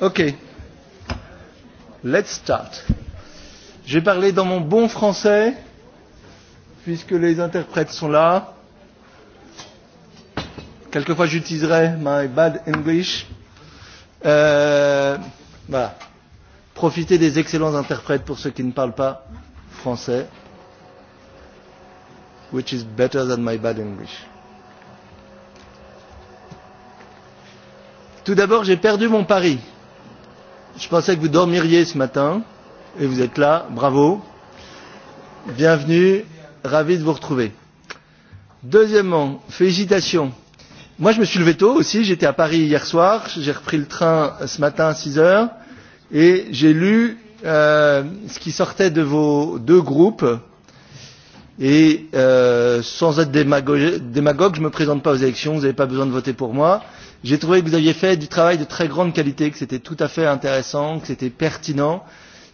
Ok. Let's start. J'ai parlé dans mon bon français, puisque les interprètes sont là. Quelquefois, j'utiliserai my bad English. Euh, voilà profiter des excellents interprètes pour ceux qui ne parlent pas français, which is better than my bad English. Tout d'abord, j'ai perdu mon pari. Je pensais que vous dormiriez ce matin, et vous êtes là, bravo. Bienvenue, ravi de vous retrouver. Deuxièmement, félicitations. Moi, je me suis levé tôt aussi, j'étais à Paris hier soir, j'ai repris le train ce matin à 6 heures Et j'ai lu ce qui sortait de vos deux groupes. Et sans être démagogue, je ne me présente pas aux élections, vous n'avez pas besoin de voter pour moi. J'ai trouvé que vous aviez fait du travail de très grande qualité, que c'était tout à fait intéressant, que c'était pertinent.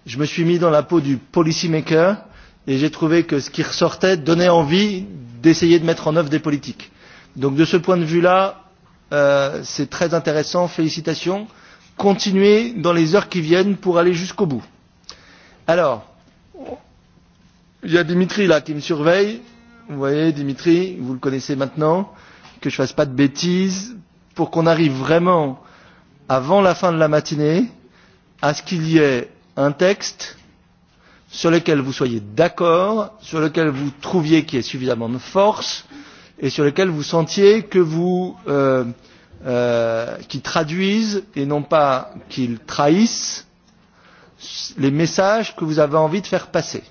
Je me suis mis dans la peau du policymaker et j'ai trouvé que ce qui ressortait donnait envie d'essayer de mettre en œuvre des politiques. Donc de ce point de vue-là, c'est très intéressant. Félicitations continuer dans les heures qui viennent pour aller jusqu'au bout. Alors, il y a Dimitri là qui me surveille. Vous voyez, Dimitri, vous le connaissez maintenant, que je ne fasse pas de bêtises, pour qu'on arrive vraiment, avant la fin de la matinée, à ce qu'il y ait un texte sur lequel vous soyez d'accord, sur lequel vous trouviez qu'il y ait suffisamment de force, et sur lequel vous sentiez que vous qui traduisent et non pas qu'ils trahissent les messages que vous avez envie de faire passer.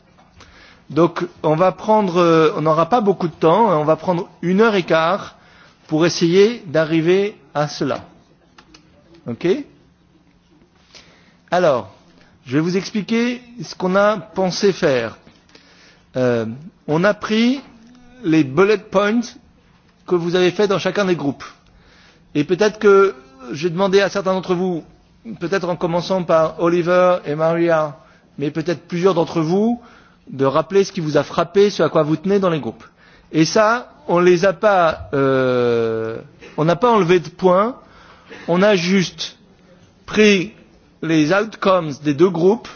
Donc on va prendre on n'aura pas beaucoup de temps, on va prendre une heure et quart pour essayer d'arriver à cela. OK Alors, je vais vous expliquer ce qu'on a pensé faire. Euh, on a pris les bullet points que vous avez fait dans chacun des groupes. Et peut-être que j'ai demandé à certains d'entre vous, peut-être en commençant par Oliver et Maria, mais peut-être plusieurs d'entre vous, de rappeler ce qui vous a frappé, ce à quoi vous tenez dans les groupes. Et ça, on les a pas, on n'a pas enlevé de points, on a juste pris les outcomes des deux groupes,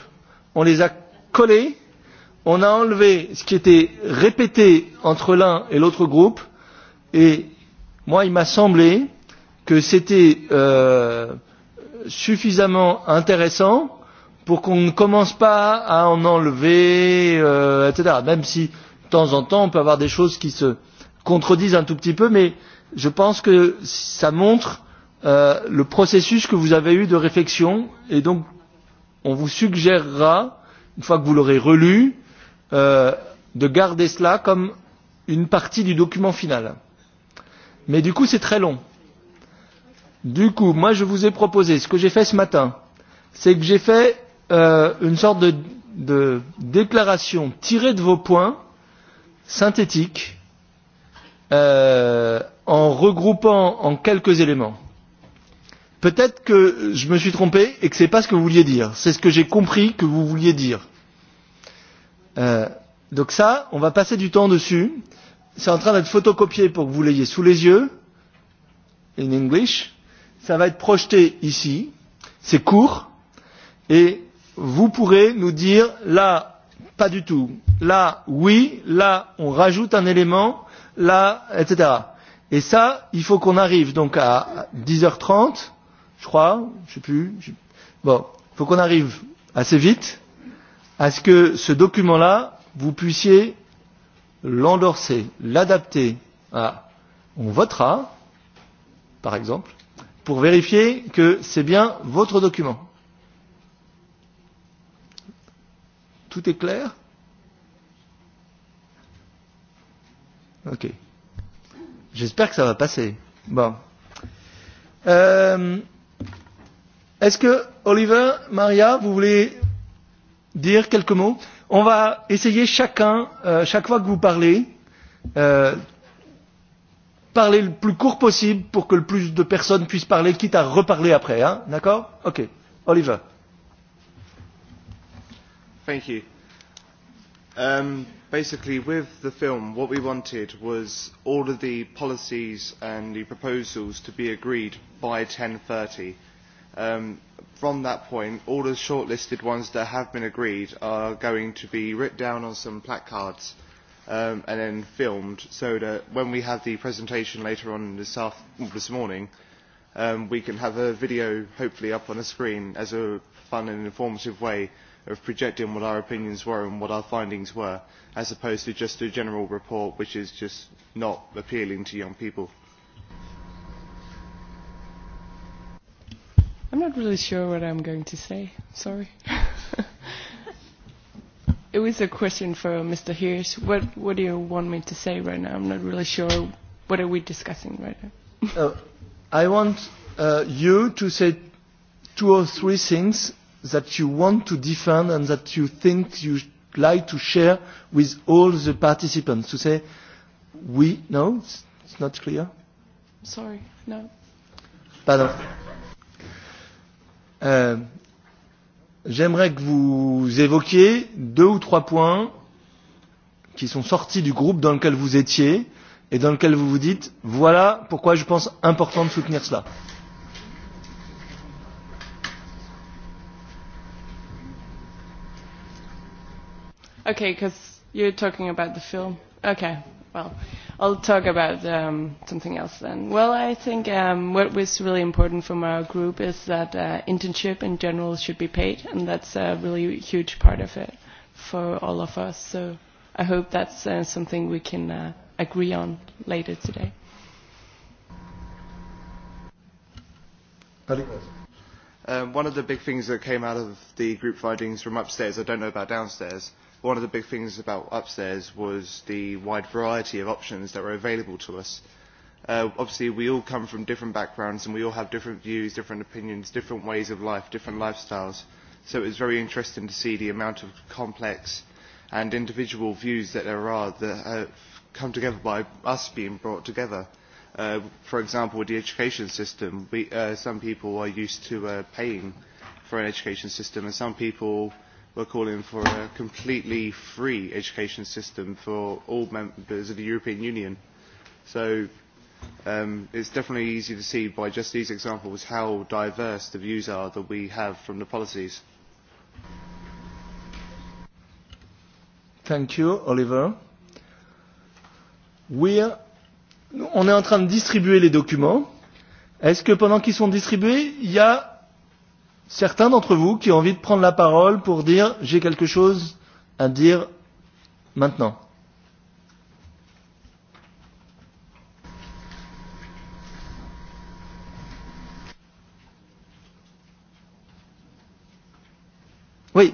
on les a collés, on a enlevé ce qui était répété entre l'un et l'autre groupe, et moi, il m'a semblé que c'était suffisamment intéressant pour qu'on ne commence pas à en enlever, etc. Même si, de temps en temps, on peut avoir des choses qui se contredisent un tout petit peu, mais je pense que ça montre le processus que vous avez eu de réflexion, et donc on vous suggérera, une fois que vous l'aurez relu, de garder cela comme une partie du document final. Mais du coup, c'est très long. Du coup, moi, je vous ai proposé, ce que j'ai fait ce matin, c'est que j'ai fait une sorte de, déclaration tirée de vos points, synthétique, en regroupant en quelques éléments. Peut-être que je me suis trompé et que ce n'est pas ce que vous vouliez dire. C'est ce que j'ai compris que vous vouliez dire. donc ça, on va passer du temps dessus. C'est en train d'être photocopié pour que vous l'ayez sous les yeux. In English ça va être projeté ici, c'est court, et vous pourrez nous dire là, pas du tout, là, oui, là, on rajoute un élément, là, etc. Et ça, il faut qu'on arrive donc à 10h30, je crois, je sais plus, bon, il faut qu'on arrive assez vite à ce que ce document-là, vous puissiez l'endorser, l'adapter à, on votera, par exemple, pour vérifier que c'est bien votre document. Tout est clair Ok. J'espère que ça va passer. Bon. Euh, Est-ce que, Oliver, Maria, vous voulez dire quelques mots On va essayer chacun, chaque fois que vous parlez, parler le plus court possible pour que le plus de personnes puissent parler, quitte à reparler après. Hein D'accord Ok. Oliver. Thank you. Um, basically, with the film, what we wanted was all of the policies and the proposals to be agreed by 10.30. Um, from that point, all the shortlisted ones that have been agreed are going to be written down on some placards and then filmed so that when we have the presentation later on this morning we can have a video hopefully up on the screen as a fun and informative way of projecting what our opinions were and what our findings were as opposed to just a general report which is just not appealing to young people. I'm not really sure what I'm going to say. Sorry. It was a question for Mr. Hirsch. What, what do you want me to say right now? I'm not really sure. What are we discussing right now? I want you to say two or three things that you want to defend and that you think you like to share with all the participants. To say, we, no, it's not clear. Sorry, no. Pardon. J'aimerais que vous évoquiez deux ou trois points qui sont sortis du groupe dans lequel vous étiez et dans lequel vous vous dites voilà pourquoi je pense important de soutenir cela. Okay, because you're talking about the film. Okay, well, I'll talk about um, something else then. Well, I think um, what was really important from our group is that uh, internship in general should be paid, and that's a really huge part of it for all of us. So I hope that's uh, something we can uh, agree on later today. Um, one of the big things that came out of the group findings from upstairs, I don't know about downstairs, one of the big things about upstairs was the wide variety of options that were available to us. Obviously, we all come from different backgrounds and we all have different views, different opinions, different ways of life, different lifestyles. So it was very interesting to see the amount of complex and individual views that there are that have come together by us being brought together. For example, with the education system, some people are used to paying for an education system and some people We're calling for a completely free education system for all members of the European Union. So it's definitely easy to see by just these examples how diverse the views are that we have from the policies. Thank you, Oliver. On est en train de distribuer les documents. Est-ce que pendant qu'ils sont distribués, il y a certains d'entre vous qui ont envie de prendre la parole pour dire j'ai quelque chose à dire maintenant. Oui.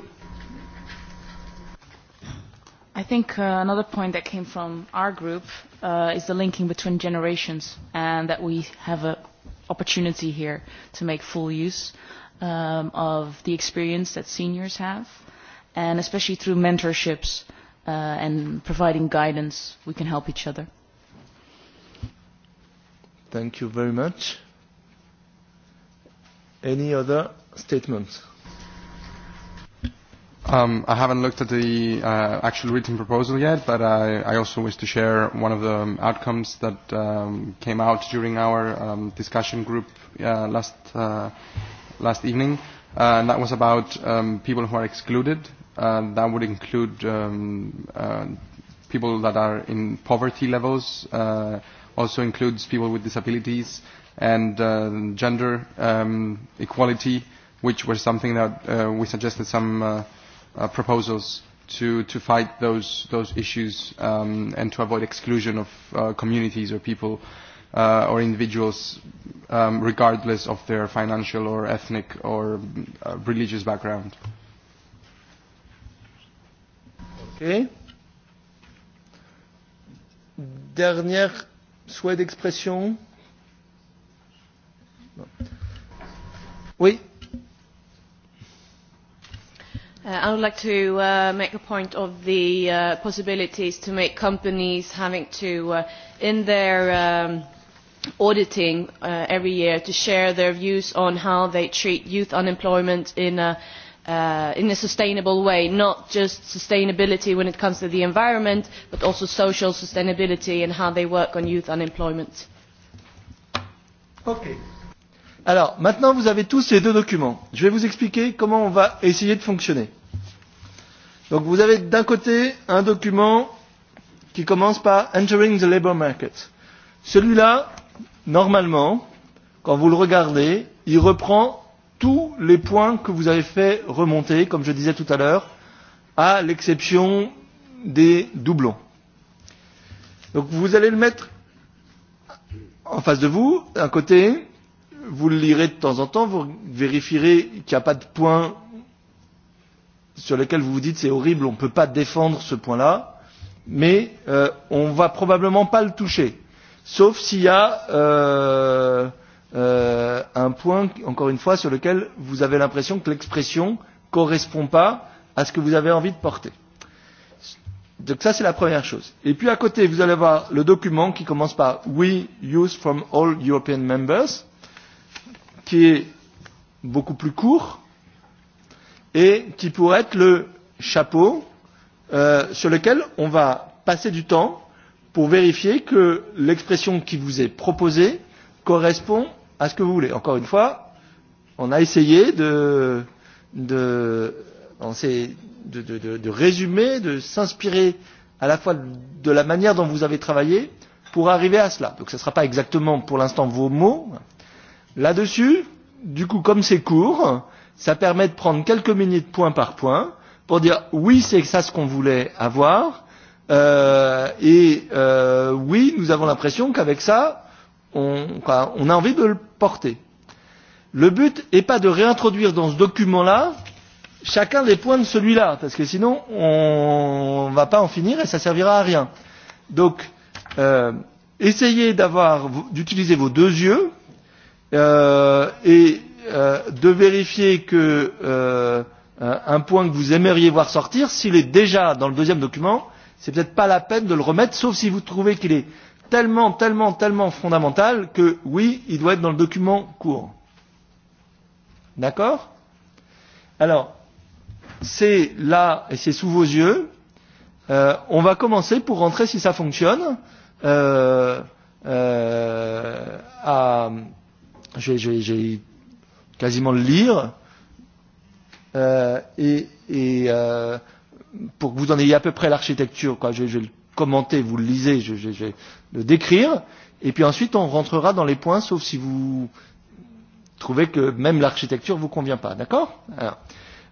I think another point that came from our group is the linking between generations and that we have an opportunity here to make full use of the experience that seniors have, and especially through mentorships and providing guidance, we can help each other. Thank you very much. Any other statements? Um, I haven't looked at the actual written proposal yet, but I, I also wish to share one of the outcomes that came out during our discussion group last last evening. and That was about people who are excluded. That would include people that are in poverty levels, also includes people with disabilities and gender equality, which was something that we suggested some proposals to to fight those those issues and to avoid exclusion of communities or people or individuals regardless of their financial or ethnic or religious background. Okay. Dernier souhait d'expression. Oui. I would like to make a point of the possibilities to make companies having to in their auditing every year to share their views on how they treat youth unemployment in a in a sustainable way, not just sustainability when it comes to the environment, but also social sustainability and how they work on youth unemployment. Alors, maintenant, vous avez tous ces deux documents. Je vais vous expliquer comment on va essayer de fonctionner. Donc, vous avez d'un côté un document qui commence par Entering the Labour Market. Celui-là, normalement, quand vous le regardez, il reprend tous les points que vous avez fait remonter, comme je disais tout à l'heure, à l'exception des doublons. Donc vous allez le mettre en face de vous, d'un côté, vous le lirez de temps en temps, vous vérifierez qu'il n'y a pas de points sur lesquels vous vous dites c'est horrible, on ne peut pas défendre ce point-là, mais on ne va probablement pas le toucher sauf s'il y a un point, encore une fois, sur lequel vous avez l'impression que l'expression ne correspond pas à ce que vous avez envie de porter. Donc ça, c'est la première chose. Et puis à côté, vous allez voir le document qui commence par « We use from all European members », qui est beaucoup plus court et qui pourrait être le chapeau sur lequel on va passer du temps pour vérifier que l'expression qui vous est proposée correspond à ce que vous voulez. Encore une fois, on a essayé de, de, on de, de, de, de résumer, de s'inspirer à la fois de la manière dont vous avez travaillé pour arriver à cela. Donc ce ne sera pas exactement pour l'instant vos mots. Là-dessus, du coup, comme c'est court, ça permet de prendre quelques minutes point par point pour dire oui, c'est ça ce qu'on voulait avoir Et oui, nous avons l'impression qu'avec ça, on a envie de le porter. Le but n'est pas de réintroduire dans ce document-là chacun des points de celui-là, parce que sinon, on ne va pas en finir et ça ne servira à rien. Donc, essayez d'utiliser vos deux yeux et de vérifier que un point que vous aimeriez voir sortir, s'il est déjà dans le deuxième document, c'est peut-être pas la peine de le remettre, sauf si vous trouvez qu'il est tellement, tellement, tellement fondamental que oui, il doit être dans le document court. D'accord Alors, c'est là et c'est sous vos yeux. on va commencer pour rentrer, si ça fonctionne, euh, euh, à... Je vais quasiment le lire. Euh, et et euh, pour que vous en ayez à peu près l'architecture, je vais le commenter, vous le lisez, je vais le décrire, et puis ensuite on rentrera dans les points, sauf si vous trouvez que même l'architecture ne vous convient pas, d'accord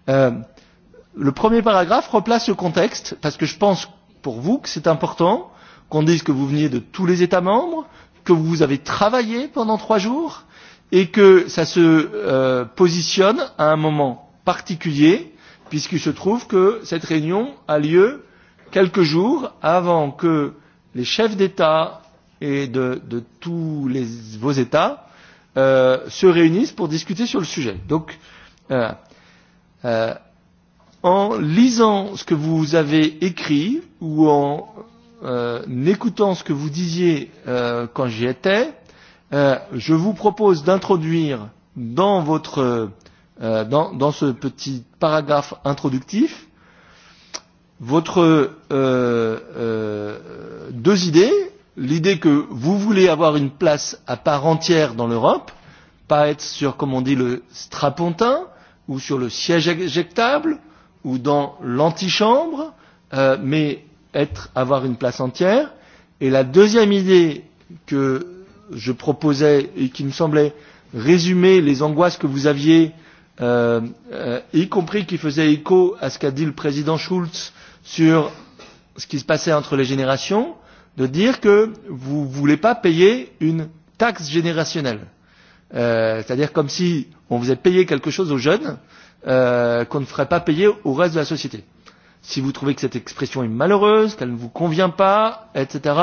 Le premier paragraphe replace le contexte, parce que je pense pour vous que c'est important qu'on dise que vous veniez de tous les États membres, que vous avez travaillé pendant trois jours, et que ça se positionne à un moment particulier puisqu'il se trouve que cette réunion a lieu quelques jours avant que les chefs d'État et de, de tous les, vos États se réunissent pour discuter sur le sujet. Donc, en lisant ce que vous avez écrit ou en euh, écoutant ce que vous disiez quand j'y étais, je vous propose d'introduire dans votre dans ce petit paragraphe introductif votre deux idées l'idée que vous voulez avoir une place à part entière dans l'Europe pas être sur comme on dit le strapontin ou sur le siège éjectable ou dans l'antichambre mais être avoir une place entière et la deuxième idée que je proposais et qui me semblait résumer les angoisses que vous aviez y compris qui faisait écho à ce qu'a dit le président Schulz sur ce qui se passait entre les générations, de dire que vous ne voulez pas payer une taxe générationnelle. C'est-à-dire comme si on faisait payer quelque chose aux jeunes qu'on ne ferait pas payer au reste de la société. Si vous trouvez que cette expression est malheureuse, qu'elle ne vous convient pas, etc.,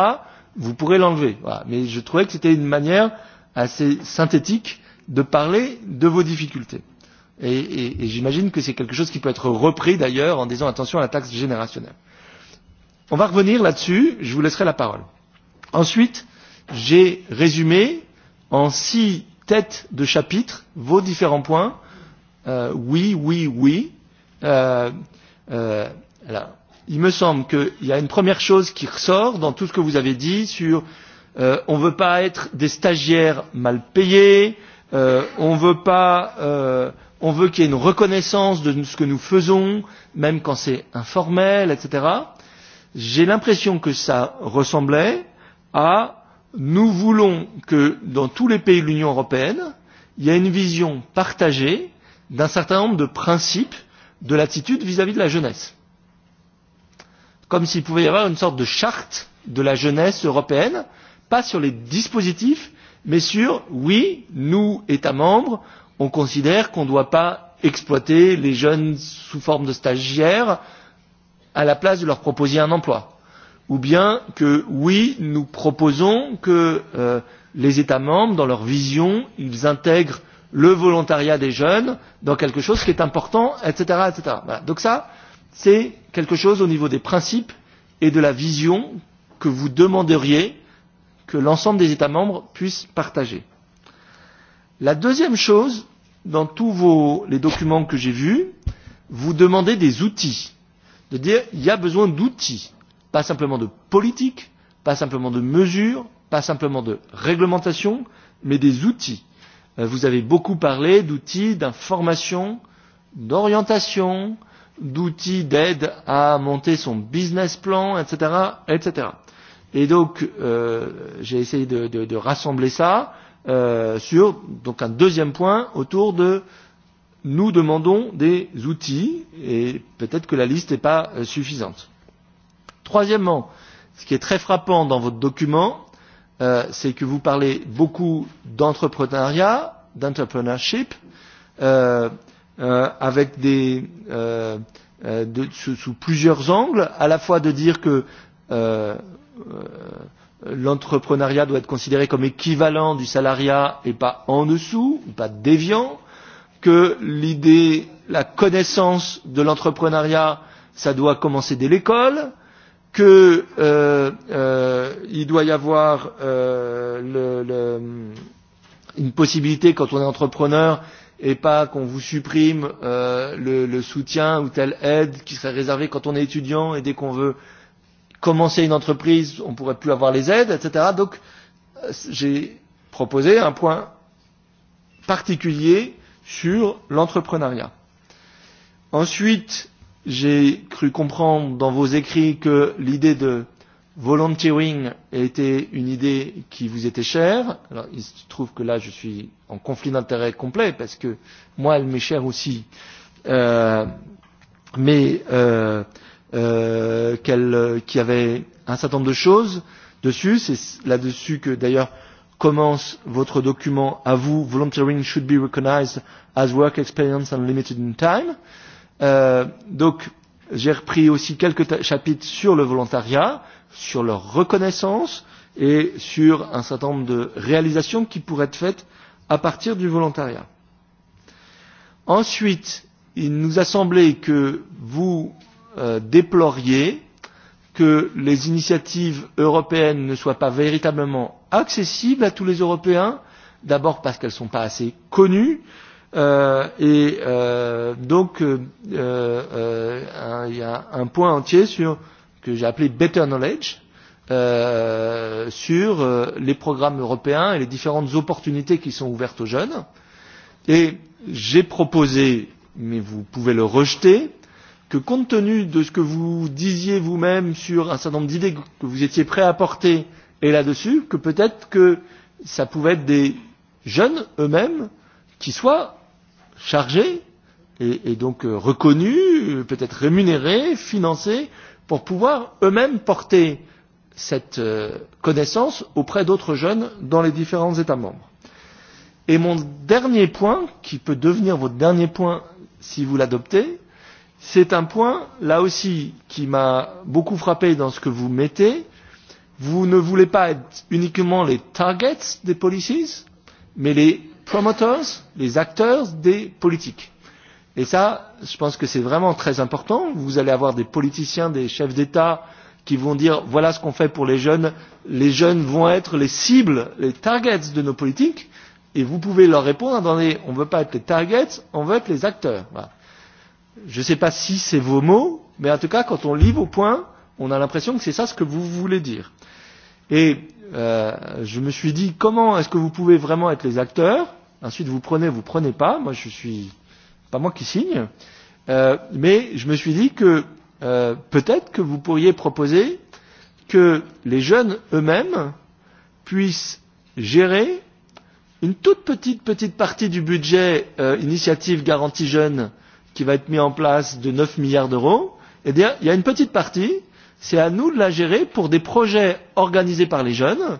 vous pourrez l'enlever. Mais je trouvais que c'était une manière assez synthétique de parler de vos difficultés. Et j'imagine que c'est quelque chose qui peut être repris d'ailleurs en disant attention à la taxe générationnelle. On va revenir là-dessus, je vous laisserai la parole. Ensuite, j'ai résumé en six têtes de chapitre vos différents points. Oui, oui, oui. Il me semble qu'il y a une première chose qui ressort dans tout ce que vous avez dit sur on ne veut pas être des stagiaires mal payés, on ne veut pas on veut qu'il y ait une reconnaissance de ce que nous faisons, même quand c'est informel, etc. J'ai l'impression que ça ressemblait à nous voulons que dans tous les pays de l'Union européenne, il y ait une vision partagée d'un certain nombre de principes de l'attitude vis-à-vis de la jeunesse. Comme s'il pouvait y avoir une sorte de charte de la jeunesse européenne, pas sur les dispositifs, mais sur, oui, nous, États membres, on considère qu'on ne doit pas exploiter les jeunes sous forme de stagiaires à la place de leur proposer un emploi. Ou bien que oui, nous proposons que les États membres, dans leur vision, ils intègrent le volontariat des jeunes dans quelque chose qui est important, etc. etc. Voilà. Donc ça, c'est quelque chose au niveau des principes et de la vision que vous demanderiez que l'ensemble des États membres puissent partager. La deuxième chose, dans tous vos, les documents que j'ai vus, vous demandez des outils. De dire, il y a besoin d'outils. Pas simplement de politique, pas simplement de mesures, pas simplement de réglementation, mais des outils. Vous avez beaucoup parlé d'outils, d'information, d'orientation, d'outils d'aide à monter son business plan, etc. etc. Et donc, j'ai essayé de, de, de rassembler ça sur donc un deuxième point autour de nous demandons des outils et peut-être que la liste n'est pas suffisante. Troisièmement, ce qui est très frappant dans votre document, c'est que vous parlez beaucoup d'entrepreneuriat, d'entrepreneurship, avec des sous plusieurs angles, à la fois de dire que l'entrepreneuriat doit être considéré comme équivalent du salariat et pas en dessous, pas déviant, que l'idée, la connaissance de l'entrepreneuriat, ça doit commencer dès l'école, que il doit y avoir une possibilité quand on est entrepreneur et pas qu'on vous supprime le soutien ou telle aide qui serait réservée quand on est étudiant et dès qu'on veut commencer une entreprise, on ne pourrait plus avoir les aides, etc. Donc, j'ai proposé un point particulier sur l'entrepreneuriat. Ensuite, j'ai cru comprendre dans vos écrits que l'idée de volunteering était une idée qui vous était chère. Alors, il se trouve que là, je suis en conflit d'intérêt complet parce que moi, elle m'est chère aussi. mais qu'il y avait un certain nombre de choses dessus. C'est là-dessus que d'ailleurs commence votre document à vous. Volunteering should be recognized as work experience and limited in time. donc, j'ai repris aussi quelques chapitres sur le volontariat, sur leur reconnaissance et sur un certain nombre de réalisations qui pourraient être faites à partir du volontariat. Ensuite, il nous a semblé que vous déploriez que les initiatives européennes ne soient pas véritablement accessibles à tous les Européens, d'abord parce qu'elles ne sont pas assez connues, et donc il y a un point entier sur que j'ai appelé Better Knowledge, sur les programmes européens et les différentes opportunités qui sont ouvertes aux jeunes. Et j'ai proposé, mais vous pouvez le rejeter, que compte tenu de ce que vous disiez vous-même sur un certain nombre d'idées que vous étiez prêt à porter et là-dessus, que peut-être que ça pouvait être des jeunes eux-mêmes qui soient chargés et, et donc reconnus, peut-être rémunérés, financés, pour pouvoir eux-mêmes porter cette connaissance auprès d'autres jeunes dans les différents États membres. Et mon dernier point, qui peut devenir votre dernier point si vous l'adoptez, c'est un point, là aussi, qui m'a beaucoup frappé dans ce que vous mettez. Vous ne voulez pas être uniquement les targets des policies, mais les promoters, les acteurs des politiques. Et ça, je pense que c'est vraiment très important. Vous allez avoir des politiciens, des chefs d'État qui vont dire voilà ce qu'on fait pour les jeunes. Les jeunes vont être les cibles, les targets de nos politiques. Et vous pouvez leur répondre, attendez, on ne veut pas être les targets, on veut être les acteurs. Voilà. Je ne sais pas si c'est vos mots, mais en tout cas, quand on lit vos points, on a l'impression que c'est ça ce que vous voulez dire. Et je me suis dit, comment est-ce que vous pouvez vraiment être les acteurs Ensuite, vous prenez, vous prenez pas. Moi, je suis pas moi qui signe. mais je me suis dit que peut-être que vous pourriez proposer que les jeunes eux-mêmes puissent gérer une toute petite petite partie du budget initiative garantie jeunes qui va être mis en place de 9 milliards d'euros, eh bien, il y a une petite partie, c'est à nous de la gérer pour des projets organisés par les jeunes.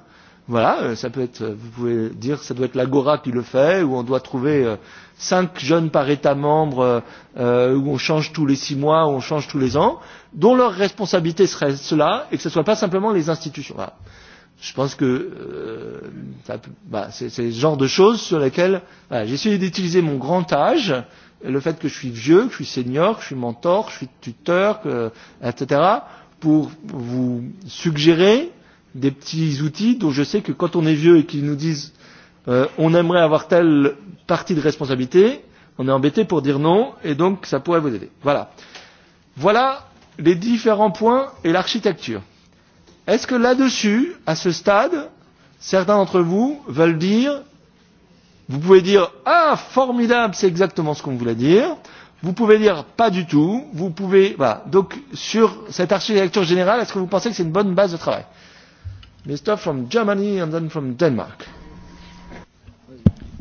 Voilà, ça peut être, vous pouvez dire, ça doit être l'Agora qui le fait, où on doit trouver cinq jeunes par État membre, où on change tous les six mois, où on change tous les ans, dont leur responsabilité serait cela, et que ce ne soit pas simplement les institutions. Je pense que c'est ce genre de choses sur lesquelles j'essaie d'utiliser mon grand âge le fait que je suis vieux, que je suis senior, que je suis mentor, que je suis tuteur, etc., pour vous suggérer des petits outils dont je sais que quand on est vieux et qu'ils nous disent on aimerait avoir telle partie de responsabilité, on est embêté pour dire non, et donc ça pourrait vous aider. Voilà. Voilà les différents points et l'architecture. Est-ce que là-dessus, à ce stade, certains d'entre vous veulent dire Vous pouvez dire Ah, formidable, c'est exactement ce qu'on voulait dire. Vous pouvez dire pas du tout. Vous pouvez. Voilà. Donc, sur cette architecture générale, est-ce que vous pensez que c'est une bonne base de travail Mr. from Germany and then from Denmark.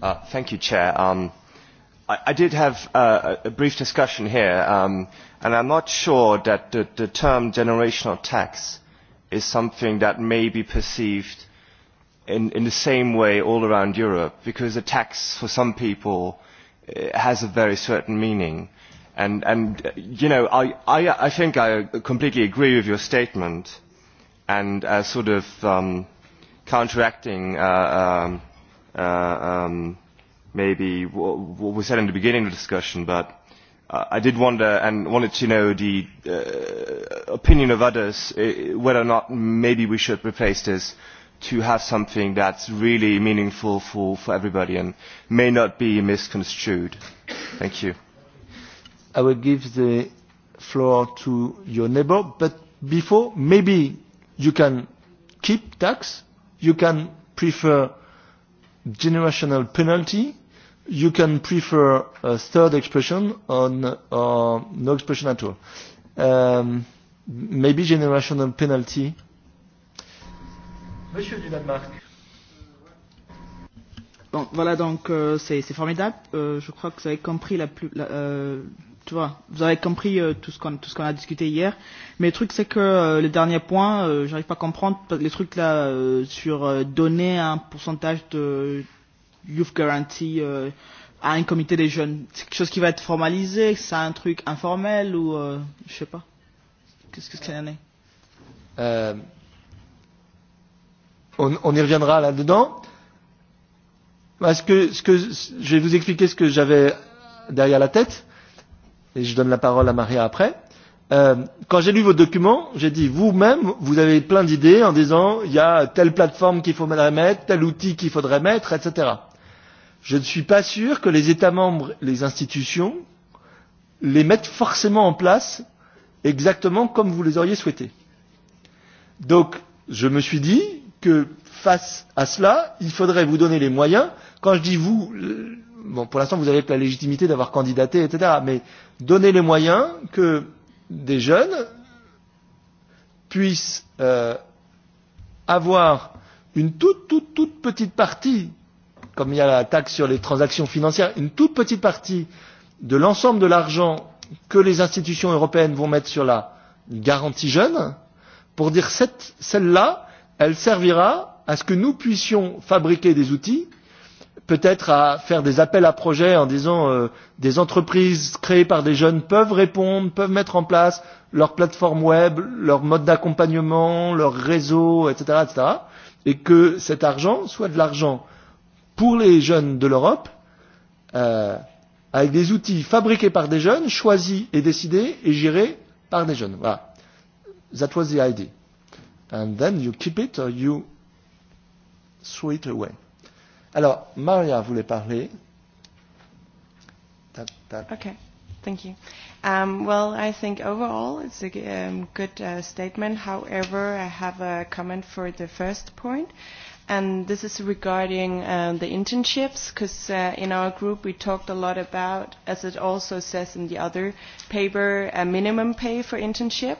Uh, thank you, Chair. Um, I, I did have uh, a brief discussion here, um, and I'm not sure that the, the term generational tax is something that may be perceived in the same way all around Europe, because a tax for some people has a very certain meaning. And, you know, I think I completely agree with your statement and sort of counteracting maybe what we said in the beginning of the discussion, but I did wonder and wanted to know the opinion of others whether or not maybe we should replace this to have something that's really meaningful for, for everybody and may not be misconstrued. Thank you. I will give the floor to your neighbor, but before, maybe you can keep tax, you can prefer generational penalty, you can prefer a third expression on no expression at all. Um, maybe generational penalty Monsieur Danemark. Bon, voilà, donc euh, c'est formidable. Euh, je crois que vous avez compris la plus... La, euh, tu vois, vous avez compris euh, tout ce qu'on tout a discuté hier. Mais le truc, c'est que euh, le dernier point, euh, j'arrive pas à comprendre les trucs là euh, sur euh, donner un pourcentage de youth guarantee euh, à un comité des jeunes. C'est quelque chose qui va être formalisé, c'est un truc informel ou euh, je sais pas. Qu'est-ce que est euh, on y reviendra là dedans parce que ce que je vais vous expliquer ce que j'avais derrière la tête et je donne la parole à Maria après quand j'ai lu vos documents j'ai dit vous même vous avez plein d'idées en disant il y a telle plateforme qu'il faudrait mettre tel outil qu'il faudrait mettre etc je ne suis pas sûr que les états membres les institutions les mettent forcément en place exactement comme vous les auriez souhaité donc je me suis dit que face à cela, il faudrait vous donner les moyens. Quand je dis vous, bon, pour l'instant, vous avez la légitimité d'avoir candidaté, etc. Mais donner les moyens que des jeunes puissent avoir une toute, toute, toute petite partie, comme il y a la taxe sur les transactions financières, une toute petite partie de l'ensemble de l'argent que les institutions européennes vont mettre sur la garantie jeune, pour dire celle-là, elle servira à ce que nous puissions fabriquer des outils, peut-être à faire des appels à projets en disant des entreprises créées par des jeunes peuvent répondre, peuvent mettre en place leur plateforme web, leur mode d'accompagnement, leur réseau, etc., etc., et que cet argent soit de l'argent pour les jeunes de l'Europe, euh, avec des outils fabriqués par des jeunes, choisis et décidés et gérés par des jeunes. Voilà. That was the idea and then you keep it or you throw it away. Alors, Maria voulait parler. Okay, thank you. Um, well, I think overall it's a um, good uh, statement. However, I have a comment for the first point. And this is regarding the internships, because in our group we talked a lot about, as it also says in the other paper, a minimum pay for internship.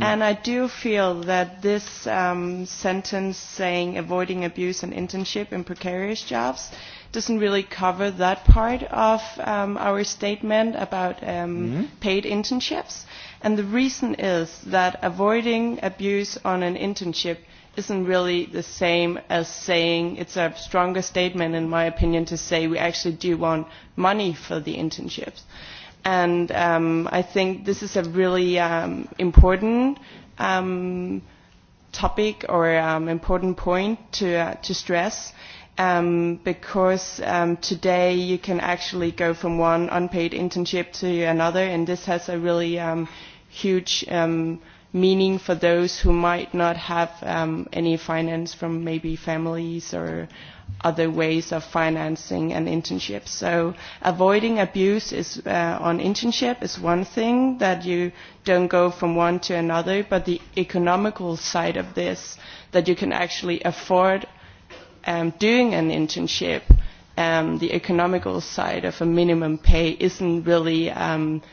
And I do feel that this sentence saying avoiding abuse and internship in precarious jobs doesn't really cover that part of our statement about paid internships. And the reason is that avoiding abuse on an internship isn't really the same as saying it's a stronger statement, in my opinion, to say we actually do want money for the internships and I think this is a really important topic or important point to to stress because today you can actually go from one unpaid internship to another and this has a really huge meaning for those who might not have any finance from maybe families or other ways of financing an internship. So avoiding abuse is on internship is one thing that you don't go from one to another, but the economical side of this, that you can actually afford doing an internship the economical side of a minimum pay isn't really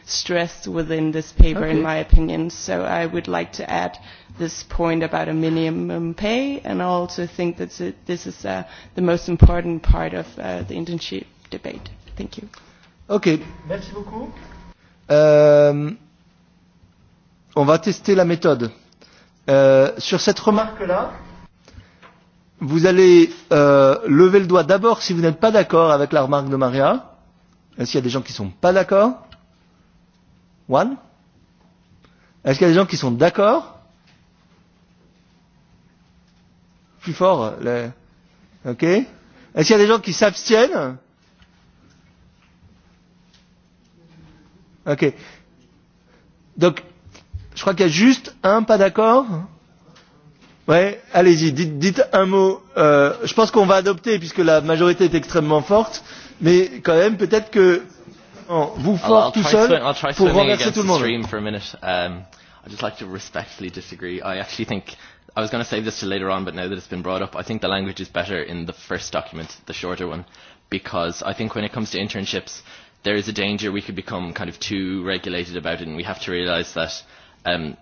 stressed within this paper in my opinion so i would like to add this point about a minimum pay and i also think that this is the most important part of the internship debate thank you merci beaucoup on va tester la méthode sur cette remarque là Vous allez lever le doigt d'abord si vous n'êtes pas d'accord avec la remarque de Maria. Est-ce qu'il y a des gens qui ne sont pas d'accord One Est-ce qu'il y a des gens qui sont d'accord Plus fort. Les... Ok Est-ce qu'il y a des gens qui s'abstiennent Ok. Donc, je crois qu'il y a juste un pas d'accord. Oui, allez-y, dites, dites un mot. Euh, je pense qu'on va adopter puisque la majorité est extrêmement forte, mais quand même peut-être que non, vous fort tout seul pour renverser tout le monde. Um, I just like to respectfully disagree. I actually think I was going to save this to later on, but now that it's been brought up, I think the language is better in the first document, the shorter one, because I think when it comes to internships, there is a danger we could become kind of too regulated about it, and we have to realise that um,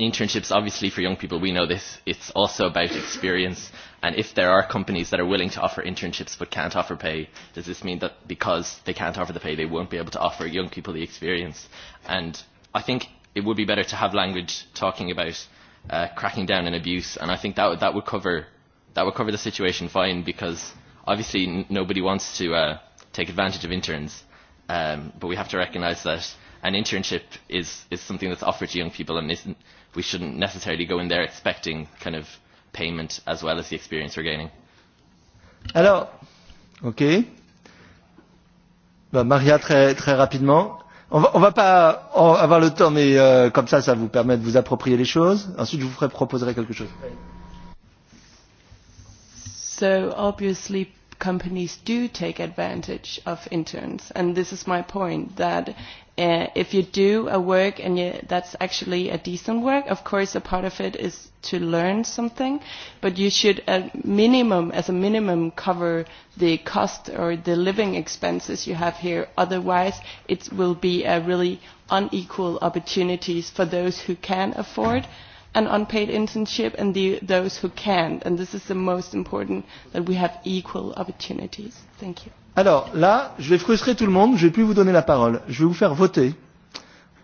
internships obviously for young people we know this it's also about experience and if there are companies that are willing to offer internships but can't offer pay does this mean that because they can't offer the pay they won't be able to offer young people the experience and i think it would be better to have language talking about cracking down on abuse and i think that that would cover that would cover the situation fine because obviously nobody wants to take advantage of interns um but we have to recognize that an internship is is something that's offered to young people and isn't we shouldn't necessarily go in there expecting kind of payment as well as the experience we're gaining. Alors, Okay. Bah, Maria, très, très rapidement. On va, on va pas avoir le temps, mais euh, comme ça, ça vous permet de vous approprier les choses. Ensuite, je vous ferai proposer quelque chose. So obviously companies do take advantage of interns and this is my point that if you do a work and that's actually a decent work of course a part of it is to learn something but you should at minimum as a minimum cover the cost or the living expenses you have here otherwise it will be a really unequal opportunities for those who can afford an unpaid internship and those who can't. And this is the most important, that we have equal opportunities. Thank you. Alors là, je vais frustrer tout le monde, je ne vais plus vous donner la parole. Je vais vous faire voter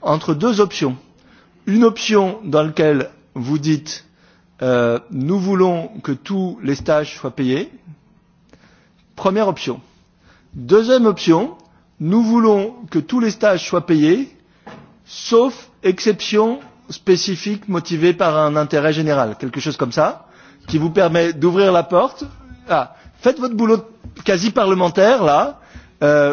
entre deux options. Une option dans laquelle vous dites euh, nous voulons que tous les stages soient payés. Première option. Deuxième option, nous voulons que tous les stages soient payés, sauf exception spécifique motivé par un intérêt général, quelque chose comme ça, qui vous permet d'ouvrir la porte. Faites votre boulot quasi parlementaire, là.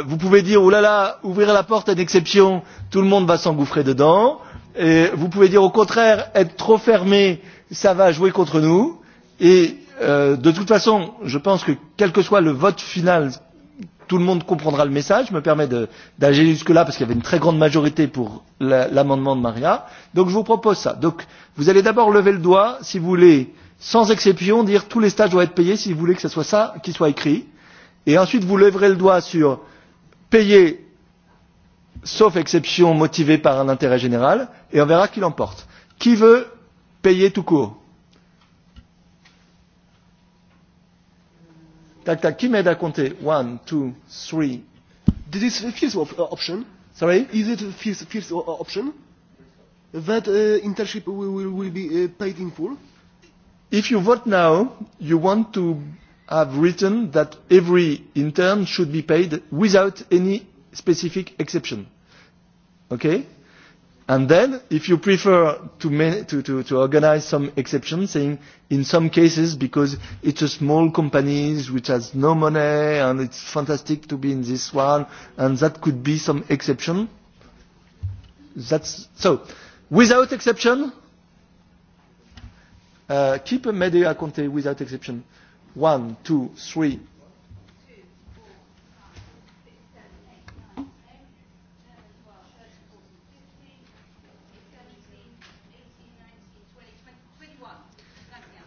Vous pouvez dire, oh là là, ouvrir la porte à une exception, tout le monde va s'engouffrer dedans. et Vous pouvez dire, au contraire, être trop fermé, ça va jouer contre nous. Et de toute façon, je pense que quel que soit le vote final tout le monde comprendra le message. Je me permets d'agir jusque-là parce qu'il y avait une très grande majorité pour l'amendement de Maria. Donc je vous propose ça. Donc vous allez d'abord lever le doigt si vous voulez, sans exception, dire tous les stages doivent être payés si vous voulez que ce soit ça qui soit écrit. Et ensuite vous lèverez le doigt sur payer sauf exception motivée par un intérêt général et on verra qui l'emporte. Qui veut payer tout court Tak, tak. Kimeda Conte, one, two, three. This is the fifth option. Sorry? Is it the fifth, fifth option? That uh, internship will, will, will be uh, paid in full? If you vote now, you want to have written that every intern should be paid without any specific exception. Okay? And then, if you prefer to organize some exceptions, saying in some cases because it's a small company which has no money and it's fantastic to be in this one, and that could be some exception. so. Without exception, keep a media account without exception. One, two, three,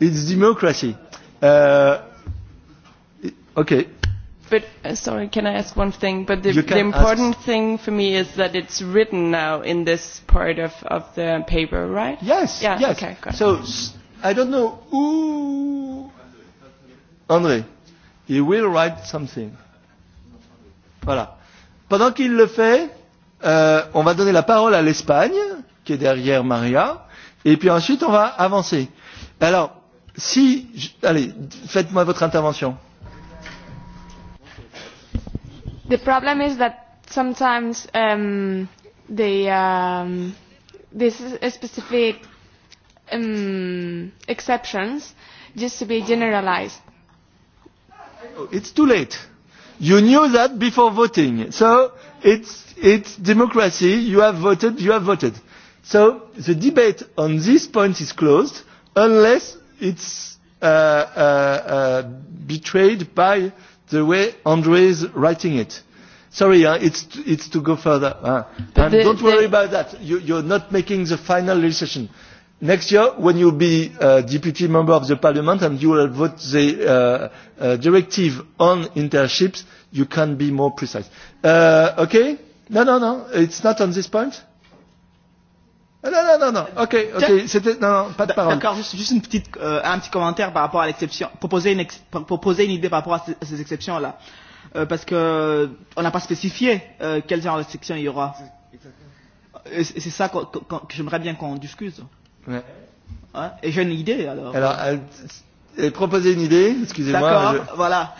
It's democracy. Okay. But sorry, can I ask one thing? But the important thing for me is that it's written now in this part of the paper, right? Yes. Yeah. Okay. So I don't know who André. He will write something. Voilà. Pendant qu'il le fait, on va donner la parole à l'Espagne, qui est derrière Maria, et puis ensuite on va avancer. Alors Si, allez, faites-moi votre intervention. The problem is that sometimes um, the um, this specific um, exceptions just to be generalized. It's too late. You knew that before voting. So it's, it's democracy. You have voted. You have voted. So the debate on this point is closed unless it's betrayed by the way André is writing it. Sorry, it's it's to go further. Don't worry about that. You're not making the final decision. Next year, when you'll be a deputy member of the Parliament and you will vote the directive on internships, you can be more precise. Okay? No, no, no. It's not on this point. Non, non, non, non. Ok, ok. C'était, non, non, pas de parole. D'accord, juste, juste une petite, euh, un petit commentaire par rapport à l'exception. Proposer une, proposer une idée par rapport à ces, ces exceptions-là. Euh, parce que, on n'a pas spécifié euh, quel genre d'exception il y aura. C'est ça que, que, que j'aimerais bien qu'on discute. Ouais. Ouais. Et j'ai une idée, alors. Alors, euh, proposer une idée, excusez-moi. D'accord, je... voilà.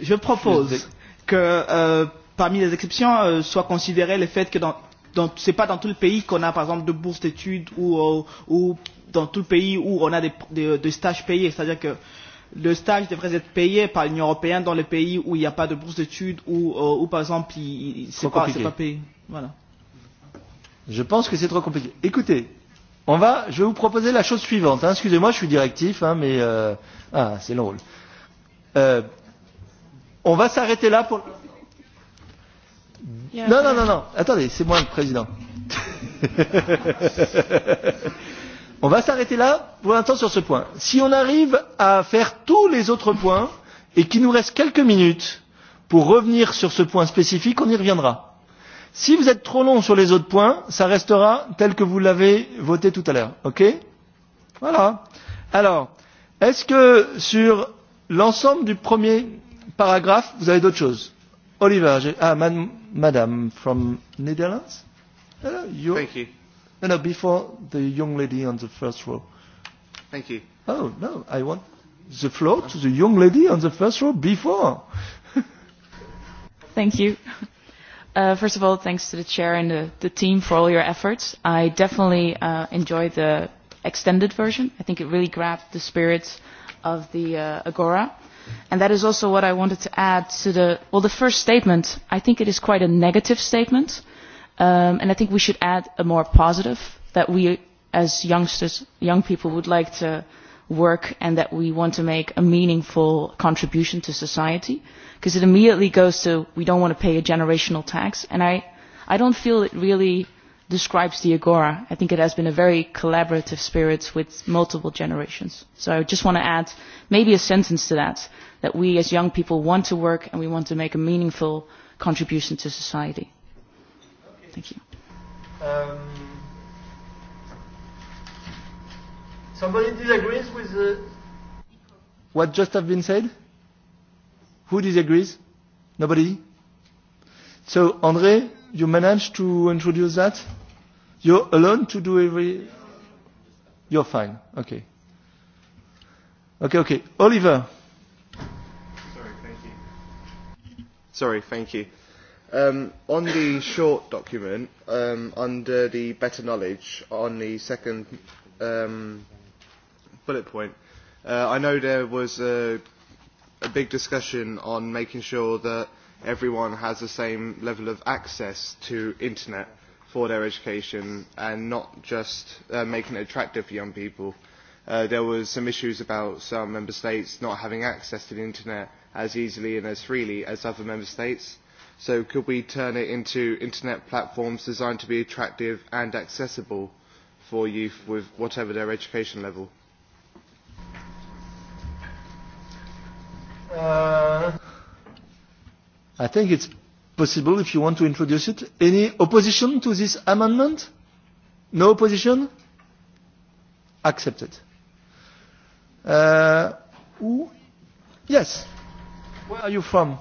Je propose que, euh, parmi les exceptions, euh, soit considéré le fait que dans ce n'est pas dans tout le pays qu'on a par exemple de bourses d'études ou, ou dans tout le pays où on a des, des, stages payés. C'est-à-dire que le stage devrait être payé par l'Union Européenne dans les pays où il n'y a pas de bourse d'études ou, ou par exemple ce n'est pas, pas payé. Voilà. Je pense que c'est trop compliqué. Écoutez, on va, je vais vous proposer la chose suivante. Hein. Excusez-moi, je suis directif, hein, mais c'est drôle. on va s'arrêter là pour... Non, non, non, non. Attendez, c'est moi le président. On va s'arrêter là pour l'instant sur ce point. Si on arrive à faire tous les autres points et qu'il nous reste quelques minutes pour revenir sur ce point spécifique, on y reviendra. Si vous êtes trop long sur les autres points, ça restera tel que vous l'avez voté tout à l'heure. OK Voilà. Alors, est-ce que sur l'ensemble du premier paragraphe, vous avez d'autres choses Oliver, ah, madam from Netherlands. you, Thank you. No, no, before the young lady on the first row. Thank you. Oh, no, I want the floor to the young lady on the first row before. Thank you. Uh, first of all, thanks to the chair and the, the team for all your efforts. I definitely uh, enjoyed the extended version. I think it really grabbed the spirit of the uh, Agora and that is also what i wanted to add to the well the first statement i think it is quite a negative statement and i think we should add a more positive that we as youngsters young people would like to work and that we want to make a meaningful contribution to society because it immediately goes to we don't want to pay a generational tax and i i don't feel it really describes the Agora. I think it has been a very collaborative spirit with multiple generations. So I just want to add maybe a sentence to that, that we as young people want to work and we want to make a meaningful contribution to society. Thank you. Somebody disagrees with what just have been said? Who disagrees? Nobody? So, André, You managed to introduce that? You're alone to do every... You're fine. Okay. Okay, okay. Oliver. Sorry, thank you. Sorry, thank you. Um, on the short document, under the better knowledge, on the second bullet point, I know there was a, a big discussion on making sure that everyone has the same level of access to internet for their education and not just making it attractive for young people. There were some issues about some member states not having access to the internet as easily and as freely as other member states. So could we turn it into internet platforms designed to be attractive and accessible for youth with whatever their education level? I think it's possible if you want to introduce it. Any opposition to this amendment? No opposition? Accepted. Uh, Yes. Where are you from?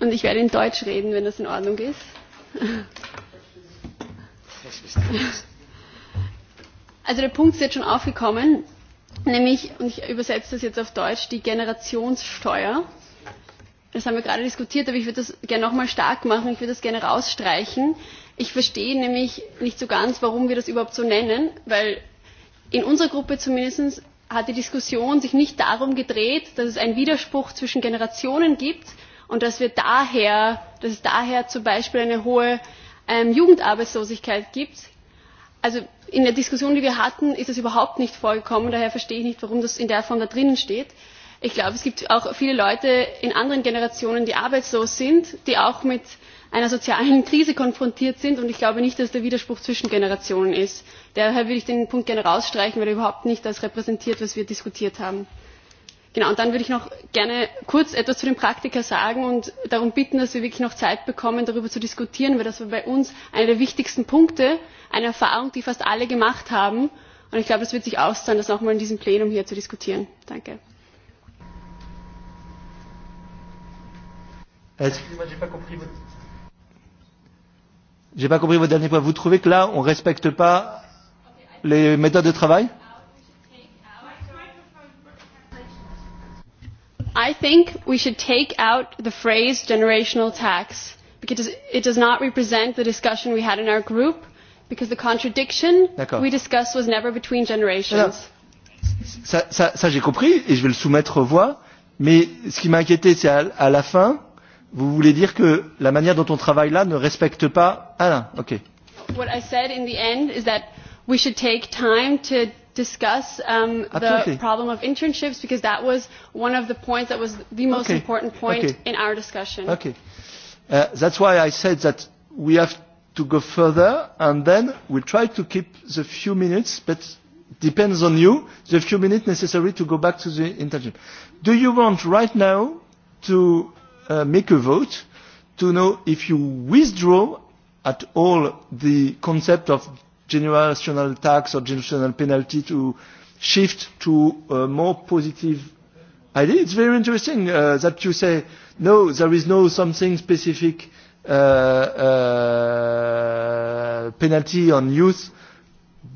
Und ich werde in Deutsch reden, wenn das in Ordnung ist. Also der Punkt ist jetzt schon aufgekommen nämlich, und ich übersetze das jetzt auf Deutsch, die Generationssteuer. Das haben wir gerade diskutiert, aber ich würde das gerne nochmal stark machen, ich würde das gerne rausstreichen. Ich verstehe nämlich nicht so ganz, warum wir das überhaupt so nennen, weil in unserer Gruppe zumindest hat die Diskussion sich nicht darum gedreht, dass es einen Widerspruch zwischen Generationen gibt und dass, wir daher, dass es daher zum Beispiel eine hohe Jugendarbeitslosigkeit gibt. Also in der diskussion die wir hatten ist das überhaupt nicht vorgekommen daher verstehe ich nicht warum das in der form da drinnen steht. ich glaube es gibt auch viele leute in anderen generationen die arbeitslos sind die auch mit einer sozialen krise konfrontiert sind und ich glaube nicht dass der widerspruch zwischen generationen ist. daher würde ich den punkt gerne herausstreichen weil er überhaupt nicht das repräsentiert was wir diskutiert haben und dann würde ich noch gerne kurz etwas zu den Praktika sagen und darum bitten, dass wir wirklich noch Zeit bekommen, darüber zu diskutieren, weil das war bei uns einer der wichtigsten Punkte, eine Erfahrung, die fast alle gemacht haben. Und ich glaube, es wird sich auszahlen, das nochmal in diesem Plenum hier zu diskutieren. Danke. J'ai pas compris votre I think we should take out the phrase generational tax because it does not represent the discussion we had in our group because the contradiction we discussed was never between generations. Ça, ça, ça j'ai compris et je vais le soumettre aux voix. Mais ce qui m'a inquiété, c'est à, la fin, vous voulez dire que la manière dont on travaille là ne respecte pas. Ah, ok. What I said in the end is that we should take time to discuss the problem of internships because that was one of the points that was the most important point in our discussion. Okay. That's why I said that we have to go further and then we try to keep the few minutes, but depends on you, the few minutes necessary to go back to the internship. Do you want right now to make a vote to know if you withdraw at all the concept of generational tax or generational penalty to shift to a more positive idea. It's very interesting that you say, no, there is no something specific penalty on youth,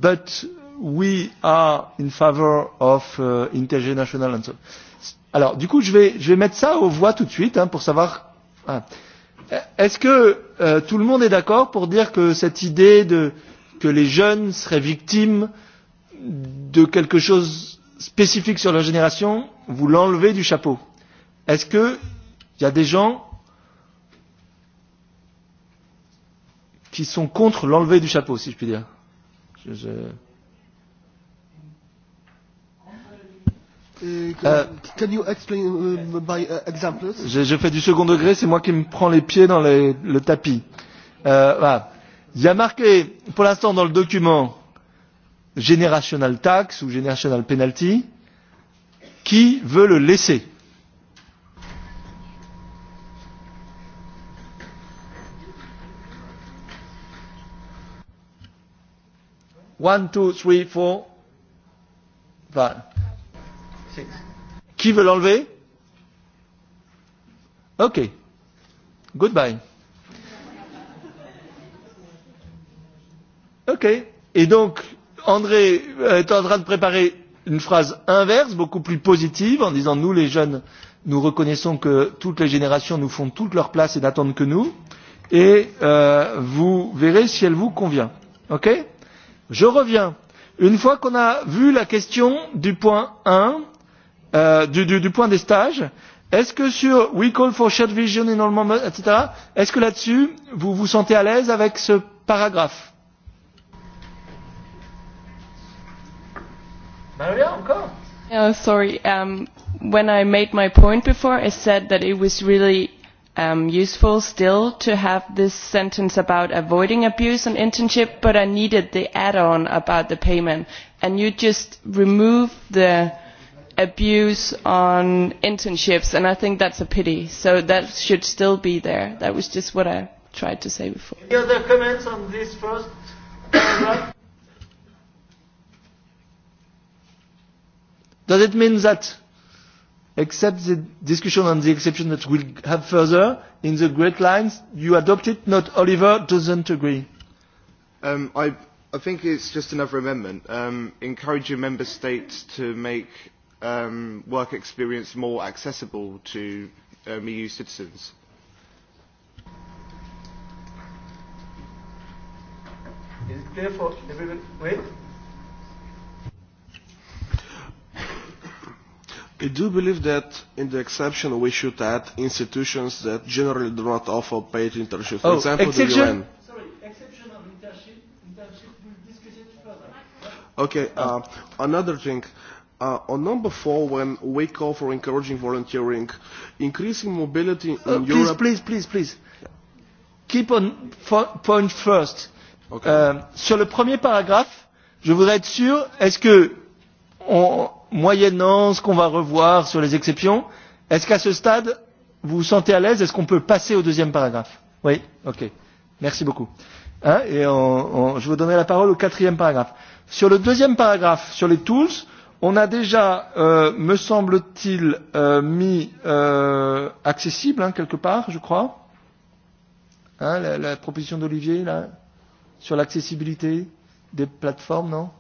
but we are in favor of international and so on. Alors, du coup, je vais, je vais mettre ça aux voix tout de suite pour savoir. Est-ce que tout le monde est d'accord pour dire que cette idée de que les jeunes seraient victimes de quelque chose spécifique sur leur génération, vous l'enlevez du chapeau. Est-ce qu'il y a des gens qui sont contre l'enlever du chapeau, si je puis dire je, Je, fais du second degré, c'est moi qui me prends les pieds dans le tapis. voilà. Il y a marqué, pour l'instant, dans le document Generational Tax ou Generational Penalty, qui veut le laisser. One, two, three, four, five, six. Qui veut l'enlever Ok. Goodbye. Ok. Et donc, André est en train de préparer une phrase inverse, beaucoup plus positive, en disant nous les jeunes, nous reconnaissons que toutes les générations nous font toute leur place et n'attendent que nous. Et vous verrez si elle vous convient. Ok Je reviens. Une fois qu'on a vu la question du point 1, du point des stages, est-ce que sur We Call for Shared Vision, etc., est-ce que là-dessus, vous vous sentez à l'aise avec ce paragraphe Maria, Sorry. Um, when I made my point before, I said that it was really um, useful still to have this sentence about avoiding abuse on internship, but I needed the add-on about the payment. And you just remove the abuse on internships, and I think that's a pity. So that should still be there. That was just what I tried to say before. Any other comments on this first? Does it mean that, except the discussion on the exception that we'll have further, in the great lines, you adopt it, not Oliver doesn't agree? I think it's just another amendment, encouraging member states to make work experience more accessible to EU citizens. it clear for Wait. I do believe that in the exception we should add institutions that generally do not offer paid internships, For example, the UN. Sorry, exception of internship. we'll discuss it further. Okay, another thing. on number four, when we call for encouraging volunteering, increasing mobility in Europe... Please, please, please, please. Keep on point first. Okay. sur le premier paragraphe, je voudrais être sûr, est-ce que moyennant ce qu'on va revoir sur les exceptions, est-ce qu'à ce stade, vous vous sentez à l'aise Est-ce qu'on peut passer au deuxième paragraphe Oui Ok. Merci beaucoup. Hein Et on, je vous donnerai la parole au quatrième paragraphe. Sur le deuxième paragraphe, sur les tools, on a déjà, me semble-t-il, mis accessible, hein, quelque part, je crois. Hein, la, la proposition d'Olivier, là, sur l'accessibilité des plateformes, non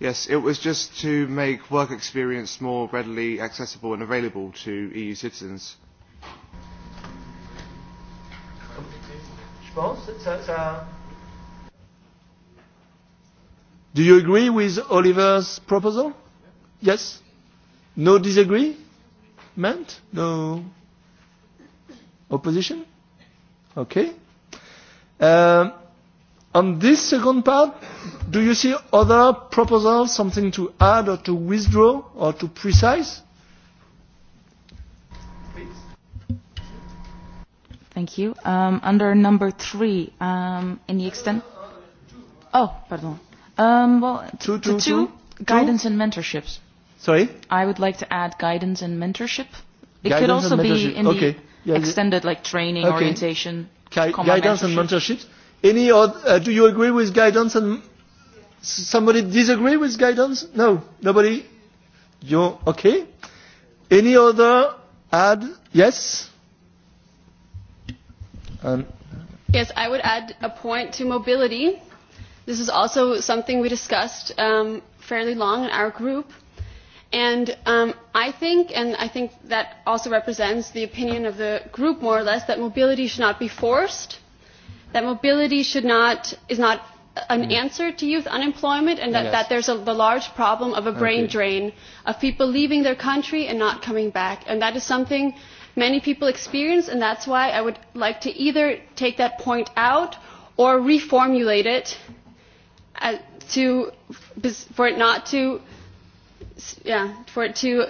Yes, it was just to make work experience more readily accessible and available to EU citizens. Do you agree with Oliver's proposal? Yes? No disagreement? No opposition? Okay. Um, On this second part, do you see other proposals, something to add or to withdraw or to precise? Thank you. Under number three, in the extent. Oh, pardon. Well, to two, guidance and mentorships. Sorry? I would like to add guidance and mentorship. It could also be in the extended, like training, orientation. Guidance and mentorships Any uh, do you agree with guidance and somebody disagree with guidance? No, nobody. You okay? Any other add? Yes. yes, I would add a point to mobility. This is also something we discussed um, fairly long in our group. And um, I think, and I think that also represents the opinion of the group more or less, that mobility should not be forced that mobility is not an answer to youth unemployment and that there's a large problem of a brain drain of people leaving their country and not coming back and that is something many people experience and that's why I would like to either take that point out or reformulate it for it not to yeah for it to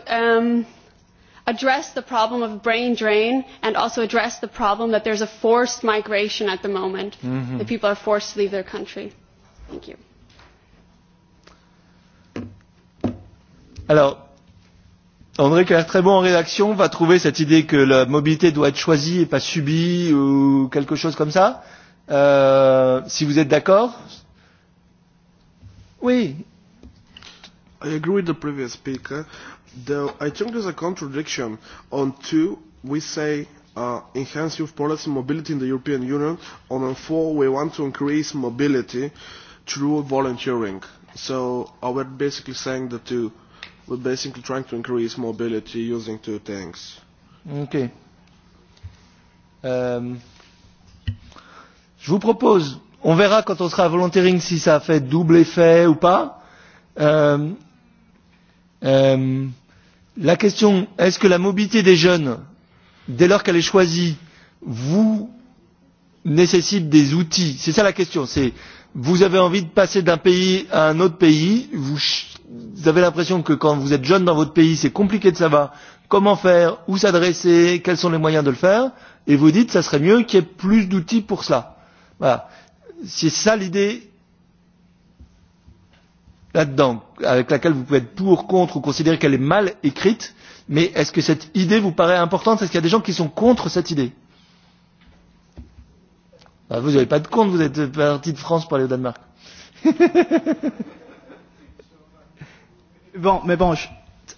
address the problem of brain drain and also address the problem that there is a forced migration at the moment that people are forced to leave their country. Thank you. Alors, André, qui très bon en rédaction, va trouver cette idée que la mobilité doit être choisie et pas subie ou quelque chose comme ça. Euh, si vous êtes d'accord Oui. I agree with the previous speaker Though I think there's a contradiction on two, we say enhance youth policy mobility in the European Union, on on four we want to increase mobility through volunteering. So we're basically saying the two. We're basically trying to increase mobility using two things. Okay. Je vous propose, on verra quand on sera à volunteering si ça fait double effet ou pas. Euh, La question est ce que la mobilité des jeunes, dès lors qu'elle est choisie, vous nécessite des outils? C'est ça la question, c'est vous avez envie de passer d'un pays à un autre pays, vous avez l'impression que quand vous êtes jeune dans votre pays, c'est compliqué de savoir comment faire, où s'adresser, quels sont les moyens de le faire, et vous dites ça serait mieux qu'il y ait plus d'outils pour cela. Voilà. C'est ça l'idée là-dedans, avec laquelle vous pouvez être pour, contre ou considérer qu'elle est mal écrite, mais est-ce que cette idée vous paraît importante Est-ce qu'il y a des gens qui sont contre cette idée Vous n'avez pas de compte, vous êtes parti de France pour aller au Danemark. Bon, mais bon,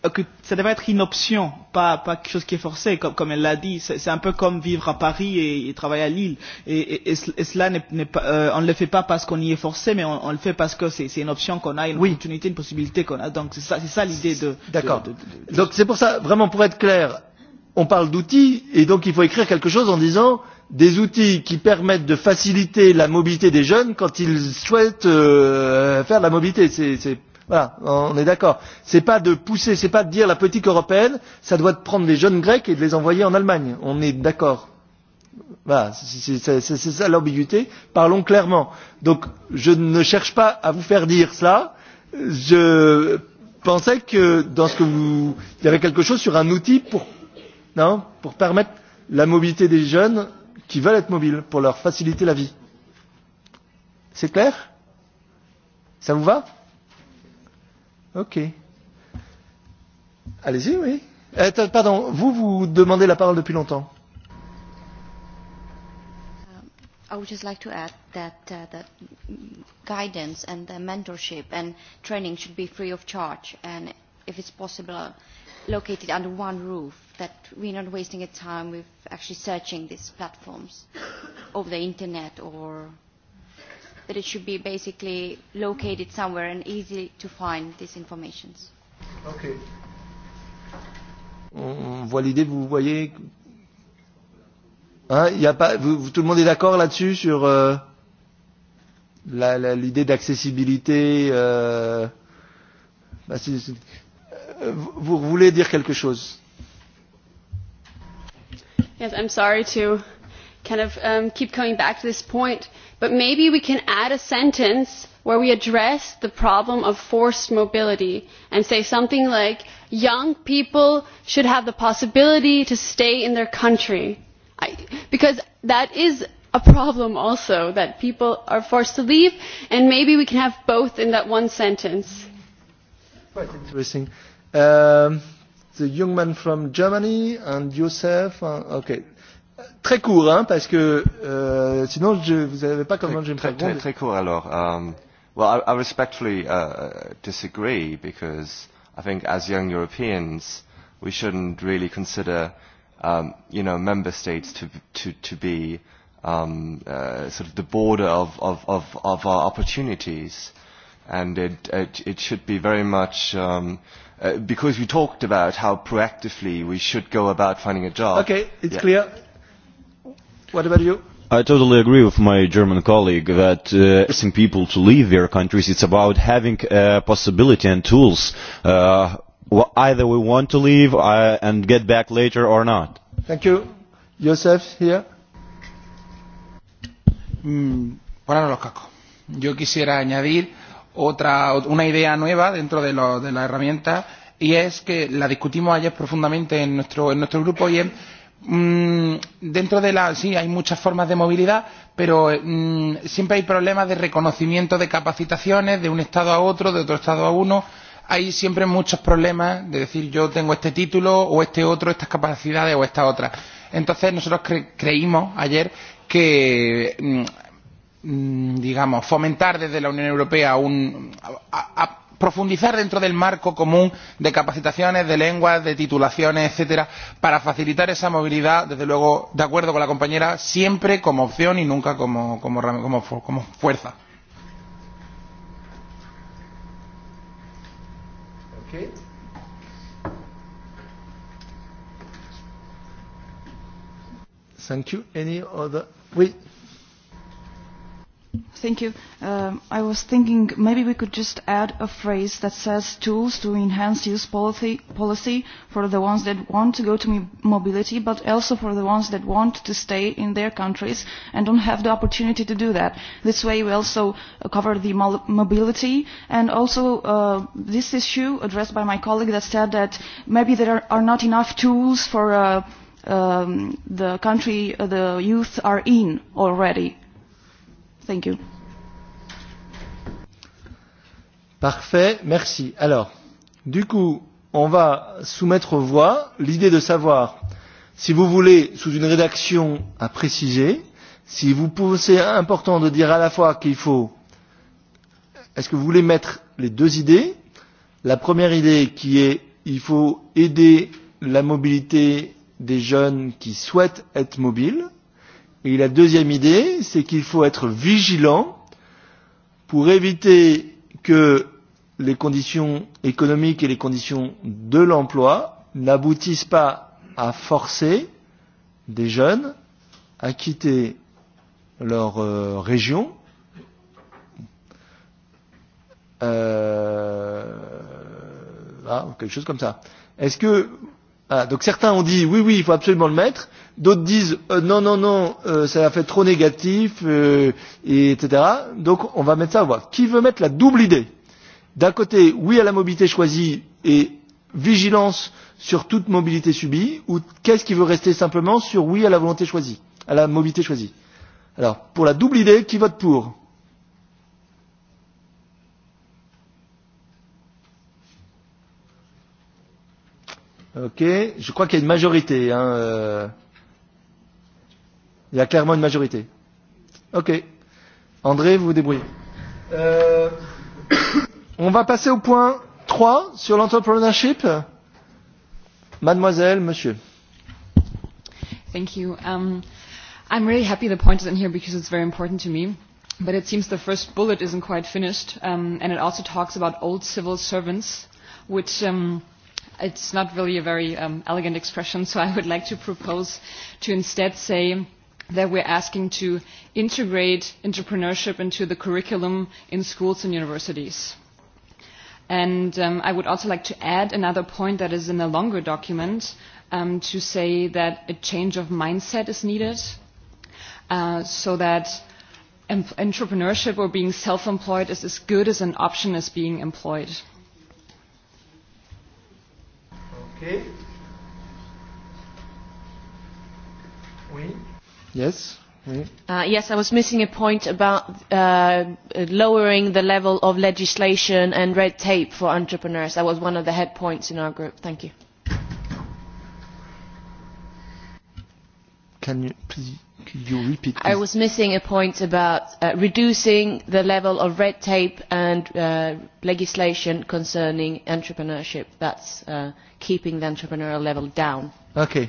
que ça devrait être une option, pas, pas quelque chose qui est forcé, comme, comme elle l'a dit. C'est un peu comme vivre à Paris et, travailler à Lille. Et, cela, n'est pas, on ne le fait pas parce qu'on y est forcé, mais on, le fait parce que c'est une option qu'on a, une opportunité, une possibilité qu'on a. Donc c'est ça, ça l'idée de... D'accord. Donc c'est pour ça, vraiment pour être clair, on parle d'outils, et donc il faut écrire quelque chose en disant des outils qui permettent de faciliter la mobilité des jeunes quand ils souhaitent faire la mobilité. C'est Voilà, on est d'accord. Ce n'est pas de pousser, ce n'est pas de dire la politique européenne, ça doit prendre les jeunes grecs et de les envoyer en Allemagne. On est d'accord. Voilà, c'est ça l'ambiguïté. Parlons clairement. Donc, je ne cherche pas à vous faire dire cela. Je pensais que dans ce que vous... Il y avait quelque chose sur un outil pour, non, pour permettre la mobilité des jeunes qui veulent être mobiles, pour leur faciliter la vie. C'est clair Ça vous va Ok. Allez-y, oui. Pardon, vous, vous demandez la parole depuis longtemps. I would just like to add that the guidance and the mentorship and training should be free of charge and if it's possible located under one roof that we're not wasting time with actually searching these platforms over the internet or that it should be basically located somewhere and easy to find this information. Okay. On voit l'idée, vous voyez. Hein, y a pas, vous, vous, tout le monde est d'accord là-dessus sur euh, l'idée d'accessibilité euh, bah, Vous voulez dire quelque chose Yes, I'm sorry to kind of um, keep coming back to this point but maybe we can add a sentence where we address the problem of forced mobility and say something like young people should have the possibility to stay in their country because that is a problem also that people are forced to leave and maybe we can have both in that one sentence. Quite interesting. Um, the young man from Germany and yourself. okay. Très court, hein, parce que euh, sinon je, vous n'avez pas comment je me très, très, très court alors. Um, well, I, I respectfully uh, disagree because I think as young Europeans we shouldn't really consider um, you know member states to to to be um, uh, sort of the border of of of, of our opportunities, and it, it it should be very much. Um, because we talked about how proactively we should go about finding a job. Okay, it's clear What about you? I totally agree with my German colleague that asking people to leave their countries, it's about having a possibility and tools. Either we want to leave and get back later or not. Thank you. Joseph, here. Bueno, los cacos. Yo quisiera añadir otra, una idea nueva dentro de, lo, de la herramienta y es que la discutimos ayer profundamente en nuestro, en nuestro grupo y es dentro de la sí hay muchas formas de movilidad pero siempre hay problemas de reconocimiento de capacitaciones de un estado a otro de otro estado a uno hay siempre muchos problemas de decir yo tengo este título o este otro estas capacidades o esta otra entonces nosotros creímos ayer que digamos fomentar desde la Unión Europea un profundizar dentro del marco común de capacitaciones de lenguas de titulaciones etcétera para facilitar esa movilidad desde luego de acuerdo con la compañera siempre como opción y nunca como, fuerza. Thank you. I was thinking maybe we could just add a phrase that says tools to enhance youth policy for the ones that want to go to mobility, but also for the ones that want to stay in their countries and don't have the opportunity to do that. This way we also cover the mobility and also this issue addressed by my colleague that said that maybe there are not enough tools for the country the youth are in already Parfait, merci. Alors, du coup, on va soumettre aux voix l'idée de savoir si vous voulez, sous une rédaction à préciser, si vous pensez important de dire à la fois qu'il faut, est-ce que vous voulez mettre les deux idées La première idée qui est, il faut aider la mobilité des jeunes qui souhaitent être mobiles Et la deuxième idée, c'est qu'il faut être vigilant pour éviter que les conditions économiques et les conditions de l'emploi n'aboutissent pas à forcer des jeunes à quitter leur région euh quelque chose comme ça. Est-ce que donc certains ont dit oui oui, il faut absolument le mettre D'autres disent non, non, non, ça a fait trop négatif, et etc. Donc on va mettre ça à voir. Qui veut mettre la double idée D'un côté, oui à la mobilité choisie et vigilance sur toute mobilité subie, ou qu'est-ce qui veut rester simplement sur oui à la volonté choisie, à la mobilité choisie Alors, pour la double idée, qui vote pour Ok, je crois qu'il y a une majorité. Hein, Il y a clairement une majorité. Ok. André, vous vous débrouillez. Euh, on va passer au point 3 sur l'entrepreneurship. Mademoiselle, monsieur. Thank you. Um, I'm really happy the point is in here because it's very important to me. But it seems the first bullet isn't quite finished. Um, and it also talks about old civil servants, which... Um, it's not really a very um, elegant expression, so I would like to propose to instead say that we're asking to integrate entrepreneurship into the curriculum in schools and universities. And I would also like to add another point that is in a longer document to say that a change of mindset is needed so that entrepreneurship or being self-employed is as good as an option as being employed. Okay. Oui. Yes. Yes, I was missing a point about lowering the level of legislation and red tape for entrepreneurs. That was one of the head points in our group. Thank you. Can you repeat? I was missing a point about reducing the level of red tape and legislation concerning entrepreneurship. That's keeping the entrepreneurial level down. Okay.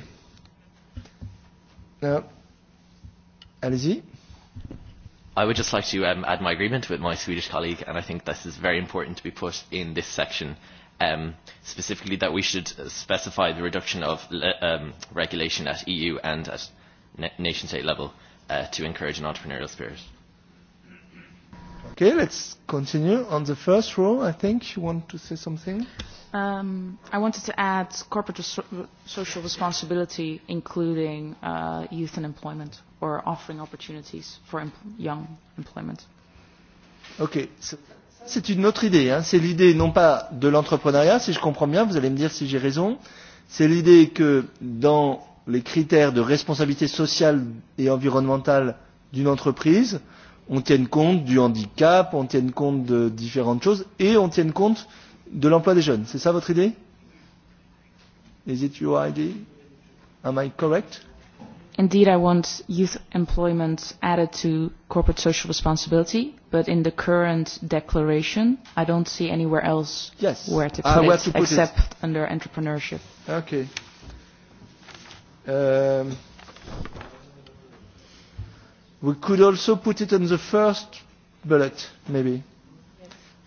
Allez-y. I would just like to um, add my agreement with my Swedish colleague, and I think this is very important to be put in this section, um, specifically that we should specify the reduction of um, regulation at EU and at nation-state level to encourage an entrepreneurial spirit. Okay, let's continue. On the first row, I think you want to say something. Um, I wanted to add corporate social responsibility, including uh, youth and employment, or offering opportunities for young employment. Okay, c'est une autre idée. Hein. C'est l'idée non pas de l'entrepreneuriat, si je comprends bien, vous allez me dire si j'ai raison. C'est l'idée que dans les critères de responsabilité sociale et environnementale d'une entreprise, euh, on tienne compte du handicap, on tienne compte de différentes choses et on tienne compte de l'emploi des jeunes. C'est ça votre idée Is it your idea Am I correct Indeed, I want youth employment added to corporate social responsibility, but in the current declaration, I don't see anywhere else where to put it, except under entrepreneurship. Okay. Um, We could also put it on the first bullet, maybe,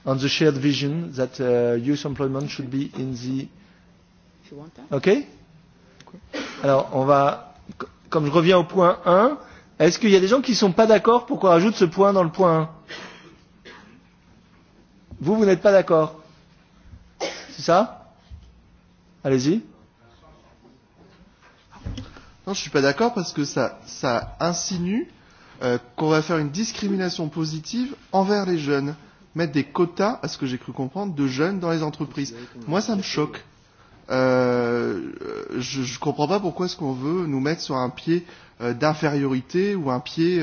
on the shared vision that youth employment should be in the. OK Alors, on va. Comme je reviens au point 1, est-ce qu'il y a des gens qui ne sont pas d'accord pour qu'on rajoute ce point dans le point 1 Vous, vous n'êtes pas d'accord C'est ça Allez-y. Non, je ne suis pas d'accord parce que ça, ça insinue qu'on va faire une discrimination positive envers les jeunes, mettre des quotas, à ce que j'ai cru comprendre, de jeunes dans les entreprises. Moi, ça me choque. Euh, je ne comprends pas pourquoi est-ce qu'on veut nous mettre sur un pied d'infériorité ou un pied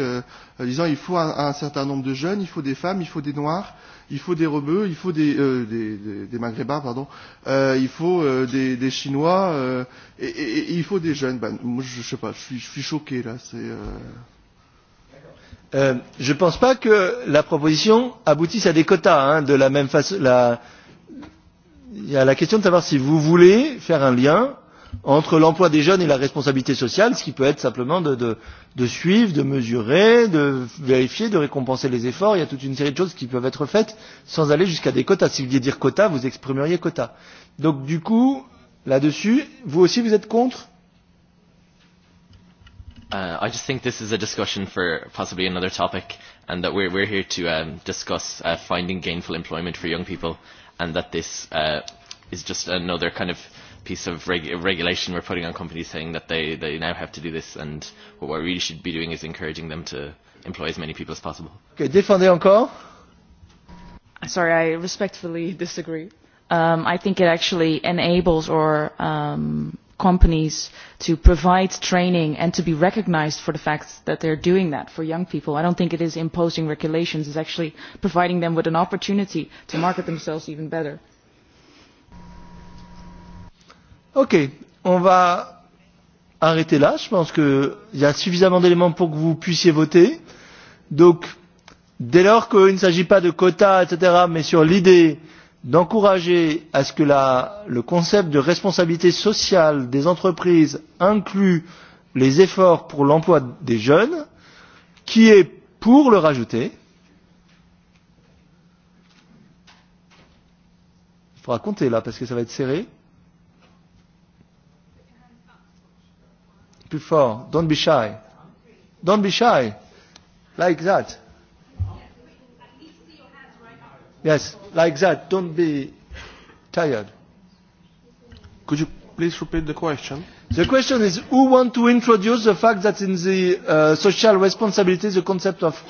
disant il faut un certain nombre de jeunes, il faut des femmes, il faut des noirs, il faut des rebeux, il faut des des maghrébins pardon, il faut des des chinois et il faut des jeunes. Ben moi je sais pas, je suis je suis choqué là, c'est je ne pense pas que la proposition aboutisse à des quotas de la même façon il y a la question de savoir si vous voulez faire un lien entre l'emploi des jeunes et la responsabilité sociale ce qui peut être simplement de suivre de mesurer de vérifier de récompenser les efforts il y a toute une série de choses qui peuvent être faites sans aller jusqu'à des quotas si vous vouliez dire quotas vous exprimeriez quotas donc du coup là dessus vous aussi vous êtes contre I just think this is a discussion for possibly another topic and that we're, we're here to discuss finding gainful employment for young people and that this is just another kind of piece of regulation we're putting on companies saying that they, they now have to do this and what we really should be doing is encouraging them to employ as many people as possible. Okay, défendez encore? Sorry, I respectfully disagree. Um, I think it actually enables or um, companies to provide training and to be recognised for the fact that they are doing that for young people. I don't think it is imposing regulations, it's actually providing them with an opportunity to market themselves even better. Ok, on va arrêter là. Je pense qu'il y a suffisamment d'éléments pour que vous puissiez voter. Donc, dès lors qu'il ne s'agit pas de quotas, etc., mais sur l'idée d'encourager à ce que le concept de responsabilité sociale des entreprises inclut les efforts pour l'emploi des jeunes, qui est pour le rajouter. Il faudra compter là parce que ça va être serré. Plus fort. Don't be shy. Don't be shy. Like that. Yes like that. Don't be tired. Could you please repeat the question? The question is who want to introduce the fact that in the social responsibility the concept of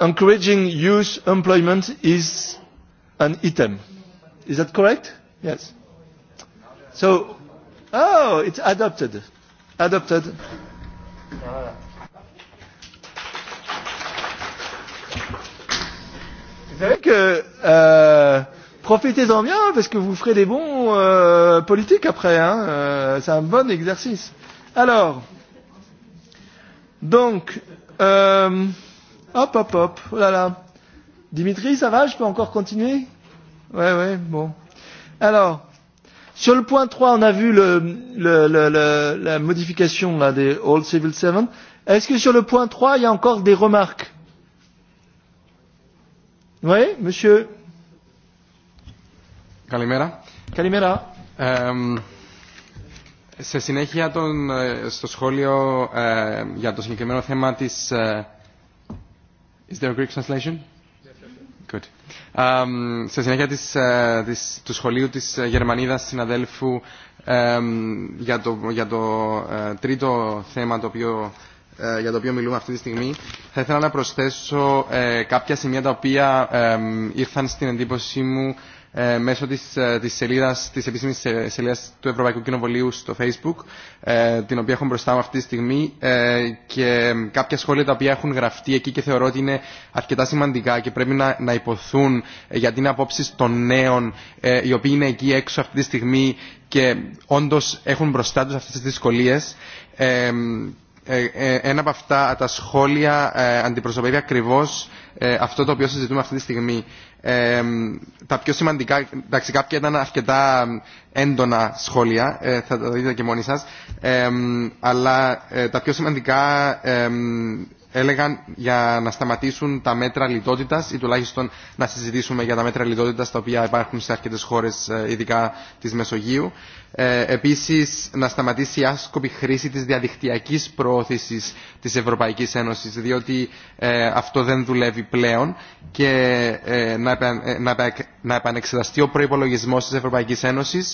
encouraging youth employment is an item. Is that correct? Yes. So, oh, it's adopted. Adopted. que euh, profitez-en bien, parce que vous ferez des bons euh, politiques après. Hein. C'est un bon exercice. Alors, donc, euh, hop, hop, hop, oh là là. Dimitri, ça va Je peux encore continuer Ouais, ouais, bon. Alors, sur le point 3, on a vu le, le, le, la modification là, des Old Civil Servants. Est-ce que sur le point 3, il y a encore des remarques Oui, monsieur. Καλημέρα. Καλημέρα. Ε, σε συνέχεια τον, ε, στο σχόλιο ε, για το συγκεκριμένο θέμα της... Ε, is there a Greek translation? Good. Ε, σε συνέχεια της, ε, της, του σχολείου της Γερμανίδας συναδέλφου για το, για το ε, τρίτο θέμα το οποίο ε, για το οποίο μιλούμε αυτή τη στιγμή, θα ήθελα να προσθέσω ε, κάποια σημεία τα οποία ε, ήρθαν στην εντύπωσή μου μέσω της, της, σελίδας, της επίσημης σελίδας του Ευρωπαϊκού Κοινοβουλίου στο Facebook, την οποία έχω μπροστά μου αυτή τη στιγμή και κάποια σχόλια τα οποία έχουν γραφτεί εκεί και θεωρώ ότι είναι αρκετά σημαντικά και πρέπει να, να υποθούν για την απόψη των νέων οι οποίοι είναι εκεί έξω αυτή τη στιγμή και όντως έχουν μπροστά τους αυτές τις δυσκολίες ε, ε, ένα από αυτά τα σχόλια ε, αντιπροσωπεύει ακριβώς αυτό το οποίο συζητούμε αυτή τη στιγμή. τα πιο σημαντικά, εντάξει κάποια ήταν αρκετά έντονα σχόλια, θα τα δείτε και μόνοι σας, αλλά τα πιο σημαντικά έλεγαν για να σταματήσουν τα μέτρα λιτότητα ή τουλάχιστον να συζητήσουμε για τα μέτρα λιτότητα τα οποία υπάρχουν σε αρκετέ χώρε, ε, ειδικά τη Μεσογείου. Ε, Επίση, να σταματήσει η άσκοπη χρήση τη διαδικτυακή προώθηση τη Ευρωπαϊκή Ένωση, διότι ε, αυτό δεν δουλεύει πλέον και ε, να, να, να επανεξεταστεί ο προπολογισμό τη Ευρωπαϊκή Ένωση,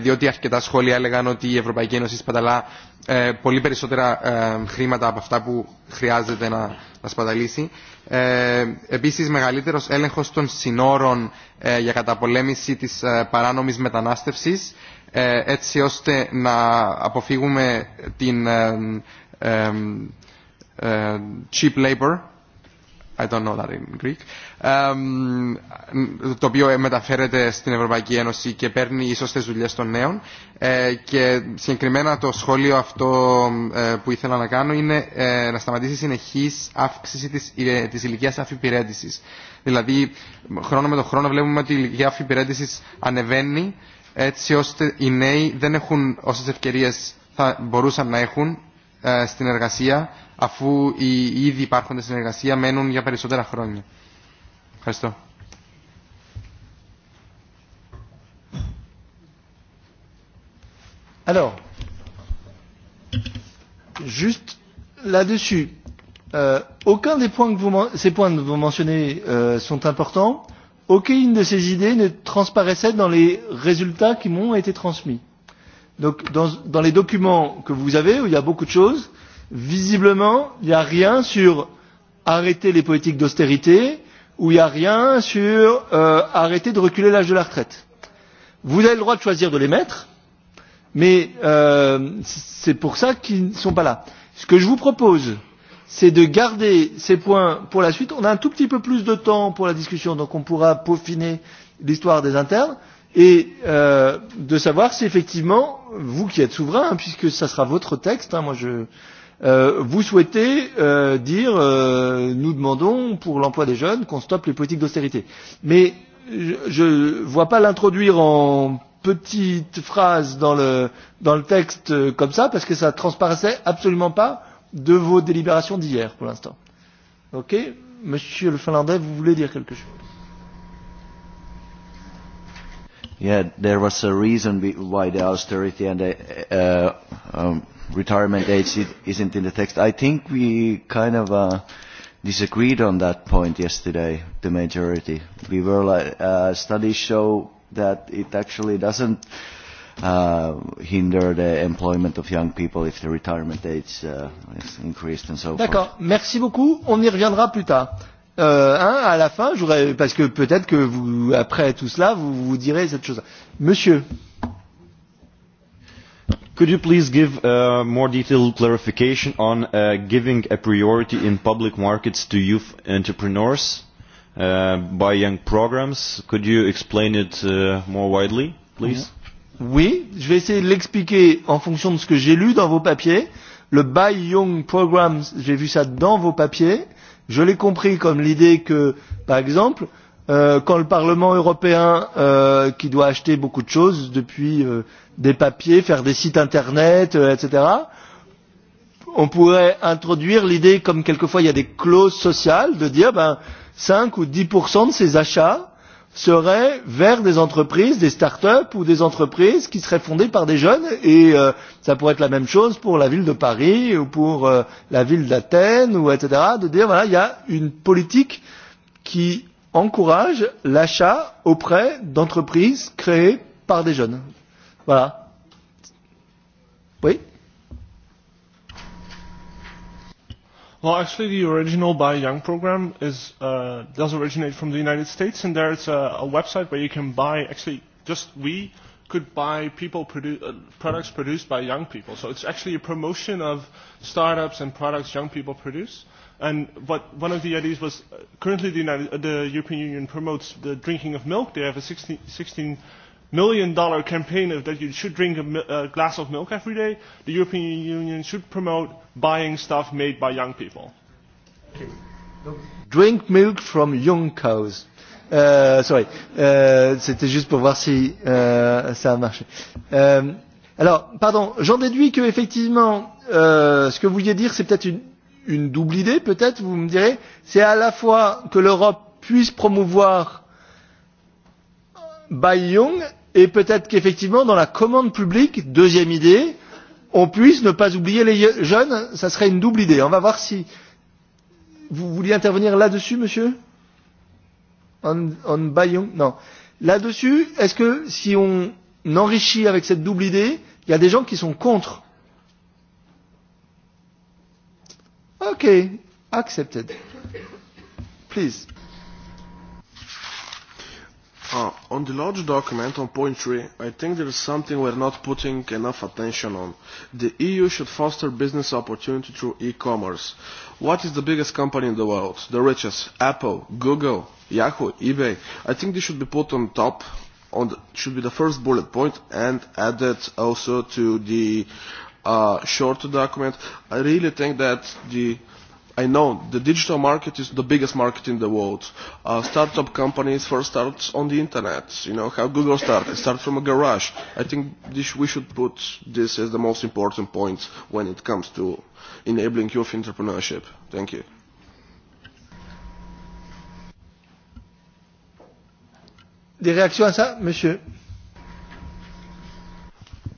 διότι αρκετά σχόλια έλεγαν ότι η Ευρωπαϊκή Ένωση σπαταλά ε, πολύ περισσότερα ε, χρήματα από αυτά που χρειάζεται να, να σπαταλήσει. Ε, επίσης, μεγαλύτερος έλεγχος των συνόρων ε, για καταπολέμηση της παράνομης μετανάστευσης, έτσι ώστε να αποφύγουμε την cheap labor, I don't know that in Greek, το οποίο μεταφέρεται στην Ευρωπαϊκή Ένωση και παίρνει ίσως τις δουλειές των νέων ε, και συγκεκριμένα το σχόλιο αυτό ε, που ήθελα να κάνω είναι ε, να σταματήσει η συνεχής αύξηση της, της ηλικίας αφιπηρέτησης. Δηλαδή χρόνο με το χρόνο βλέπουμε ότι η ηλικία αφιπηρέτησης ανεβαίνει έτσι ώστε οι νέοι δεν έχουν όσες ευκαιρίες θα μπορούσαν να έχουν στην εργασία αφού οι ήδη υπάρχοντες στην εργασία μένουν για περισσότερα χρόνια. Alors, juste là-dessus, aucun des points que vous, ces points que vous mentionnez sont importants. Aucune de ces idées ne transparaissait dans les résultats qui m'ont été transmis. Donc, dans, dans les documents que vous avez, où il y a beaucoup de choses, visiblement, il n'y a rien sur arrêter les politiques d'austérité, où il n'y a rien sur euh, arrêter de reculer l'âge de la retraite. Vous avez le droit de choisir de les mettre, mais c'est pour ça qu'ils ne sont pas là. Ce que je vous propose, c'est de garder ces points pour la suite. On a un tout petit peu plus de temps pour la discussion, donc on pourra peaufiner l'histoire des internes et euh, de savoir si effectivement, vous qui êtes souverain, puisque ça sera votre texte, moi je vous souhaitez dire nous demandons pour l'emploi des jeunes qu'on stoppe les politiques d'austérité. Mais je ne vois pas l'introduire en petite phrase dans le, dans le texte comme ça, parce que ça ne transparaissait absolument pas de vos délibérations d'hier pour l'instant. Ok Monsieur le Finlandais, vous voulez dire quelque chose Yeah, there was a reason austerity and uh, retirement age isn't in the text. I think we kind of disagreed on that point yesterday, the majority. We were like, studies show that it actually doesn't hinder the employment of young people if the retirement age is increased and so forth. D'accord. Merci beaucoup. On y reviendra plus tard. hein, à la fin, parce que peut-être que vous, après tout cela, vous vous direz cette chose. Monsieur. Could you please give more detailed clarification on giving a priority in public markets to youth entrepreneurs by young programs? Could you explain it more widely, please? Oui, je vais essayer de l'expliquer en fonction de ce que j'ai lu dans vos papiers. Le Buy Young Programs, j'ai vu ça dans vos papiers. Je l'ai compris comme l'idée que, par exemple, quand le Parlement européen, qui doit acheter beaucoup de choses depuis des papiers, faire des sites internet, etc. On pourrait introduire l'idée, comme quelquefois il y a des clauses sociales, de dire ben 5 ou 10% de ces achats seraient vers des entreprises, des start-up ou des entreprises qui seraient fondées par des jeunes. Et ça pourrait être la même chose pour la ville de Paris ou pour la ville d'Athènes, ou etc. De dire, voilà, il y a une politique qui encourage l'achat auprès d'entreprises créées par des jeunes. Voilà. Oui Well, actually, the original Buy Young program is, uh, does originate from the United States, and there is a, a website where you can buy, actually, just we could buy people produ uh, products produced by young people. So it's actually a promotion of startups and products young people produce. And what one of the ideas was, currently the, United, uh, the European Union promotes the drinking of milk. They have a 16, 16 million dollar campaign of that you should drink a glass of milk every day, the European Union should promote buying stuff made by young people. Drink milk from young cows. sorry, c'était juste pour voir si ça a marché. alors, pardon, j'en déduis que effectivement, ce que vous vouliez dire, c'est peut-être une, une double idée, peut-être, vous me direz, c'est à la fois que l'Europe puisse promouvoir by Young et peut-être qu'effectivement dans la commande publique, deuxième idée, on puisse ne pas oublier les jeunes, ce serait une double idée. On va voir si vous vouliez intervenir là-dessus, monsieur On, on Non. Là-dessus, est-ce que si on enrichit avec cette double idée, il y a des gens qui sont contre Ok, accepted. Please. On the large document on point three, I think there is something we're not putting enough attention on. The EU should foster business opportunity through e-commerce. What is the biggest company in the world? The richest? Apple, Google, Yahoo, eBay. I think this should be put on top, on should be the first bullet point and added also to the short document. I really think that the I know the digital market is the biggest market in the world. Startup companies first start on the internet. You know how Google started, start from a garage. I think this we should put this as the most important point when it comes to enabling youth entrepreneurship. Thank you. Des réactions à monsieur?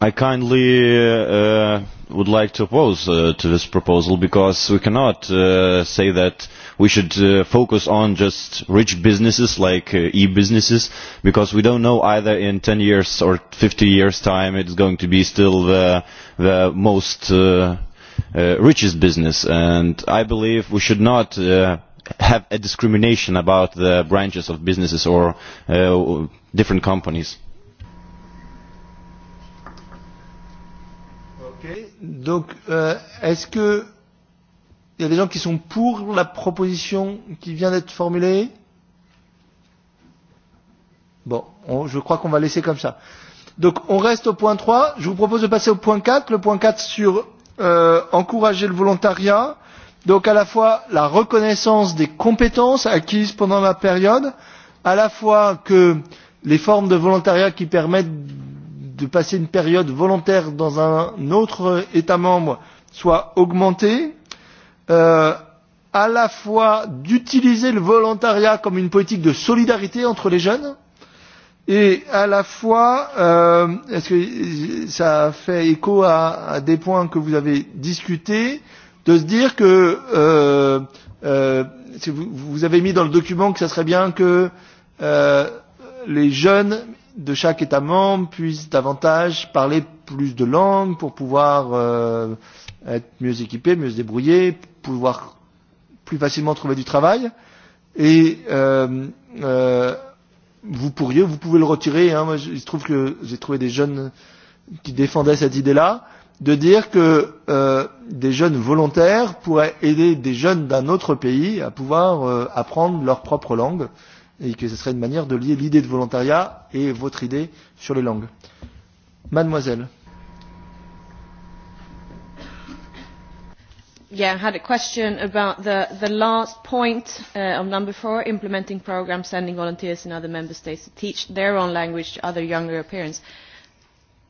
I kindly would like to oppose to this proposal because we cannot say that we should focus on just rich businesses like e-businesses because we don't know either in 10 years or 50 years time it's going to be still the the most richest business and I believe we should not have a discrimination about the branches of businesses or different companies. Donc, est-ce que il y a des gens qui sont pour la proposition qui vient d'être formulée Bon, je crois qu'on va laisser comme ça. Donc, on reste au point 3. Je vous propose de passer au point 4. Le point 4 sur encourager le volontariat. Donc, à la fois la reconnaissance des compétences acquises pendant la période, à la fois que les formes de volontariat qui permettent de passer une période volontaire dans un autre État membre soit augmentée, à la fois d'utiliser le volontariat comme une politique de solidarité entre les jeunes, et à la fois, est-ce que ça fait écho à des points que vous avez discutés, de se dire que vous avez mis dans le document que ça serait bien que les jeunes de chaque État membre puisse davantage parler plus de langues pour pouvoir être mieux équipés, mieux se débrouiller, pouvoir plus facilement trouver du travail. Et vous pourriez, vous pouvez le retirer. Hein. Moi, il se trouve que j'ai trouvé des jeunes qui défendaient cette idée-là, de dire que des jeunes volontaires pourraient aider des jeunes d'un autre pays à pouvoir apprendre leur propre langue et que ce serait une manière de lier l'idée de volontariat et votre idée sur les langues. Mademoiselle. Yeah, I had a question about the, the last point uh, of number four, implementing programs, sending volunteers in other member states to teach their own language to other young Europeans.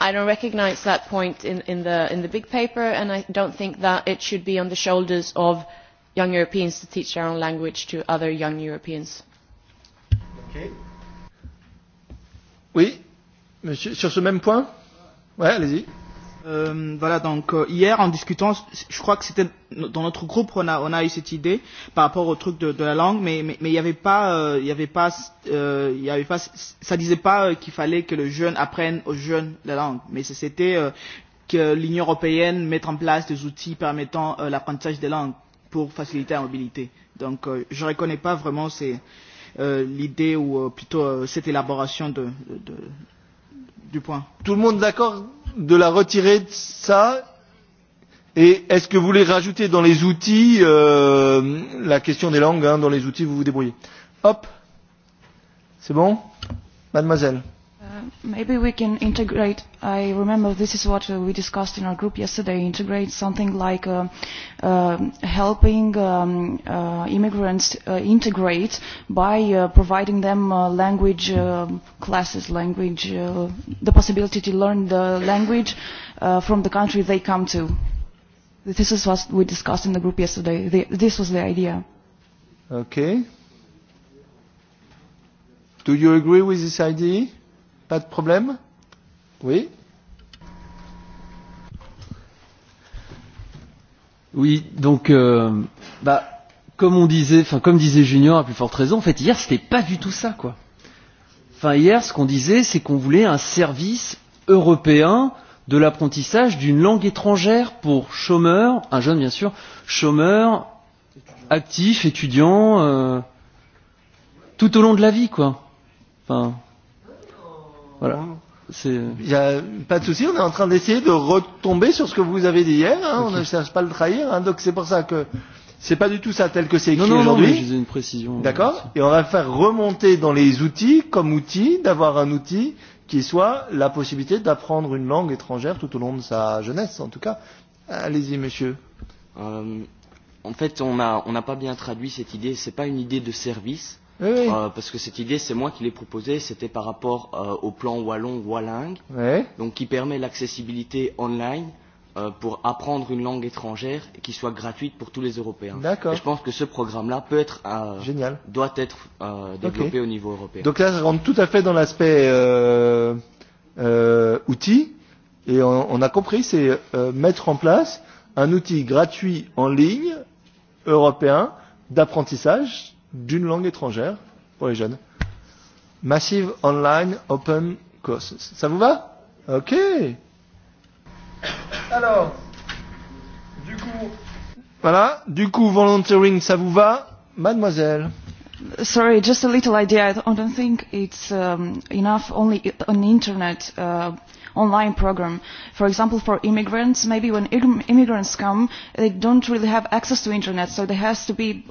I don't recognize that point in, in, the, in the big paper, and I don't think that it should be on the shoulders of young Europeans to teach their own language to other young Europeans Oui, monsieur, sur ce même point Ouais, allez-y. voilà, donc hier en discutant, je crois que c'était dans notre groupe on a, on a eu cette idée par rapport au truc de, la langue, mais il mais, mais avait pas, y avait pas, euh, y avait pas, ça disait pas qu'il fallait que le jeune apprenne aux jeunes la langue, mais c'était que l'Union européenne mette en place des outils permettant euh, l'apprentissage des langues pour faciliter la mobilité. Donc je ne reconnais pas vraiment ces, l'idée ou plutôt cette élaboration de du point. Tout le monde d'accord de la retirer de ça Et est-ce que vous voulez rajouter dans les outils la question des langues Dans les outils, vous vous débrouillez. Hop C'est bon Mademoiselle Maybe we can integrate. I remember this is what we discussed in our group yesterday. Integrate something like helping immigrants integrate by providing them language classes, language, the possibility to learn the language from the country they come to. This is what we discussed in the group yesterday. This was the idea. Okay. Do you agree with this idea? Pas de problème Oui Oui, donc, bah, comme on disait, enfin, comme disait Junior à plus forte raison, en fait, hier, c'était pas du tout ça, quoi. Enfin, hier, ce qu'on disait, c'est qu'on voulait un service européen de l'apprentissage d'une langue étrangère pour chômeurs, un jeune bien sûr, chômeur, actif, étudiant tout au long de la vie, quoi. Enfin, Voilà. Y a pas de souci, on est en train d'essayer de retomber sur ce que vous avez dit hier, on ne cherche pas à le trahir, donc c'est pour ça que c'est pas du tout ça tel que c'est écrit aujourd'hui. Non, une précision. D'accord Et on va faire remonter dans les outils, comme outil, d'avoir un outil qui soit la possibilité d'apprendre une langue étrangère tout au long de sa jeunesse, en tout cas. Allez-y, monsieur. en fait, on n'a on a pas bien traduit cette idée, c'est pas une idée de service, parce que cette idée, c'est moi qui l'ai proposée, c'était par rapport au plan wallon-walling, donc qui permet l'accessibilité online pour apprendre une langue étrangère et qui soit gratuite pour tous les Européens. Je pense que ce programme-là peut être Génial. doit être développé au niveau européen. Donc là, ça rentre tout à fait dans l'aspect euh, euh, outil. Et on, a compris, c'est mettre en place un outil gratuit en ligne européen d'apprentissage d'une langue étrangère pour les jeunes. Massive Online Open Courses. Ça vous va Ok. Alors, du coup... Voilà, du coup, volunteering, ça vous va Mademoiselle Sorry, just a little idea. I don't think it's enough only on the internet online program. For example, for immigrants, maybe when immigrants come, they don't really have access to internet, so there has to be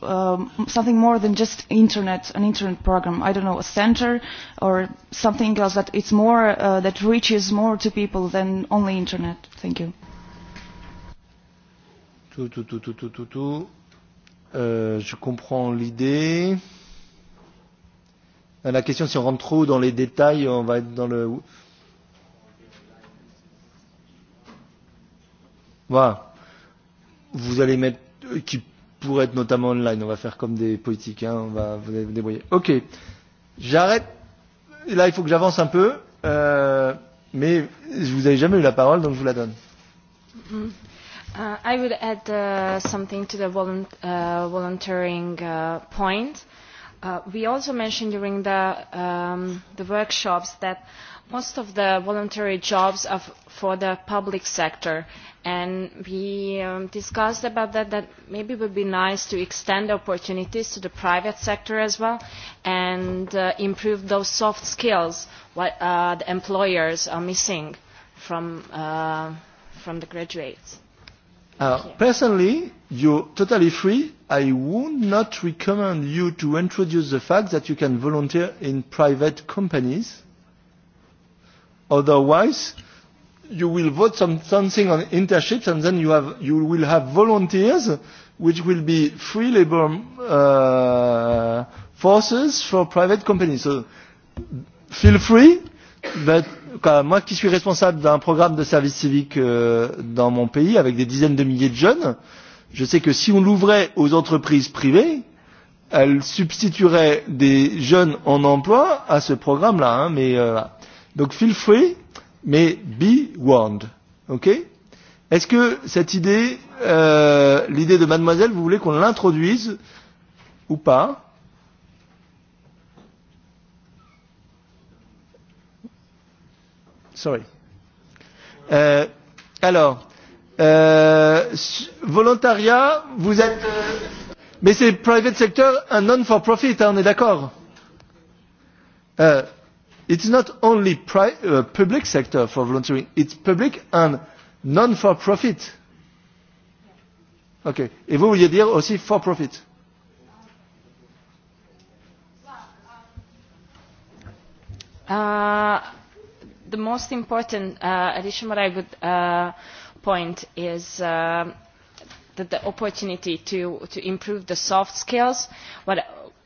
something more than just internet, an internet program. I don't know, a center or something else that it's more that reaches more to people than only internet. Thank you. Euh, je comprends l'idée. La question, si on rentre trop dans les détails, on va être dans le Voilà. Vous allez mettre qui pourrait être notamment online. On va faire comme des politiques. Hein. On va vous allez débrouiller. Ok. J'arrête. Là, il faut que j'avance un peu. Euh, mais je vous avez jamais eu la parole, donc je vous la donne. I would add something to the volunteering point. We also mentioned during the workshops that most of the voluntary jobs are for the public sector and we discussed about that that maybe it would be nice to extend opportunities to the private sector as well and improve those soft skills what the employers are missing from from the graduates personally you're totally free i would not recommend you to introduce the fact that you can volunteer in private companies Otherwise, you will vote something on internships and then you have you will have volunteers which will be free labor forces for private companies. So feel free, but moi qui suis responsable d'un programme de service civique dans mon pays avec des dizaines de milliers de jeunes, je sais que si on l'ouvrait aux entreprises privées, elles substitueraient des jeunes en emploi à ce programme-là. Mais voilà Donc feel free, mais be warned. Ok Est-ce que cette idée, euh, l'idée de mademoiselle, vous voulez qu'on l'introduise ou pas Sorry. Euh, alors, euh, volontariat, vous êtes... Mais c'est private sector, un non-for-profit, on est d'accord euh, It is not only public sector for volunteering, it's public and non-for-profit. Okay. Et vous vouliez dire aussi for-profit. the most important uh, addition what I would uh, point is that the opportunity to, to improve the soft skills, what,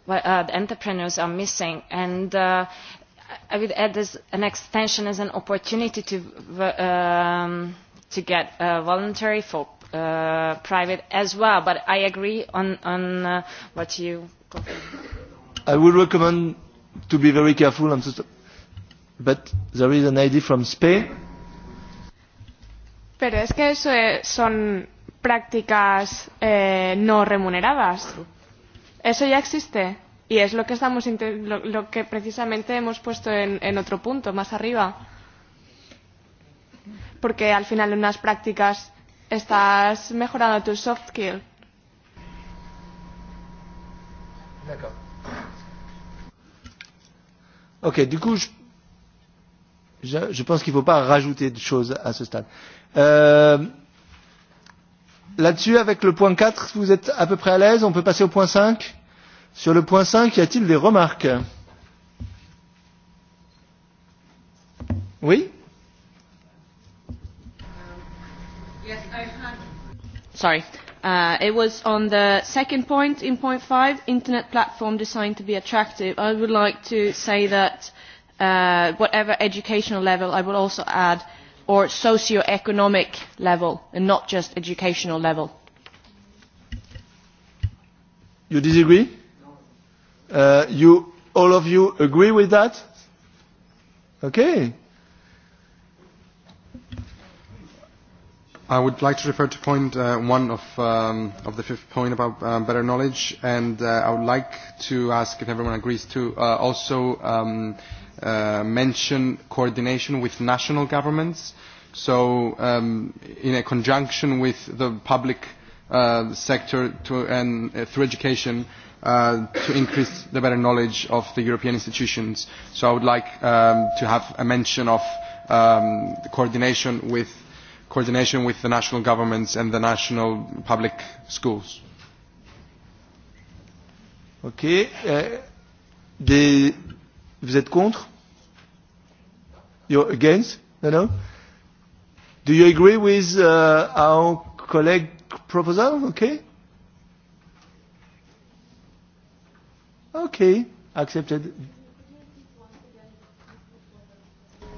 what uh, the entrepreneurs are missing. And uh, I would add as an extension as an opportunity to to get voluntary for private as well. But I agree on on what you. I would recommend to be very careful. I'm but there is an idea from Spain. Pero es que eso son prácticas eh, no remuneradas. Eso ya existe y es lo que estamos lo que precisamente hemos puesto en otro punto más arriba porque al final en unas prácticas estás mejorando tu soft skill ok du coup je je pense qu'il ne faut pas rajouter de choses à ce stade euh là-dessus avec le point 4 vous êtes à peu près à l'aise on peut passer au point 5 Sur le point 5, y a-t-il des remarques Oui Sorry. It was on the second point in point five, internet platform designed to be attractive. I would like to say that whatever educational level, I would also add, or socio-economic level, and not just educational level. You disagree? You, all of you, agree with that? Okay. I would like to refer to point one of of the fifth point about better knowledge, and I would like to ask if everyone agrees to also mention coordination with national governments. So, in a conjunction with the public sector and through education to increase the better knowledge of the European institutions. So I would like to have a mention of coordination with coordination with the national governments and the national public schools. Ok. the, Vous êtes contre? You're against? No, no. Do you agree with our colleague proposal? Okay. Okay, accepted.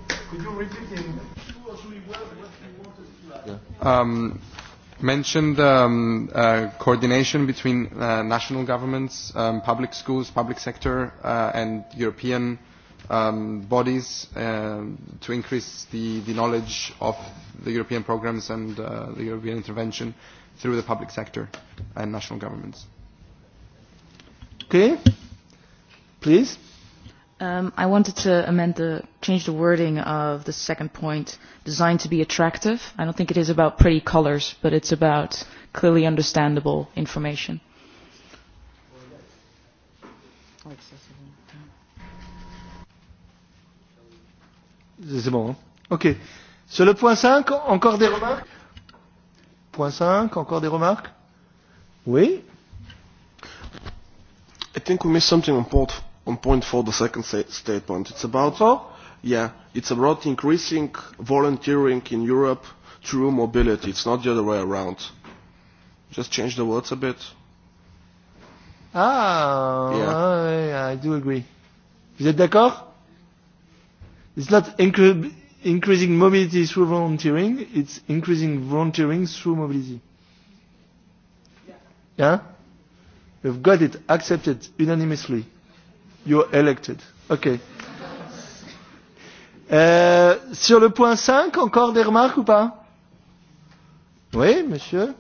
Could you repeat in two or three words what you wanted to Um, mentioned um, coordination between national governments, public schools, public sector, and European bodies to increase the, the knowledge of the European programs and the European intervention through the public sector and national governments. Okay. Please. I wanted to amend the change the wording of the second point, designed to be attractive. I don't think it is about pretty colors, but it's about clearly understandable information. C'est bon. OK. Sur le point 5, encore des remarques Point 5, encore des remarques Oui I think we missed something important on point four, the second statement. It's about, yeah, it's about increasing volunteering in Europe through mobility. It's not the other way around. Just change the words a bit. Ah, I do agree. Vous êtes d'accord? It's not increasing mobility through volunteering, it's increasing volunteering through mobility. Yeah? We've got it accepted unanimously. You're elected. OK. Euh, sur le point 5, encore des remarques ou pas Oui, monsieur.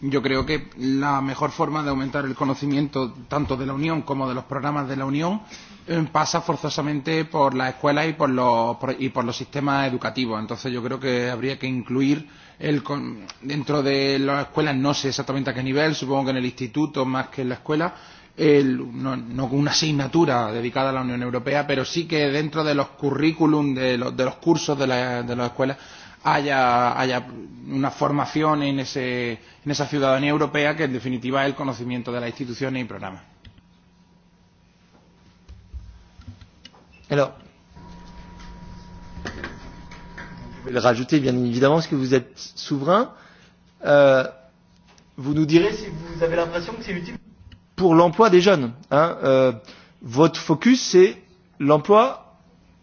Yo creo que la mejor forma de aumentar el conocimiento tanto de la Unión como de los programas de la Unión pasa forzosamente por las escuelas y por los, y por los sistemas educativos. Entonces yo creo que habría que incluir el, dentro de las escuelas, no sé exactamente a qué nivel, supongo que en el instituto más que en la escuela, no, con una asignatura dedicada a la Unión Europea, pero sí que dentro de los currículum, de los, cursos de, la, de las escuelas, haya, una formación en, ese, en esa ciudadanía europea que en definitiva es el conocimiento de las instituciones y programas. bien évidemment que vous êtes souverain. vous nous direz si vous avez l'impression que c'est utile pour l'emploi des jeunes. Hein. votre focus, c'est l'emploi.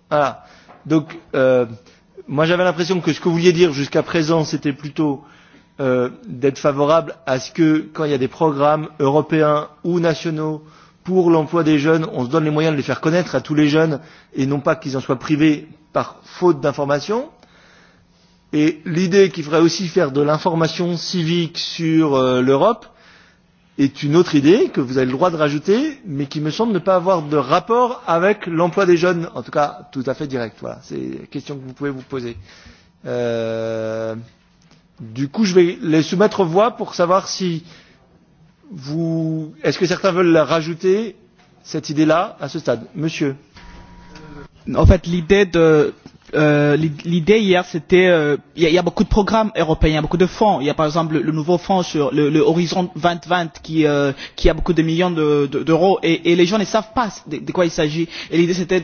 Voilà. Donc, moi j'avais l'impression que ce que vous vouliez dire jusqu'à présent, c'était plutôt d'être favorable à ce que, quand il y a des programmes européens ou nationaux pour l'emploi des jeunes, on se donne les moyens de les faire connaître à tous les jeunes et non pas qu'ils en soient privés par faute d'information. Et l'idée qu'il faudrait aussi faire de l'information civique sur l'Europe, est une autre idée que vous avez le droit de rajouter, mais qui me semble ne pas avoir de rapport avec l'emploi des jeunes, en tout cas tout à fait direct. Voilà, c'est une question que vous pouvez vous poser. du coup, je vais les soumettre aux voix pour savoir si vous... Est-ce que certains veulent rajouter cette idée-là à ce stade Monsieur. En fait, l'idée de l'idée hier c'était il y a beaucoup de programmes européens il y a beaucoup de fonds il y a par exemple le nouveau fonds sur le horizon 2020 qui, qui a beaucoup de millions d'euros et les gens ne savent pas de quoi il s'agit et l'idée c'était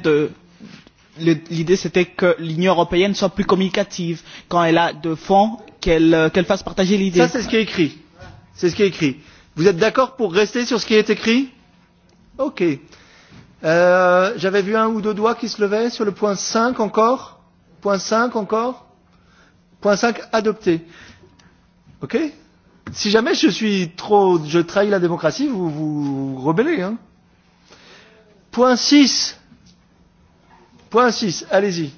l'idée c'était que l'union européenne soit plus communicative quand elle a de fonds qu'elle fasse partager l'idée. ça c'est ce qui est écrit c'est ce qui est écrit. vous êtes d'accord pour rester sur ce qui est écrit? ok. J'avais vu un ou deux doigts qui se levaient sur le point 5 encore. Point 5 encore. Point 5 adopté. Ok Si jamais je suis trop, je trahis la démocratie, vous vous rebellez. Hein point 6. Point 6, allez-y.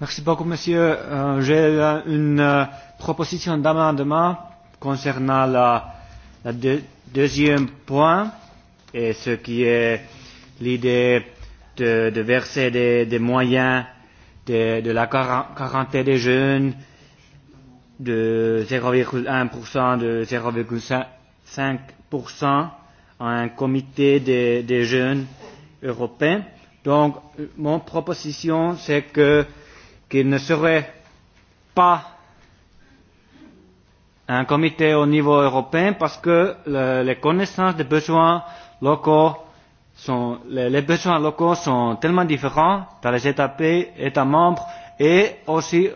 Merci beaucoup, monsieur. J'ai une proposition d'amendement concernant la, la deuxième point ce qui est l'idée de verser des moyens de la quarantaine des jeunes de 0,1% de 0,5% à un comité des jeunes européens. Donc, mon proposition, c'est que qu'il ne serait pas un comité au niveau européen parce que les connaissances des besoins locaux sont, les besoins locaux sont tellement différents dans les États membres et aussi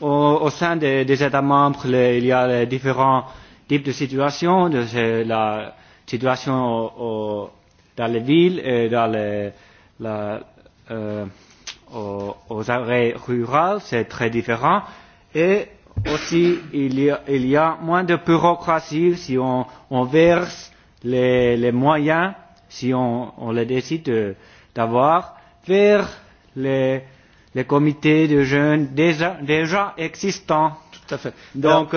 au sein des États membres, il y a différents types de situations, de la situation dans les villes et dans les, la, aux arrêts ruraux, c'est très différent. Et aussi, il y a, il y a moins de bureaucratie si on verse les, moyens, si on, on les décide d'avoir, vers les, les comités de jeunes déjà, existants. Tout à fait. Donc,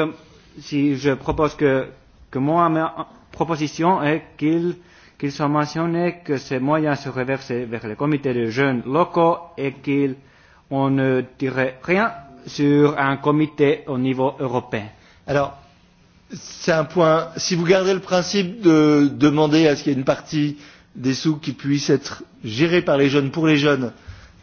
si je propose que, que moi, ma proposition est qu'il qu'il soit mentionné que ces moyens seraient versés vers les comités de jeunes locaux et qu'on ne dirait rien sur un comité au niveau européen. Alors, c'est un point. Si vous gardez le principe de demander à ce qu'il y ait une partie des sous qui puisse être gérée par les jeunes pour les jeunes,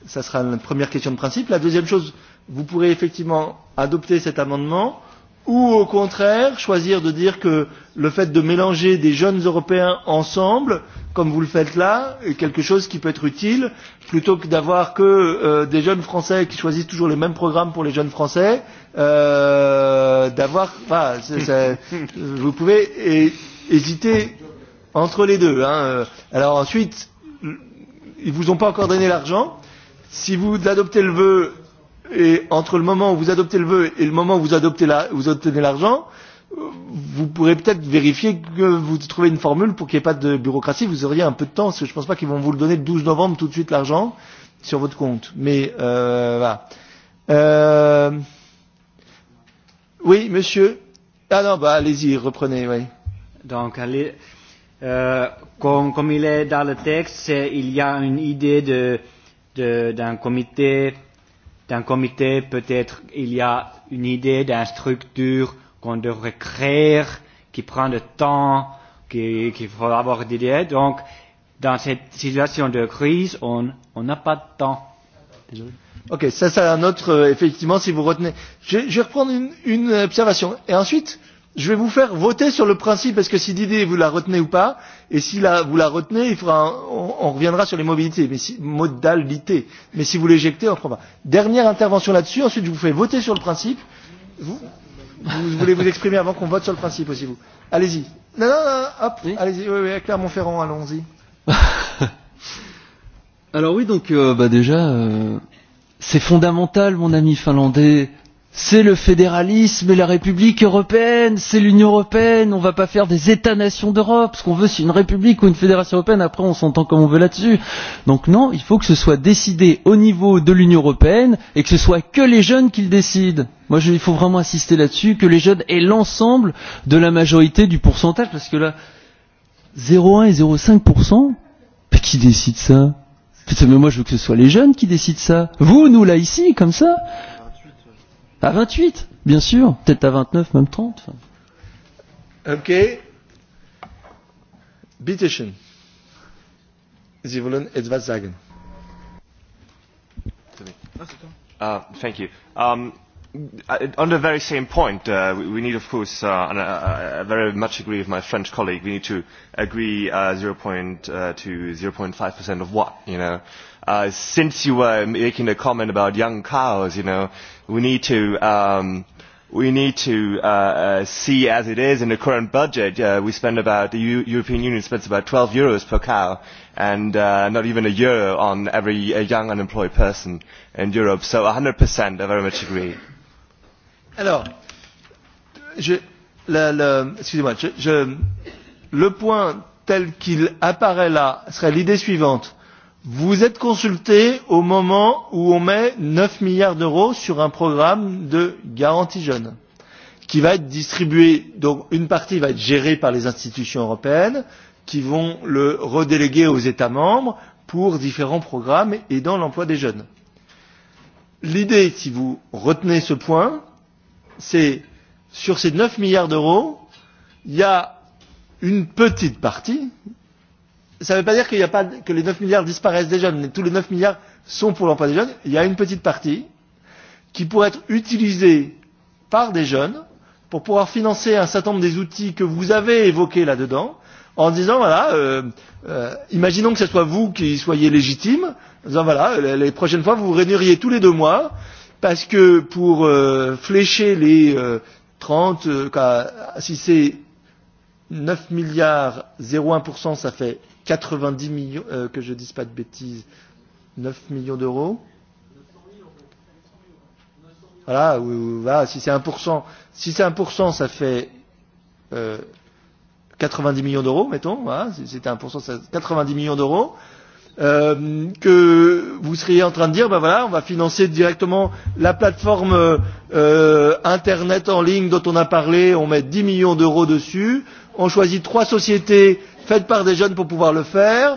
ce sera la première question de principe. La deuxième chose, vous pourrez effectivement adopter cet amendement ou au contraire choisir de dire que le fait de mélanger des jeunes européens ensemble comme vous le faites là est quelque chose qui peut être utile plutôt que d'avoir que des jeunes français qui choisissent toujours les mêmes programmes pour les jeunes français euh d'avoir vous pouvez hésiter entre les deux hein alors ensuite ils vous ont pas encore donné l'argent si vous adoptez le vœu et entre le moment où vous adoptez le vœu et le moment où vous adoptez la, vous obtenez l'argent, vous pourrez peut-être vérifier que vous trouvez une formule pour qu'il n'y ait pas de bureaucratie. Vous auriez un peu de temps, parce que je ne pense pas qu'ils vont vous le donner le 12 novembre tout de suite l'argent sur votre compte. Mais voilà. Euh, oui, monsieur. Ah non, bah allez-y, reprenez, oui. Donc, allez, euh, comme, il est dans le texte, il y a une idée d'un de, comité d'un comité, peut-être il y a une idée d'une structure qu'on devrait créer, qui prend du temps, qu'il faut avoir des idées. Donc, dans cette situation de crise, on n'a pas de temps. Ok, ça c'est un autre, effectivement, si vous retenez. Je vais reprendre une observation. Et ensuite je vais vous faire voter sur le principe parce que si Didier vous la retenez ou pas et si la, vous la retenez il faudra, on, reviendra sur les mobilités mais si, modalité mais si vous l'éjectez on ne pas dernière intervention là-dessus ensuite je vous fais voter sur le principe vous, voulez vous exprimer avant qu'on vote sur le principe aussi vous allez-y non, non, non, hop allez-y oui, oui, Claire Montferrand, allons-y alors oui donc bah déjà c'est fondamental mon ami finlandais c'est le fédéralisme et la République européenne, c'est l'Union européenne, on ne va pas faire des États-nations d'Europe, ce qu'on veut c'est une République ou une fédération européenne, après on s'entend comme on veut là-dessus. Donc non, il faut que ce soit décidé au niveau de l'Union européenne et que ce soit que les jeunes qui le décident. Moi, il faut vraiment insister là-dessus, que les jeunes aient l'ensemble de la majorité du pourcentage, parce que là, 0,1 et 0,5%, qui décide ça Mais moi, je veux que ce soit les jeunes qui décident ça. Vous, nous, là, ici, comme ça À 28, bien sûr. Peut-être à 29, même 30. Ok. Bitte Sie wollen etwas sagen. Thank you. On the very same point, we need, of course, and I very much agree with my French colleague, we need to agree 0.2, 0.5% of what, you know since you were making a comment about young cows, you know, we need to um, we need to see as it is in the current budget. We spend about the European Union spends about 12 euros per cow, and not even a euro on every young unemployed person in Europe. So 100%, I very much agree. Alors, excusez-moi, le point tel qu'il apparaît là serait l'idée suivante Vous êtes consulté au moment où on met 9 milliards d'euros sur un programme de garantie jeunes qui va être distribué. Donc une partie va être gérée par les institutions européennes qui vont le redéléguer aux États membres pour différents programmes et dans l'emploi des jeunes. L'idée, si vous retenez ce point, c'est sur ces 9 milliards d'euros, il y a une petite partie ça ne veut pas dire qu'il y a pas que les 9 milliards disparaissent des jeunes. mais Tous les 9 milliards sont pour l'emploi des jeunes. Il y a une petite partie qui pourrait être utilisée par des jeunes pour pouvoir financer un certain nombre des outils que vous avez évoqués là-dedans en disant voilà, imaginons que ce soit vous qui soyez légitime, en disant voilà, les prochaines fois vous vous réuniriez tous les deux mois parce que pour flécher les 30, si c'est 9 milliards, 0,1%, ça fait 90 millions, que je ne dise pas de bêtises, 9 millions d'euros. Voilà, voilà, si c'est 1%, si c'est 1%, ça fait euh, 90 millions d'euros, mettons, voilà, si c'était 1%, ça 90 millions d'euros, euh, que vous seriez en train de dire, ben voilà, on va financer directement la plateforme euh, Internet en ligne dont on a parlé, on met 10 millions d'euros dessus, on choisit trois sociétés faites par des jeunes pour pouvoir le faire,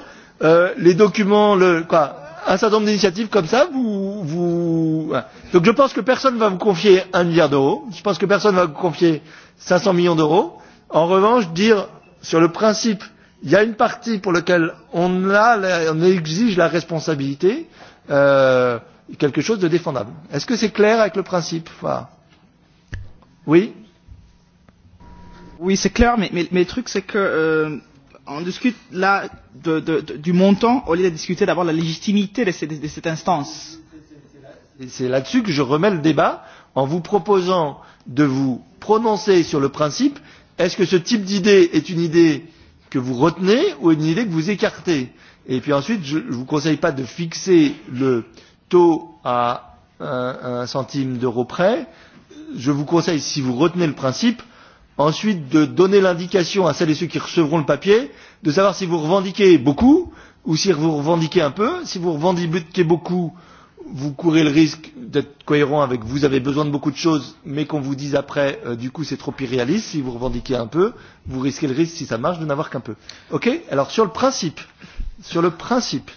les documents, le, quoi, un certain nombre d'initiatives comme ça, vous, vous... Donc je pense que personne ne va vous confier un milliard d'euros, je pense que personne ne va vous confier 500 millions d'euros. En revanche, dire sur le principe, il y a une partie pour laquelle on, a, on exige la responsabilité, quelque chose de défendable. Est-ce que c'est clair avec le principe Oui Oui, c'est clair, mais, mais, mais le truc, c'est que on discute là du montant au lieu de discuter d'abord la légitimité de cette instance. C'est là-dessus que je remets le débat en vous proposant de vous prononcer sur le principe est-ce que ce type d'idée est une idée que vous retenez ou une idée que vous écartez Et puis ensuite, je ne vous conseille pas de fixer le taux à un centime d'euro près. Je vous conseille, si vous retenez le principe, ensuite de donner l'indication à celles et ceux qui recevront le papier de savoir si vous revendiquez beaucoup ou si vous revendiquez un peu. Si vous revendiquez beaucoup, vous courez le risque d'être cohérent avec vous avez besoin de beaucoup de choses, mais qu'on vous dise après, du coup, c'est trop irréaliste. Si vous revendiquez un peu, vous risquez le risque, si ça marche, de n'avoir qu'un peu. OK Alors, sur le principe, sur le principe.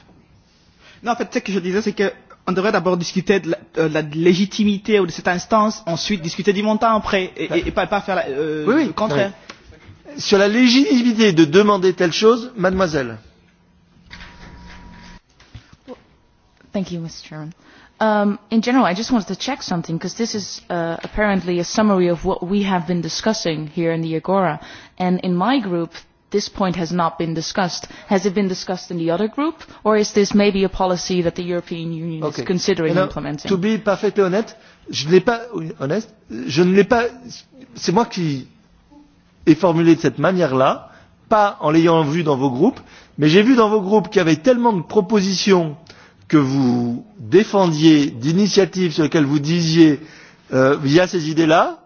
Non, en fait, ce que je disais, c'est que on devrait d'abord discuter de la légitimité ou de cette instance, ensuite discuter du montant après, et pas pas faire euh, le contraire. Sur la légitimité de demander telle chose, mademoiselle. Thank you, Mr. Chairman. Um, in general, I just wanted to check something because this is uh, apparently a summary of what we have been discussing here in the Agora. And in my group, this point has not been discussed. Has it been discussed in the other group, or is this maybe a policy that the European Union is considering implementing? To be perfectly honest, je n'ai pas honnête, je ne l'ai pas. C'est moi qui ai formulé de cette manière-là, pas en l'ayant vu dans vos groupes, mais j'ai vu dans vos groupes qu'il y avait tellement de propositions que vous défendiez, d'initiatives sur lesquelles vous disiez via ces idées-là,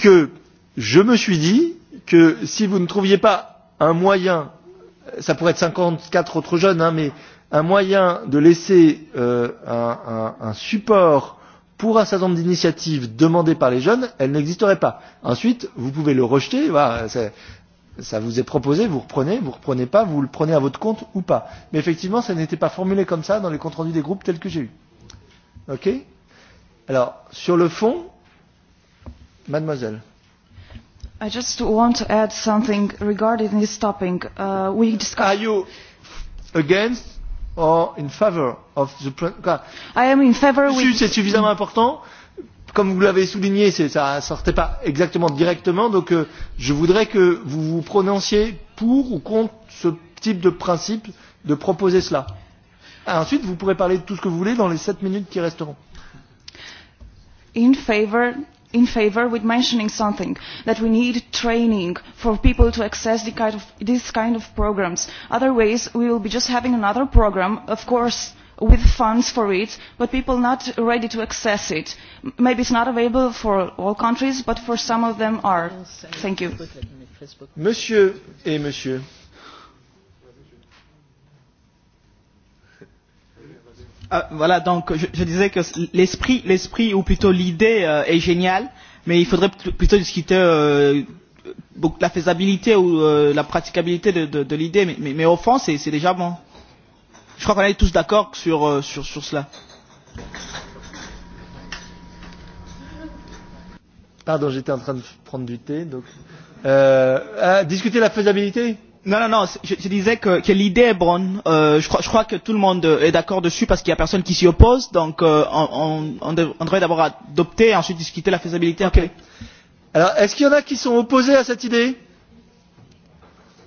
que je me suis dit que si vous ne trouviez pas un moyen, ça pourrait être cinquante quatre autres jeunes, mais un moyen de laisser un support pour un certain nombre d'initiatives demandées par les jeunes, elle n'existerait pas. Ensuite, vous pouvez le rejeter, voilà, ça vous est proposé, vous reprenez, vous ne reprenez pas, vous le prenez à votre compte ou pas. Mais effectivement, ça n'était pas formulé comme ça dans les comptes rendus des groupes tels que j'ai eu. Ok Alors, sur le fond, mademoiselle. I just want to add something regarding this topic. We discussed. against or in favor of the? I am in favor. C'est suffisamment important. Comme vous l'avez souligné, ça ne sortait pas exactement directement, donc je voudrais que vous vous prononciez pour ou contre ce type de principe de proposer cela. Ensuite, vous pourrez parler de tout ce que vous voulez dans les sept minutes qui resteront. In favor in favour with mentioning something that we need training for people to access these kind of programmes. Otherwise we will be just having another programme, of course with funds for it, but people not ready to access it. Maybe it's not available for all countries, but for some of them are. Thank Voilà, donc je disais que l'esprit, l'esprit ou plutôt l'idée est géniale, mais il faudrait plutôt discuter la faisabilité ou la praticabilité de l'idée, mais au fond, c'est déjà bon. Je crois qu'on est tous d'accord sur sur cela. Pardon, j'étais en train de prendre du thé. donc Discuter la faisabilité Non, non, non, je, je disais que, que l'idée est bonne. Euh, je, crois, je crois que tout le monde est d'accord dessus parce qu'il n'y a personne qui s'y oppose. Donc, euh, on, on, on devrait d'abord adopter et ensuite discuter la faisabilité. Okay. Alors, est-ce qu'il y en a qui sont opposés à cette idée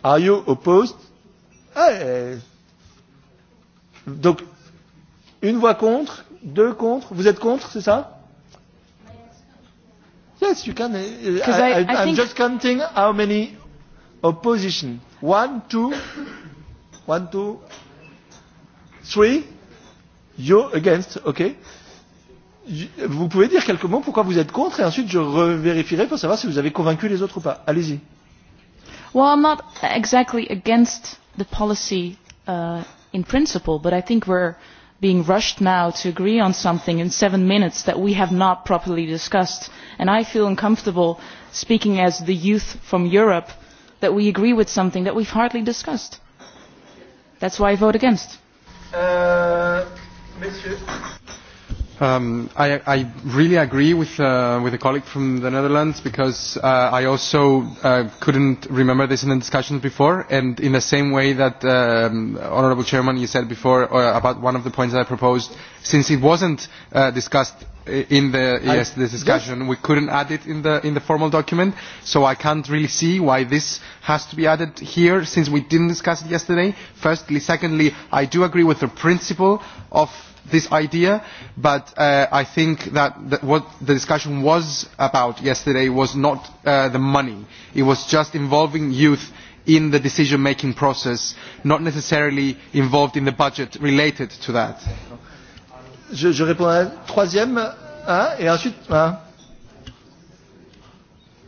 Are you opposed Donc, une voix contre, deux contre. Vous êtes contre, c'est ça Yes, you can. I, I, I'm just counting how many opposition. One, two, one, two, three. You against, ok. Vous pouvez dire quelques mots pourquoi vous êtes contre et ensuite je revérifierai pour savoir si vous avez convaincu les autres ou pas. Allez-y. Well, I'm not exactly against the policy uh, in principle, but I think we're being rushed now to agree on something in seven minutes that we have not properly discussed. And I feel uncomfortable speaking as the youth from Europe that we agree with something that we've hardly discussed. That's why I vote against. I really agree with a colleague from the Netherlands because I also couldn't remember this in the discussions before and in the same way that Honourable Chairman you said before about one of the points that I proposed since it wasn't discussed in the discussion we couldn't add it in the formal document so I can't really see why this has to be added here since we didn't discuss it yesterday firstly secondly I do agree with the principle of this idea, but I think that what the discussion was about yesterday was not the money. It was just involving youth in the decision-making process, not necessarily involved in the budget related to that. Je réponds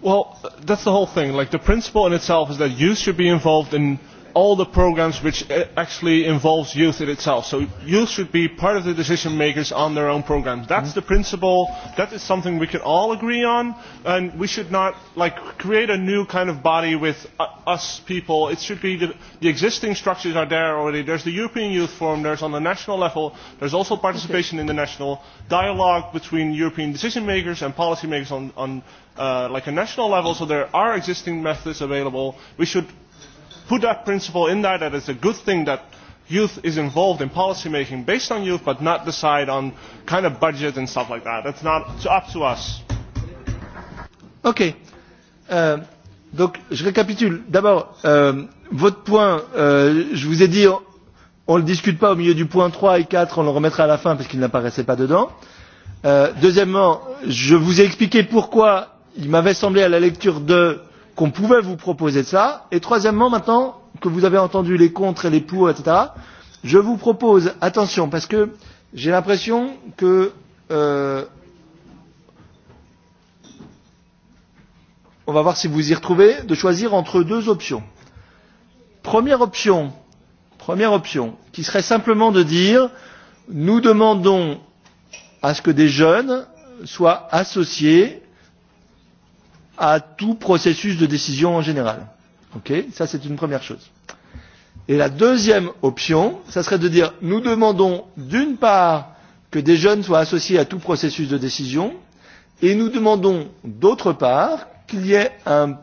Well, that's the whole thing. Like the principle in itself is that youth should be involved in all the programs which actually involves youth in itself. So youth should be part of the decision makers on their own programs. That's the principle. That is something we can all agree on, and we should not like create a new kind of body with us people. It should be the, the existing structures are there already. There's the European Youth Forum. There's on the national level. There's also participation in the national dialogue between European decision makers and policy on on like a national level. So there are existing methods available. We should put that principle in there that it's a good thing that youth is involved in policy making based on youth but not decide on kind of budget and stuff like that. That's not up to us. Uh, donc je récapitule. D'abord, votre point, je vous ai dit, on ne le discute pas au milieu du point 3 et 4, on le remettra à la fin parce qu'il n'apparaissait pas dedans. Deuxièmement, je vous ai expliqué pourquoi il m'avait semblé à la lecture de qu'on pouvait vous proposer de cela. Et troisièmement, maintenant que vous avez entendu les contre et les pour, etc., je vous propose, attention, parce que j'ai l'impression que on va voir si vous y retrouvez, de choisir entre deux options. Première option, première option, qui serait simplement de dire, nous demandons à ce que des jeunes soient associés à tout processus de décision en général. Ça, c'est une première chose. Et la deuxième option, ça serait de dire nous demandons d'une part que des jeunes soient associés à tout processus de décision et nous demandons d'autre part qu'il y ait un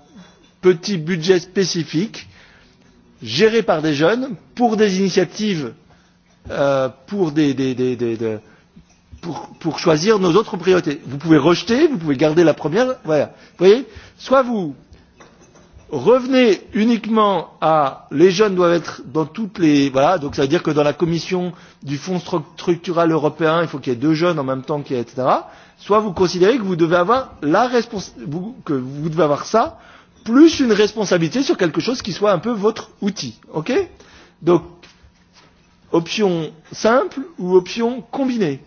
petit budget spécifique géré par des jeunes pour des initiatives, pour des pour, choisir nos autres priorités. Vous pouvez rejeter, vous pouvez garder la première. Voilà. Vous voyez Soit vous revenez uniquement à les jeunes doivent être dans toutes les. Voilà, donc ça veut dire que dans la commission du Fonds structural européen, il faut qu'il y ait deux jeunes en même temps, qu'il y ait, etc. Soit vous considérez que vous devez avoir la responsabilité, que vous devez avoir ça, plus une responsabilité sur quelque chose qui soit un peu votre outil. OK Donc, option simple ou option combinée.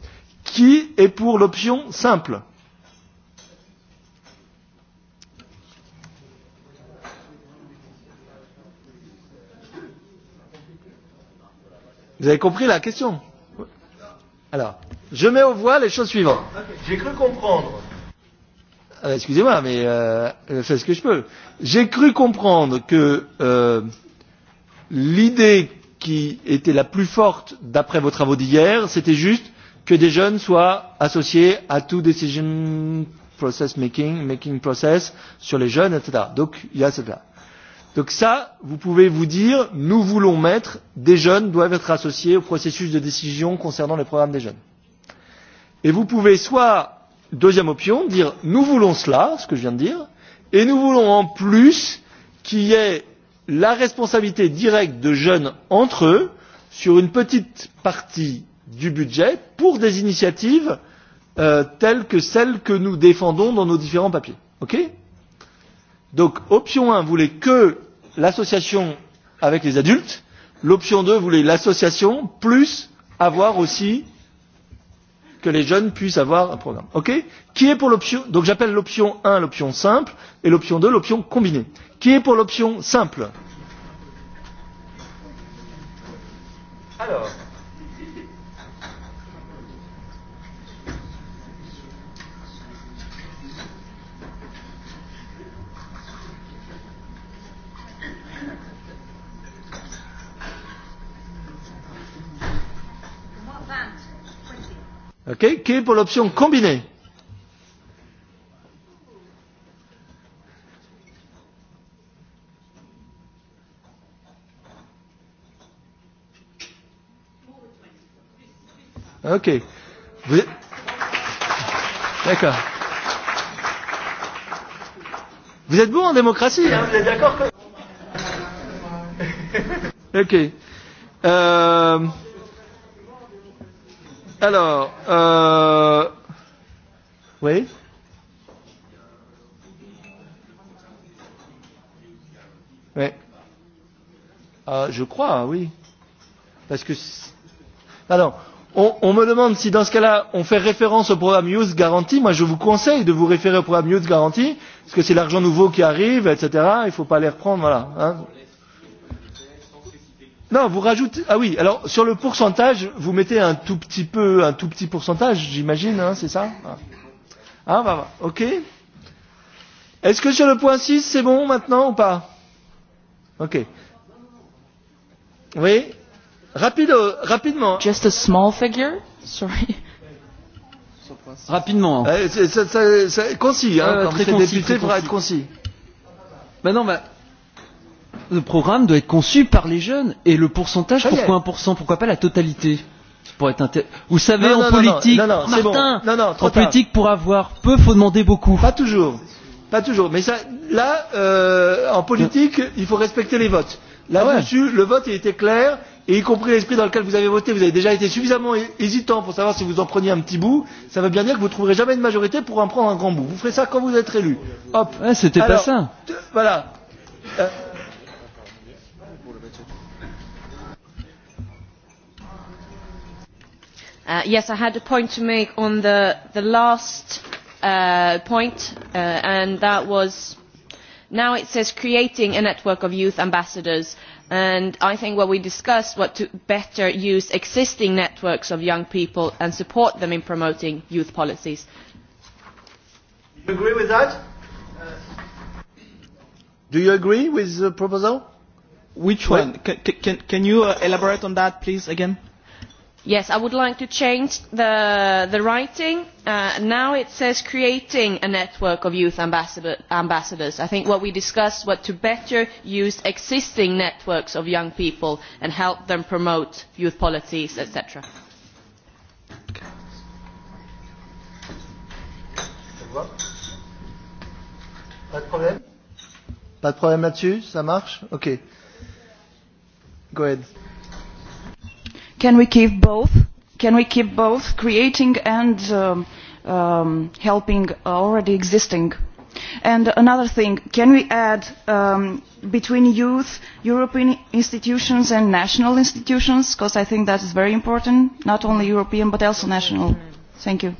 Qui est pour l'option simple Vous avez compris la question Alors, je mets aux voix les choses suivantes. J'ai cru comprendre. Excusez-moi, mais euh, fais ce que je peux. J'ai cru comprendre que euh, l'idée qui était la plus forte d'après vos travaux d'hier, c'était juste que des jeunes soient associés à tout decision process making, making process sur les jeunes, etc. Donc il y a cela. Donc ça, vous pouvez vous dire, nous voulons mettre, des jeunes doivent être associés au processus de décision concernant les programmes des jeunes. Et vous pouvez soit, deuxième option, dire, nous voulons cela, ce que je viens de dire, et nous voulons en plus qu'il y ait la responsabilité directe de jeunes entre eux sur une petite partie du budget pour des initiatives telles que celles que nous défendons dans nos différents papiers. Donc, option 1 voulait que l'association avec les adultes. L'option 2 voulait l'association plus avoir aussi que les jeunes puissent avoir un programme. OK Qui est pour l'option Donc, j'appelle l'option 1 l'option simple et l'option 2 l'option combinée. Qui est pour l'option simple Alors OK Qui est pour l'option combinée OK. Vous... D'accord. Vous êtes bon en démocratie, hein vous êtes d'accord que... OK. Euh... Alors, euh... oui Oui. Euh, je crois, oui. Parce que... Alors, on, on me demande si dans ce cas-là, on fait référence au programme Youth Guarantee. Moi, je vous conseille de vous référer au programme Youth Guarantee, parce que c'est l'argent nouveau qui arrive, etc. Il ne faut pas les reprendre, voilà. Hein. Non, vous rajoutez. Ah oui, alors sur le pourcentage, vous mettez un tout petit peu, un tout petit pourcentage, j'imagine, hein, c'est ça Ah, bah, ok. Est-ce que sur le point 6, c'est bon maintenant ou pas Ok. Oui Rapido, rapidement. Just a small figure Sorry. Rapidement. Euh, ça, concis, hein, euh, quand très vous concis, député, il faudra être concis. Ben non, ben, le programme doit être conçu par les jeunes et le pourcentage pourquoi 1% pourquoi pas la totalité pour être vous savez en politique Martin en politique pour avoir peu faut demander beaucoup pas toujours pas toujours mais ça là en politique il faut respecter les votes là-dessus le vote il était clair et y compris l'esprit dans lequel vous avez voté vous avez déjà été suffisamment hésitant pour savoir si vous en preniez un petit bout ça veut bien dire que vous ne trouverez jamais une majorité pour en prendre un grand bout vous ferez ça quand vous êtes élu hop c'était pas ça voilà Yes, I had a point to make on the last point, and that was now it says creating a network of youth ambassadors, and I think what we discussed was to better use existing networks of young people and support them in promoting youth policies. Do you agree with that? Do you agree with the proposal? Which one? Can you elaborate on that, please, again? Yes, I would like to change the writing. Now it says creating a network of youth ambassadors. I think what we discussed was to better use existing networks of young people and help them promote youth policies, etc. Pas problème Pas la Ça marche Go ahead. Can we keep both? Can we keep both creating and helping already existing? And another thing, can we add between youth, European institutions and national institutions? Because I think that is very important, not only European but also national. Thank you.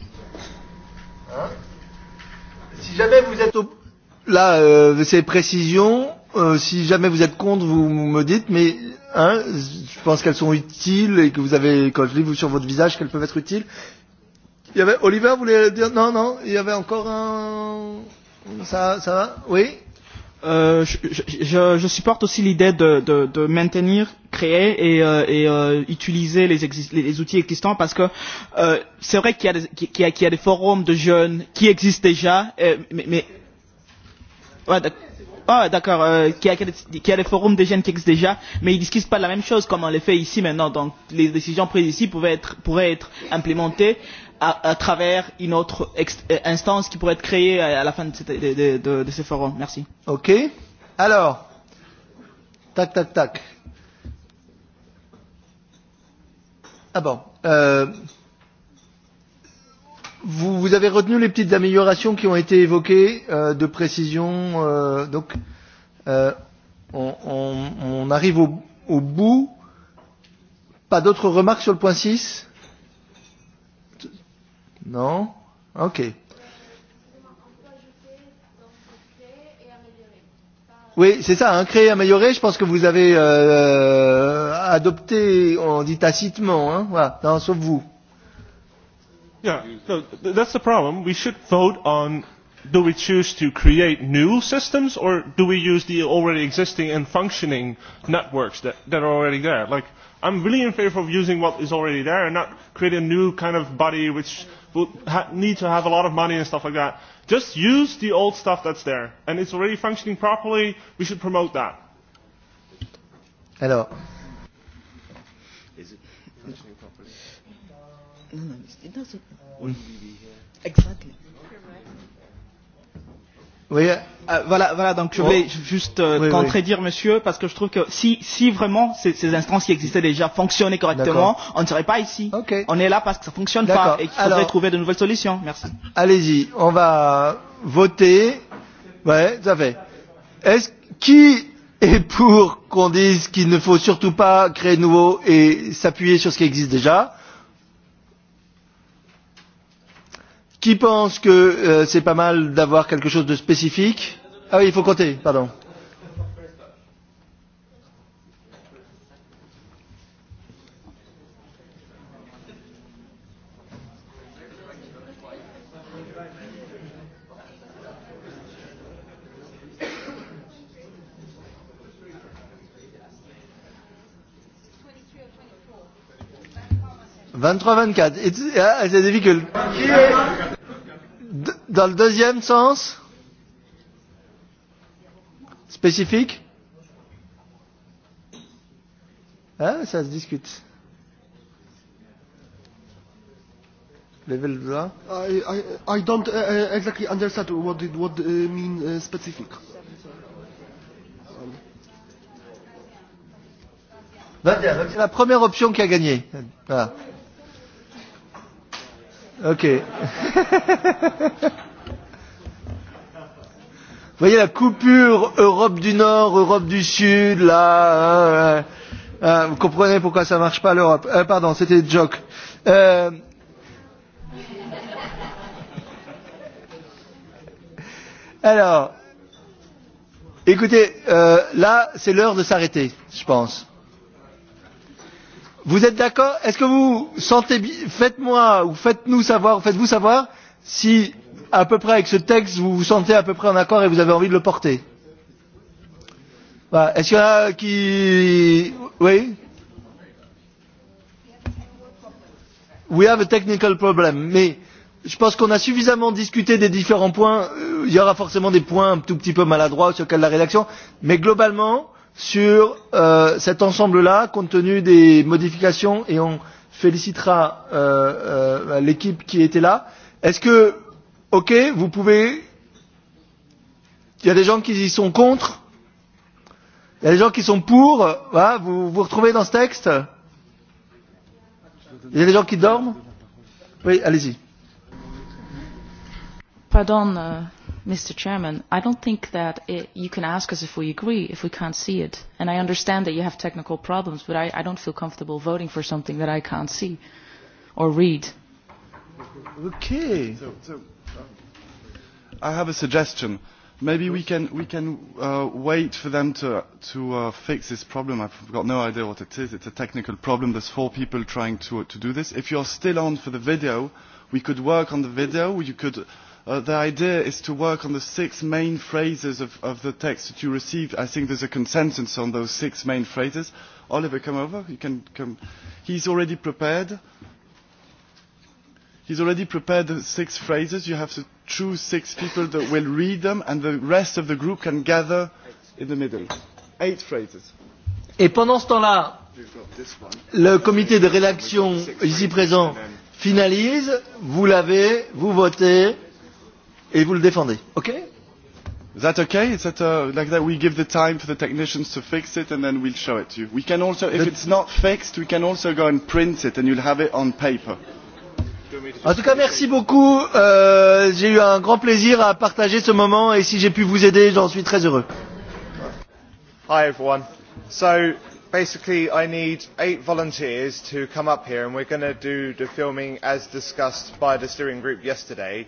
Si jamais vous êtes là, ces précisions si jamais vous êtes contre, vous me dites, mais hein, je pense qu'elles sont utiles et que vous avez, quand je lis vous sur votre visage, qu'elles peuvent être utiles. Il y avait Oliver voulait dire non, non, il y avait encore un. Ça, ça va Oui euh, je, je, je supporte aussi l'idée de, de, de maintenir, créer et, euh, et euh, utiliser les, les outils existants parce que euh, c'est vrai qu'il y, a des, y, a, y a des forums de jeunes qui existent déjà, et, mais, mais ouais, Ah, d'accord, euh, qui, a, qui a les forums de jeunes qui existent déjà, mais ils ne discutent pas la même chose comme on le fait ici maintenant. Donc, les décisions prises ici pourraient être, pourraient être implémentées à, travers une autre instance qui pourrait être créée à, la fin de, cette, de, de, de, de ce forum. Merci. Ok. Alors, tac, tac, tac. Ah bon. Euh, Vous avez retenu les petites améliorations qui ont été évoquées de précision. Donc, on arrive au bout. Pas d'autres remarques sur le point 6 Non Ok. Oui, c'est ça, hein, créer, améliorer, je pense que vous avez adopté, on dit tacitement, hein, voilà, sauf vous. Yeah, that's the problem. We should vote on do we choose to create new systems or do we use the already existing and functioning networks that, that are already there? Like, I'm really in favor of using what is already there and not create a new kind of body which would ha need to have a lot of money and stuff like that. Just use the old stuff that's there and it's already functioning properly. We should promote that. Hello No, no, it doesn't. Exactly. Oui, voilà, voilà, donc je vais juste contredire monsieur, parce que je trouve que si, si vraiment ces, instances qui existaient déjà fonctionnaient correctement, on ne serait pas ici. On est là parce que ça ne fonctionne pas et qu'il faudrait trouver de nouvelles solutions. Merci. Allez-y, on va voter. Ouais, ça fait. Est-ce, qui est pour qu'on dise qu'il ne faut surtout pas créer de nouveau et s'appuyer sur ce qui existe déjà? Qui pense que c'est pas mal d'avoir quelque chose de spécifique Ah oui, il faut compter, pardon. Vingt-trois, vingt-quatre. C'est difficile. Dans le deuxième sens Spécifique Hein Ça se discute. Level 2 I, I, I don't exactly understand what it would uh, mean uh, specific. La première option qui a gagné. Voilà. Ok. Vous voyez la coupure Europe du Nord, Europe du Sud, là. vous comprenez pourquoi ça ne marche pas l'Europe. pardon, c'était une joke. Euh, alors, écoutez, là, c'est l'heure de s'arrêter, je pense. Vous êtes d'accord Est-ce que vous sentez Faites-moi ou faites-nous savoir, faites-vous savoir si à peu près avec ce texte vous vous sentez à peu près en accord et vous avez envie de le porter. Est-ce qu'il y en a qui... Oui We have a technical problem, mais je pense qu'on a suffisamment discuté des différents points. Il y aura forcément des points un tout petit peu maladroits sur lequel la rédaction, mais globalement, sur cet ensemble-là, compte tenu des modifications, et on félicitera l'équipe qui était là. Est-ce que, ok, vous pouvez. Il y a des gens qui y sont contre, il y a des gens qui sont pour, voilà, vous vous retrouvez dans ce texte Il y a des gens qui dorment Oui, allez-y. Pardon Mr. Chairman, I don't think that you can ask us if we agree if we can't see it. And I understand that you have technical problems, but I don't feel comfortable voting for something that I can't see or read. Okay. I have a suggestion. Maybe we can we can wait for them to to fix this problem. I've got no idea what it is. It's a technical problem. There's four people trying to to do this. If you're still on for the video, we could work on the video. You could The idea is to work on the six main phrases of the text that you received. I think there's a consensus on those six main phrases. Oliver, come over. You can come. He's already prepared. He's already prepared the six phrases. You have to choose six people that will read them, and the rest of the group can gather in the middle. Eight phrases. Et pendant ce temps-là, le comité de rédaction ici présent finalise. Vous l'avez, vous votez et vous le défendez. OK Is that okay? Is that uh, like that? We give the time for the technicians to fix it, and then we'll show it to you. We can also, if it's not fixed, we can also go and print it, and you'll have it on paper. En tout cas, merci beaucoup. Euh, j'ai eu un grand plaisir à partager ce moment, et si j'ai pu vous aider, j'en suis très heureux. Hi everyone. So basically, I need eight volunteers to come up here, and we're going to do the filming as discussed by the steering group yesterday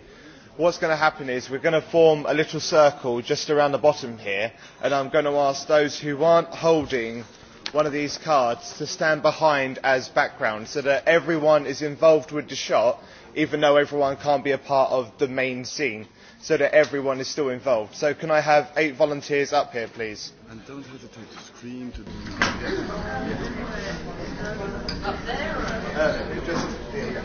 What's going to happen is we're going to form a little circle just around the bottom here and I'm going to ask those who aren't holding one of these cards to stand behind as background so that everyone is involved with the shot even though everyone can't be a part of the main scene so that everyone is still involved. So can I have eight volunteers up here, please? And don't hesitate to scream to the... Up there? just, yeah.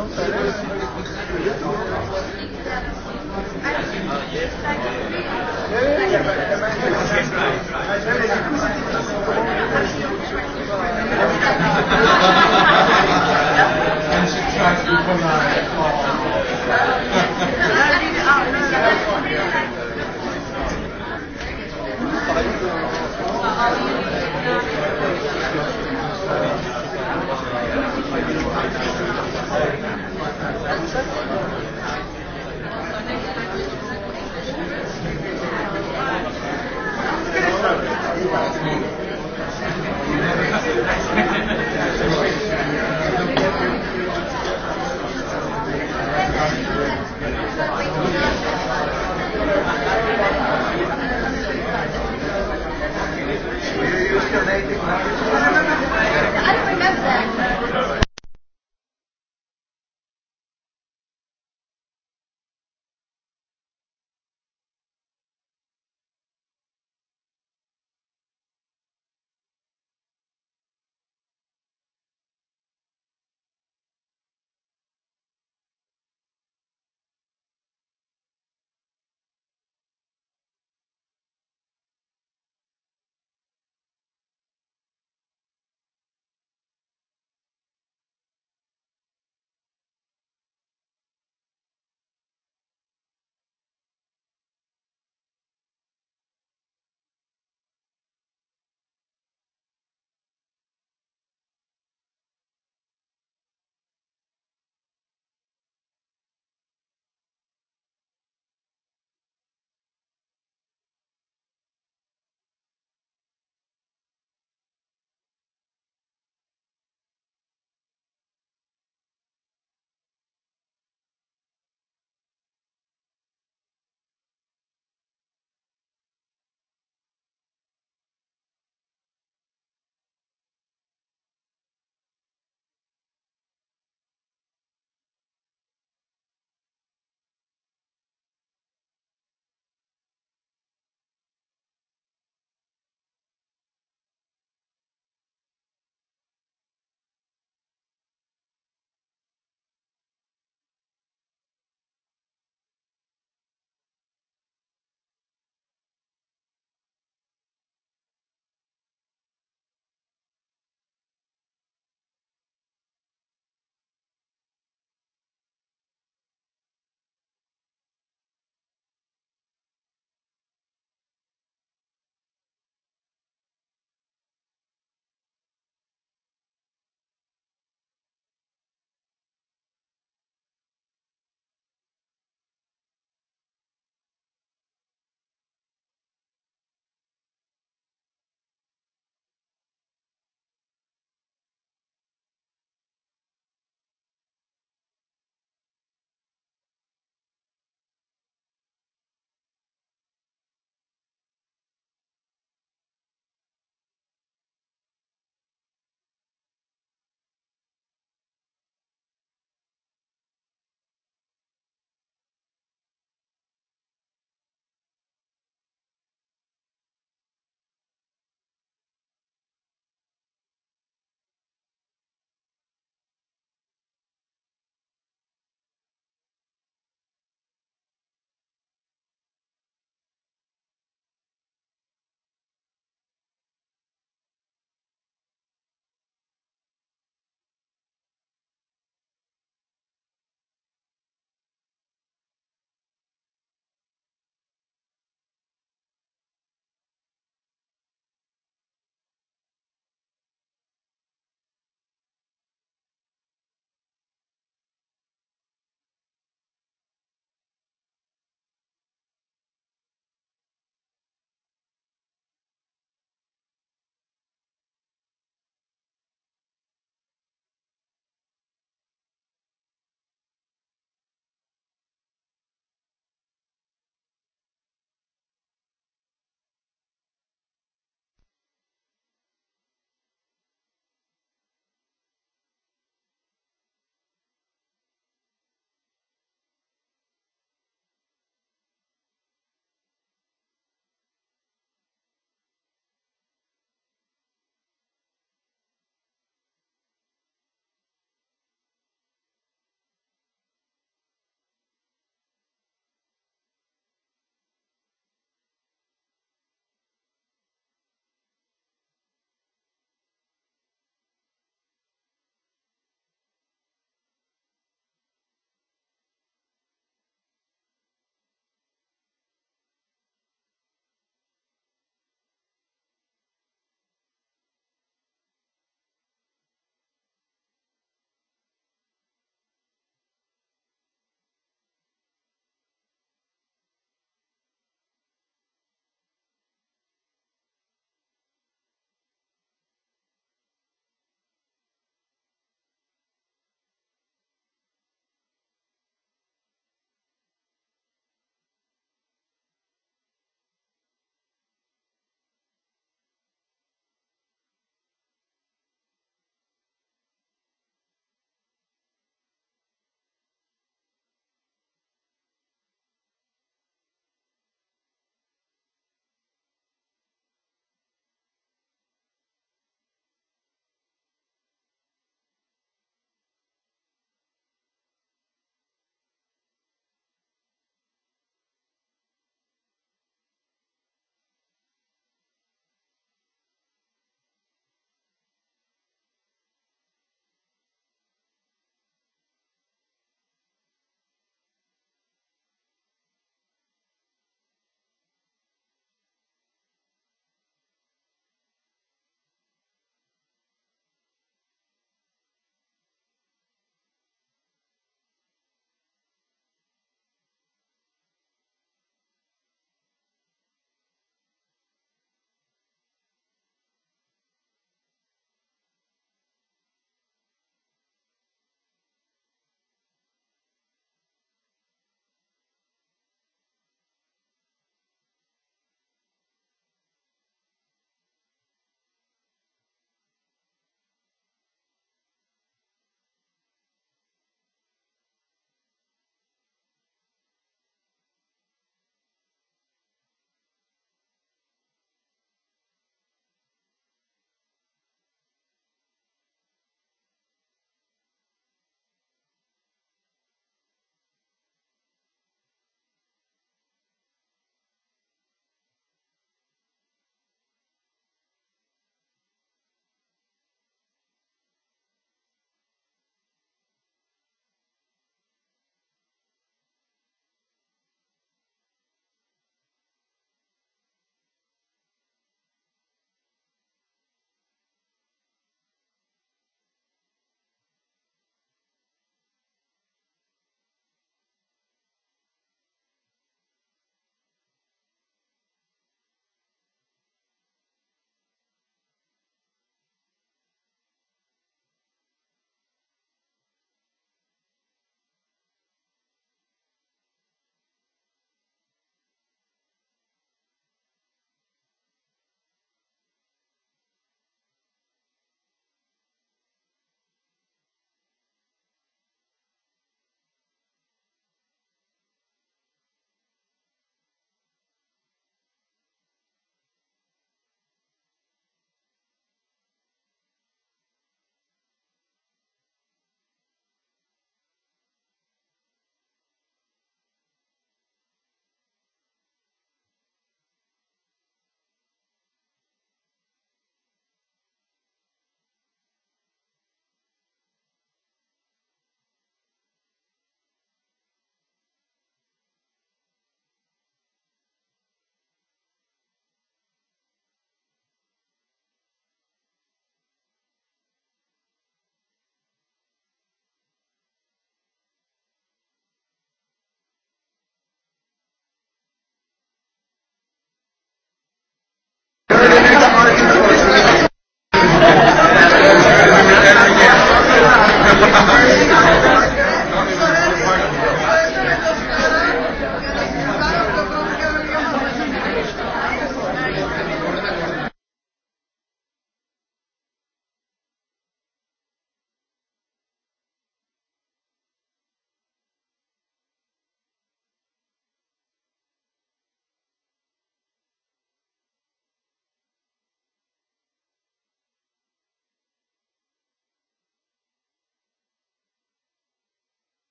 Thank you.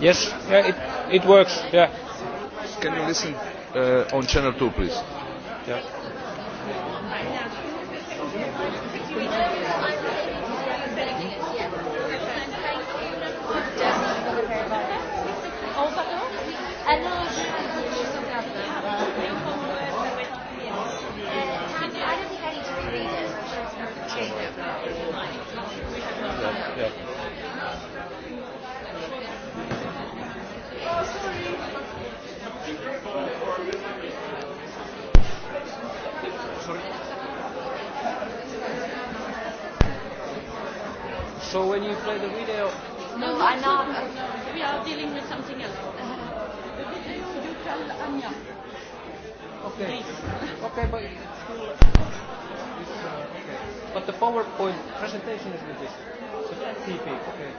Yes, yeah, it, it works. Yeah. Can you listen uh, on channel two, please? Yeah. So when you play the video. No, I'm not. We are dealing with something else. You tell Anya. Okay. Okay, but it's still. okay. But the PowerPoint presentation is with this. The P. Okay.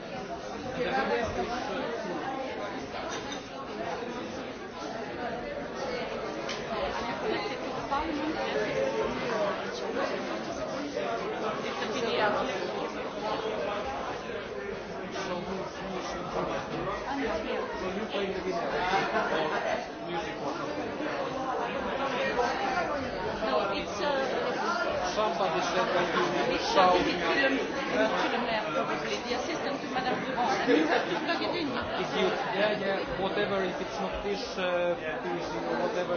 It's a Somebody you the assistant to Madame yeah, yeah, whatever, if it's not this, whatever.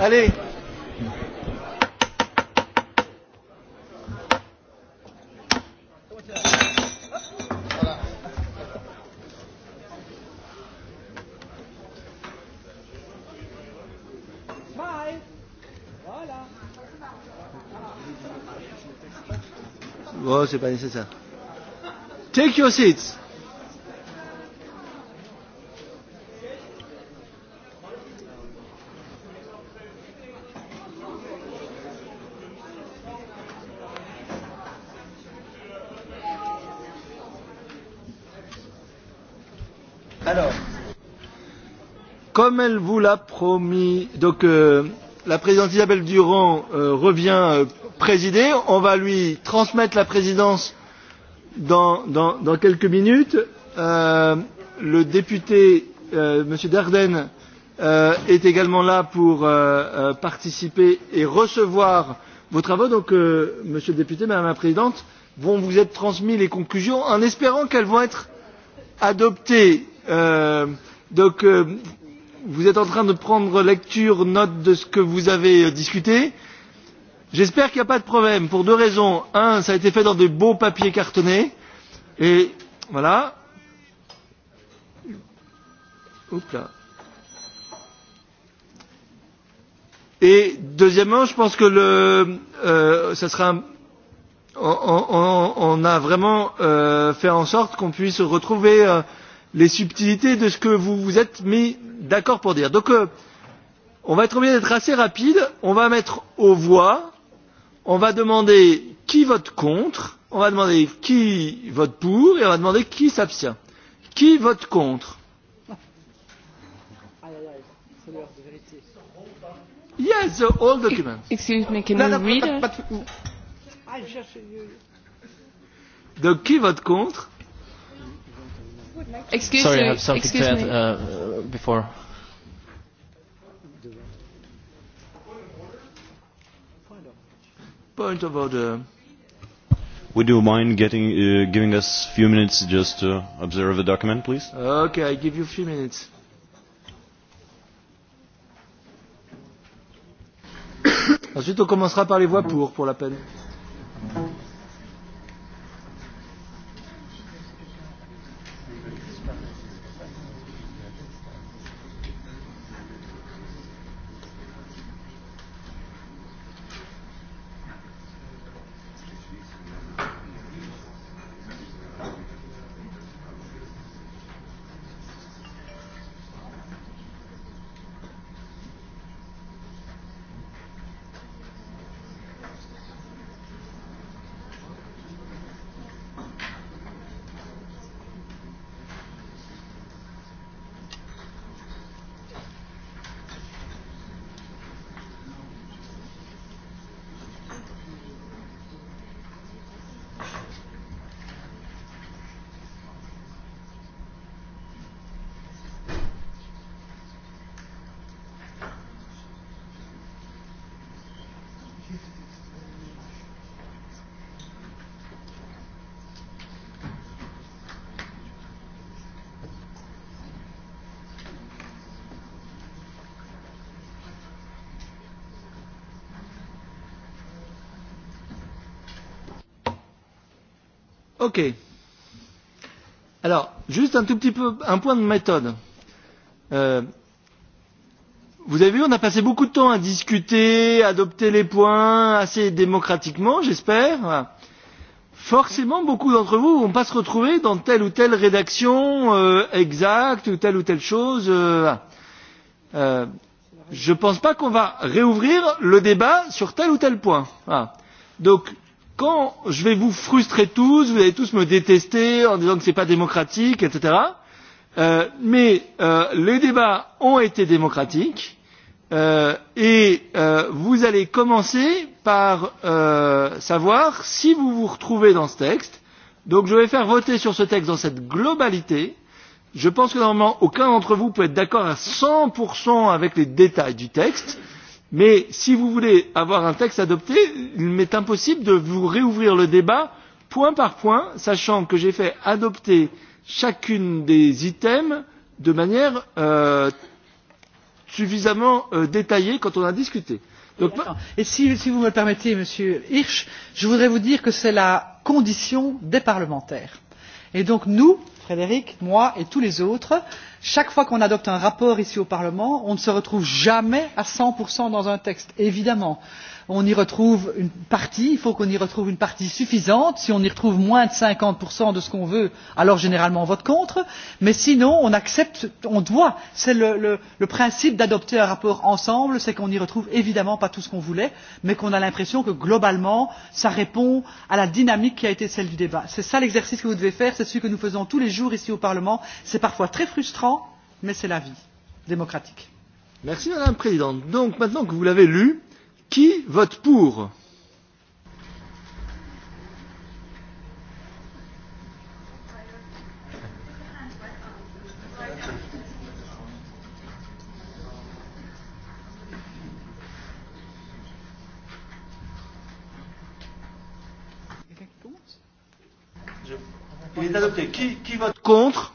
Allez. Oh, c'est pas nécessaire. Take your seats. comme elle vous l'a promis, donc la présidente Isabelle Durand revient présider. On va lui transmettre la présidence dans quelques minutes. Le député, Monsieur Dardenne, est également là pour participer et recevoir vos travaux. Donc, Monsieur le député, Madame la Présidente, vont vous être transmis les conclusions en espérant qu'elles vont être adoptées. Donc, vous êtes en train de prendre lecture, note de ce que vous avez discuté. J'espère qu'il n'y a pas de problème pour deux raisons. Un, ça a été fait dans de beaux papiers cartonnés. Et voilà. Oups Et deuxièmement, je pense que le, euh, ça sera un, on, on, on a vraiment fait en sorte qu'on puisse retrouver les subtilités de ce que vous vous êtes mis d'accord pour dire. Donc, on va être obligé d'être assez rapide. On va mettre aux voix. On va demander qui vote contre. On va demander qui vote pour. Et on va demander qui s'abstient. Qui vote contre Yes, document. Excuse me, can you read it? Donc, qui vote contre Excuse Sorry, I have something to add uh, before. Point of order. Would you mind getting, uh, giving us a few minutes just to observe the document, please? Okay, I give you a few minutes. Ensuite, on commencera par les voix pour, pour la peine. Ok. Alors, juste un tout petit peu, un point de méthode. Euh, vous avez vu, on a passé beaucoup de temps à discuter, à adopter les points, assez démocratiquement, j'espère. Forcément, beaucoup d'entre vous ne vont pas se retrouver dans telle ou telle rédaction exacte ou telle ou telle chose. Euh, je ne pense pas qu'on va réouvrir le débat sur tel ou tel point. Voilà. Donc, quand je vais vous frustrer tous, vous allez tous me détester en disant que ce n'est pas démocratique, etc. Mais les débats ont été démocratiques et vous allez commencer par savoir si vous vous retrouvez dans ce texte. Donc je vais faire voter sur ce texte dans cette globalité. Je pense que normalement aucun d'entre vous peut être d'accord à 100% avec les détails du texte Mais si vous voulez avoir un texte adopté, il m'est impossible de vous réouvrir le débat point par point, sachant que j'ai fait adopter chacune des items de manière suffisamment détaillée quand on a discuté. Et si vous me permettez, Monsieur Hirsch, je voudrais vous dire que c'est la condition des parlementaires. Et donc nous Frédéric, moi et tous les autres, chaque fois qu'on adopte un rapport ici au Parlement, on ne se retrouve jamais à 100% dans un texte, évidemment on y retrouve une partie il faut qu'on y retrouve une partie suffisante si on y retrouve moins de 50% de ce qu'on veut alors généralement on vote contre mais sinon on accepte on doit c'est le principe d'adopter un rapport ensemble c'est qu'on n'y retrouve évidemment pas tout ce qu'on voulait mais qu'on a l'impression que globalement ça répond à la dynamique qui a été celle du débat c'est ça l'exercice que vous devez faire c'est celui que nous faisons tous les jours ici au parlement c'est parfois très frustrant mais c'est la vie démocratique Merci Madame la Présidente. Donc maintenant que vous l'avez lu, Qui vote pour Il est adopté. Qui, qui vote contre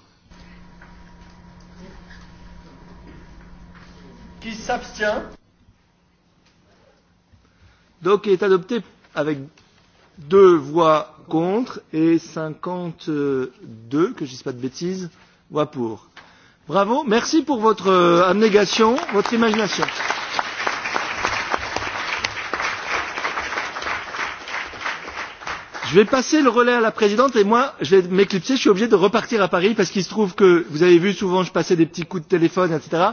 Qui s'abstient Donc, il est adopté avec deux voix contre et 52, que je ne dise pas de bêtises, voix pour. Bravo, merci pour votre abnégation, votre imagination. Je vais passer le relais à la présidente et moi, je vais m'éclipser, je suis obligé de repartir à Paris parce qu'il se trouve que, vous avez vu souvent, je passais des petits coups de téléphone, etc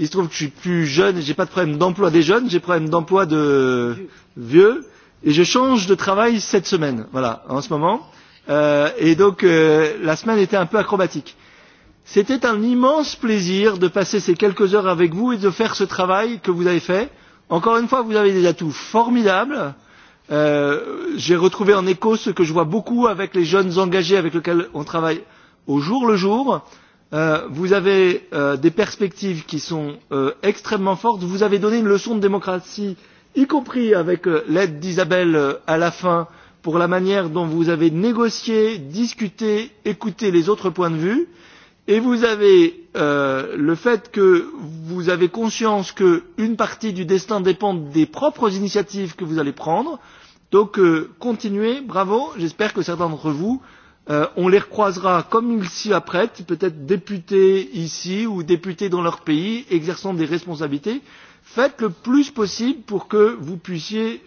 il se trouve que je suis plus jeune et je n'ai pas de problème d'emploi des jeunes, j'ai problème d'emploi de vieux et je change de travail cette semaine, voilà, en ce moment. Et donc la semaine était un peu acrobatique. C'était un immense plaisir de passer ces quelques heures avec vous et de faire ce travail que vous avez fait. Encore une fois, vous avez des atouts formidables. J'ai retrouvé en écho ce que je vois beaucoup avec les jeunes engagés avec lesquels on travaille au jour le jour vous avez des perspectives qui sont extrêmement fortes. Vous avez donné une leçon de démocratie, y compris avec l'aide d'Isabelle à la fin, pour la manière dont vous avez négocié, discuté, écouté les autres points de vue. Et vous avez le fait que vous avez conscience qu'une partie du destin dépend des propres initiatives que vous allez prendre. Donc continuez, bravo. J'espère que certains d'entre vous on les recroisera comme ils s'y apprêtent, peut-être députés ici ou députés dans leur pays, exerçant des responsabilités. Faites le plus possible pour que vous puissiez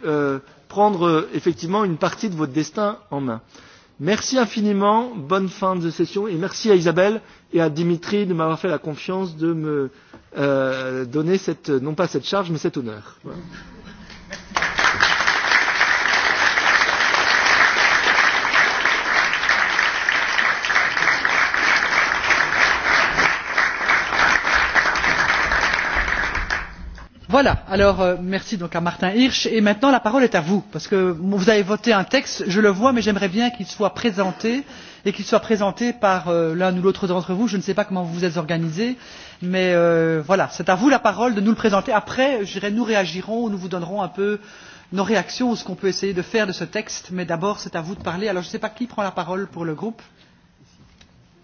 prendre effectivement une partie de votre destin en main. Merci infiniment, bonne fin de session et merci à Isabelle et à Dimitri de m'avoir fait la confiance de me donner cette, non pas cette charge, mais cet honneur. Voilà, alors merci donc à Martin Hirsch et maintenant la parole est à vous parce que vous avez voté un texte, je le vois, mais j'aimerais bien qu'il soit présenté et qu'il soit présenté par l'un ou l'autre d'entre vous. Je ne sais pas comment vous vous êtes organisé, mais voilà, c'est à vous la parole de nous le présenter. Après, je dirais, nous réagirons, nous vous donnerons un peu nos réactions ou ce qu'on peut essayer de faire de ce texte, mais d'abord c'est à vous de parler. Alors je ne sais pas qui prend la parole pour le groupe.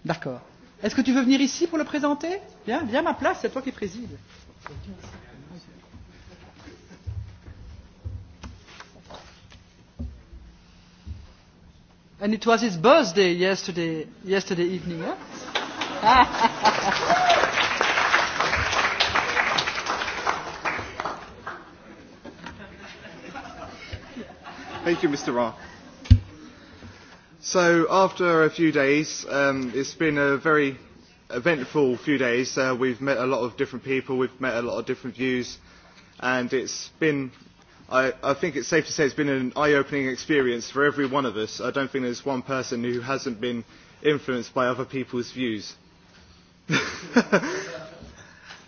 D'accord. Est-ce que tu veux venir ici pour le présenter Viens, viens à ma place, c'est toi qui présides. And it was his birthday yesterday, yesterday evening. yeah. Thank you, Mr. Ra. So after a few days, um, it's been a very eventful few days. Uh, we've met a lot of different people. We've met a lot of different views. And it's been I think it's safe to say it's been an eye-opening experience for every one of us. I don't think there's one person who hasn't been influenced by other people's views.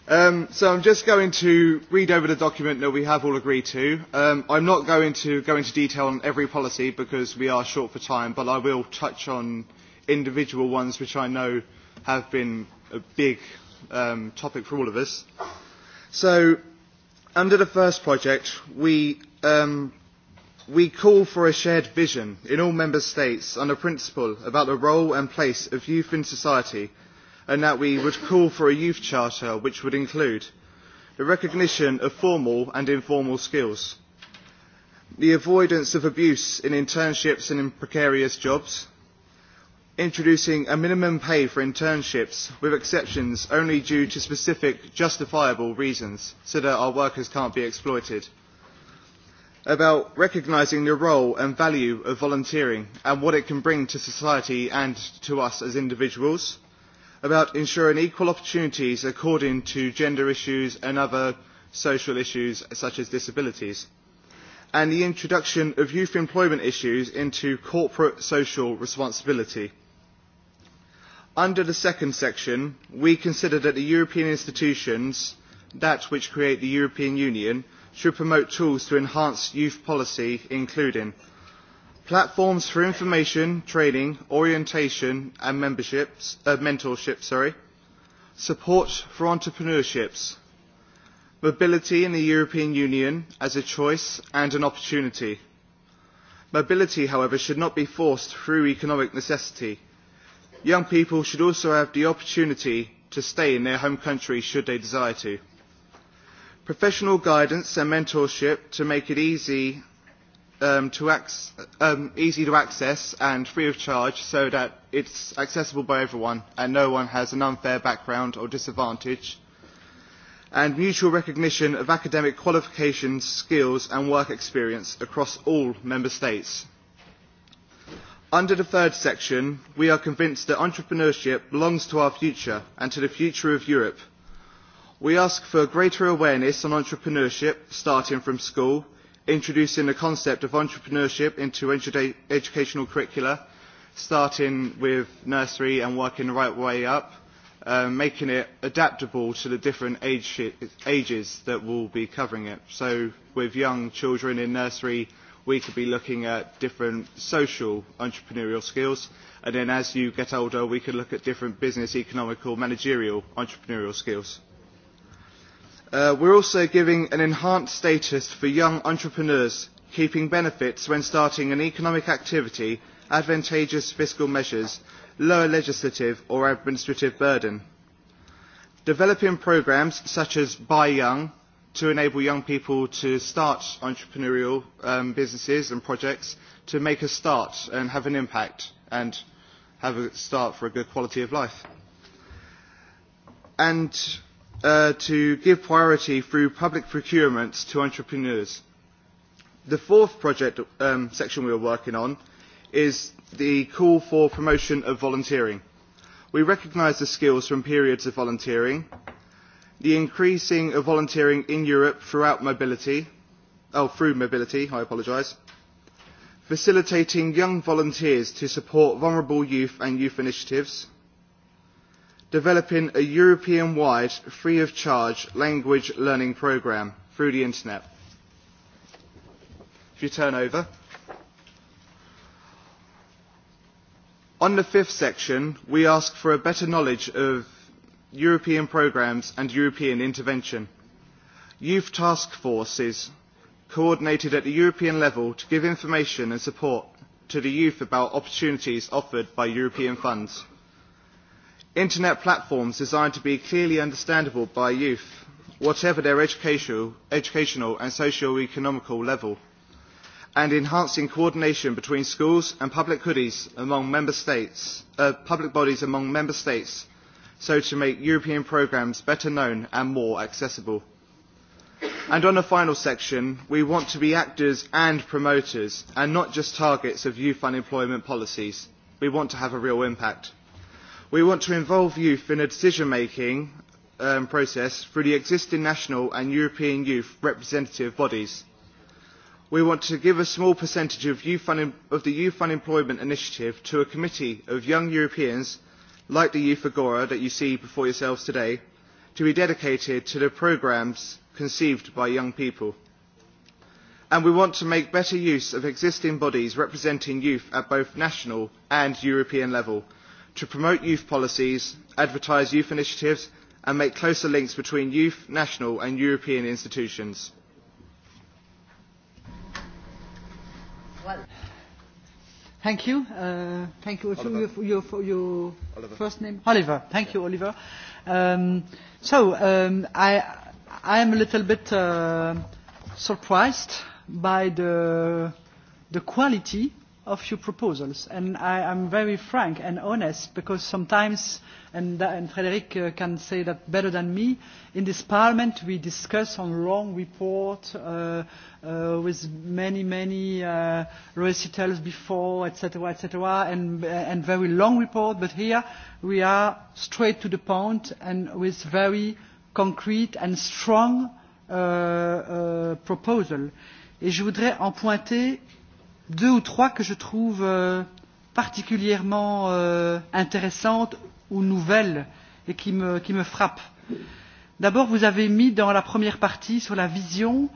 So I'm just going to read over the document that we have all agreed to. I'm not going to go into detail on every policy because we are short for time, but I will touch on individual ones which I know have been a big topic for all of us. So under the first project we we call for a shared vision in all member states on a principle about the role and place of youth in society and that we would call for a youth charter which would include the recognition of formal and informal skills the avoidance of abuse in internships and in precarious jobs introducing a minimum pay for internships with exceptions only due to specific justifiable reasons so that our workers can't be exploited about recognising the role and value of volunteering and what it can bring to society and to us as individuals about ensuring equal opportunities according to gender issues and other social issues such as disabilities and the introduction of youth employment issues into corporate social responsibility Under the second section, we consider that the European institutions, that which create the European Union, should promote tools to enhance youth policy, including platforms for information, training, orientation and mentorship, support for entrepreneurships, mobility in the European Union as a choice and an opportunity. Mobility, however, should not be forced through economic necessity young people should also have the opportunity to stay in their home country should they desire to. Professional guidance and mentorship to make it easy to access and free of charge so that it's accessible by everyone and no one has an unfair background or disadvantage. And mutual recognition of academic qualifications, skills and work experience across all member states. Under the third section, we are convinced that entrepreneurship belongs to our future and to the future of Europe. We ask for greater awareness on entrepreneurship, starting from school, introducing the concept of entrepreneurship into educational curricula, starting with nursery and working the right way up, making it adaptable to the different ages that will be covering it. So with young children in nursery we could be looking at different social entrepreneurial skills and then as you get older we could look at different business economical managerial entrepreneurial skills. We're also giving an enhanced status for young entrepreneurs keeping benefits when starting an economic activity, advantageous fiscal measures, lower legislative or administrative burden. Developing programmes such as Buy Young to enable young people to start entrepreneurial businesses and projects to make a start and have an impact and have a start for a good quality of life. And to give priority through public procurement to entrepreneurs. The fourth project section we are working on is the call for promotion of volunteering. We recognise the skills from periods of volunteering the increasing of volunteering in Europe throughout mobility, oh, through mobility, I apologise, facilitating young volunteers to support vulnerable youth and youth initiatives, developing a European-wide, free-of-charge language learning programme through the Internet. If you turn over. On the fifth section, we ask for a better knowledge of European programmes and European intervention. Youth task forces coordinated at the European level to give information and support to the youth about opportunities offered by European funds. Internet platforms designed to be clearly understandable by youth, whatever their educational and socio-economical level, and enhancing coordination between schools and public bodies among member states so to make European programmes better known and more accessible. And on the final section, we want to be actors and promoters, and not just targets of youth unemployment policies. We want to have a real impact. We want to involve youth in a decision-making process through the existing national and European youth representative bodies. We want to give a small percentage of the Youth Unemployment Initiative to a committee of young Europeans like the youth agora that you see before yourselves today to be dedicated to the programmes conceived by young people and we want to make better use of existing bodies representing youth at both national and european level to promote youth policies advertise youth initiatives and make closer links between youth national and european institutions Thank you. Thank you for your, for your first name. Oliver. Thank you, Oliver. Um, so um, I, I am a little bit uh, surprised by the, the quality of your proposals. And I am very frank and honest because sometimes, and Frederic can say that better than me, in this parliament we discuss on long report with many, many recitals before, etc., etc., and very long report. But here we are straight to the point and with very concrete and strong proposals. Et je voudrais en pointer deux ou trois que je trouve particulièrement intéressantes ou nouvelles et qui me frappent. D'abord, vous avez mis dans la première partie sur la vision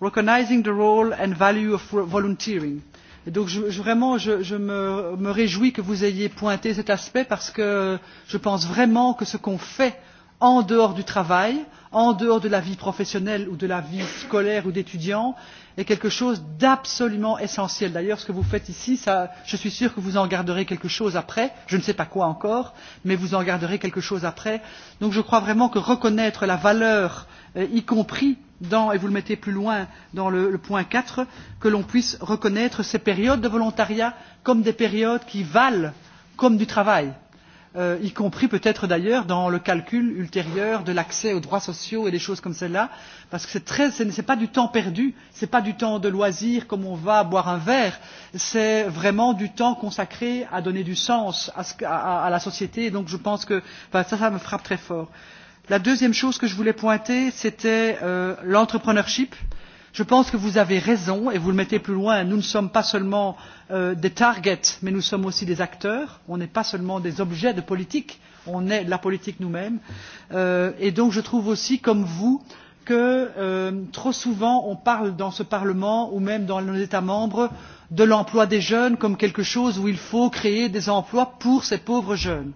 Recognizing the role and value of volunteering. Et donc vraiment, je me réjouis que vous ayez pointé cet aspect parce que je pense vraiment que ce qu'on fait en dehors du travail, en dehors de la vie professionnelle ou de la vie scolaire ou d'étudiant, est quelque chose d'absolument essentiel. D'ailleurs, ce que vous faites ici, je suis sûr que vous en garderez quelque chose après. Je ne sais pas quoi encore, mais vous en garderez quelque chose après. Donc je crois vraiment que reconnaître la valeur, y compris dans, et vous le mettez plus loin dans le point 4, que l'on puisse reconnaître ces périodes de volontariat comme des périodes qui valent comme du travail y compris peut être d'ailleurs dans le calcul ultérieur de l'accès aux droits sociaux et des choses comme celles là parce que ce n'est pas du temps perdu ce n'est pas du temps de loisir comme on va boire un verre c'est vraiment du temps consacré à donner du sens à la société et donc je pense que ça ça me frappe très fort. la deuxième chose que je voulais pointer c'était l'entrepreneurship je pense que vous avez raison et vous le mettez plus loin nous ne sommes pas seulement des targets mais nous sommes aussi des acteurs on n'est pas seulement des objets de politique on est la politique nous mêmes et donc je trouve aussi comme vous que trop souvent on parle dans ce parlement ou même dans nos états membres de l'emploi des jeunes comme quelque chose où il faut créer des emplois pour ces pauvres jeunes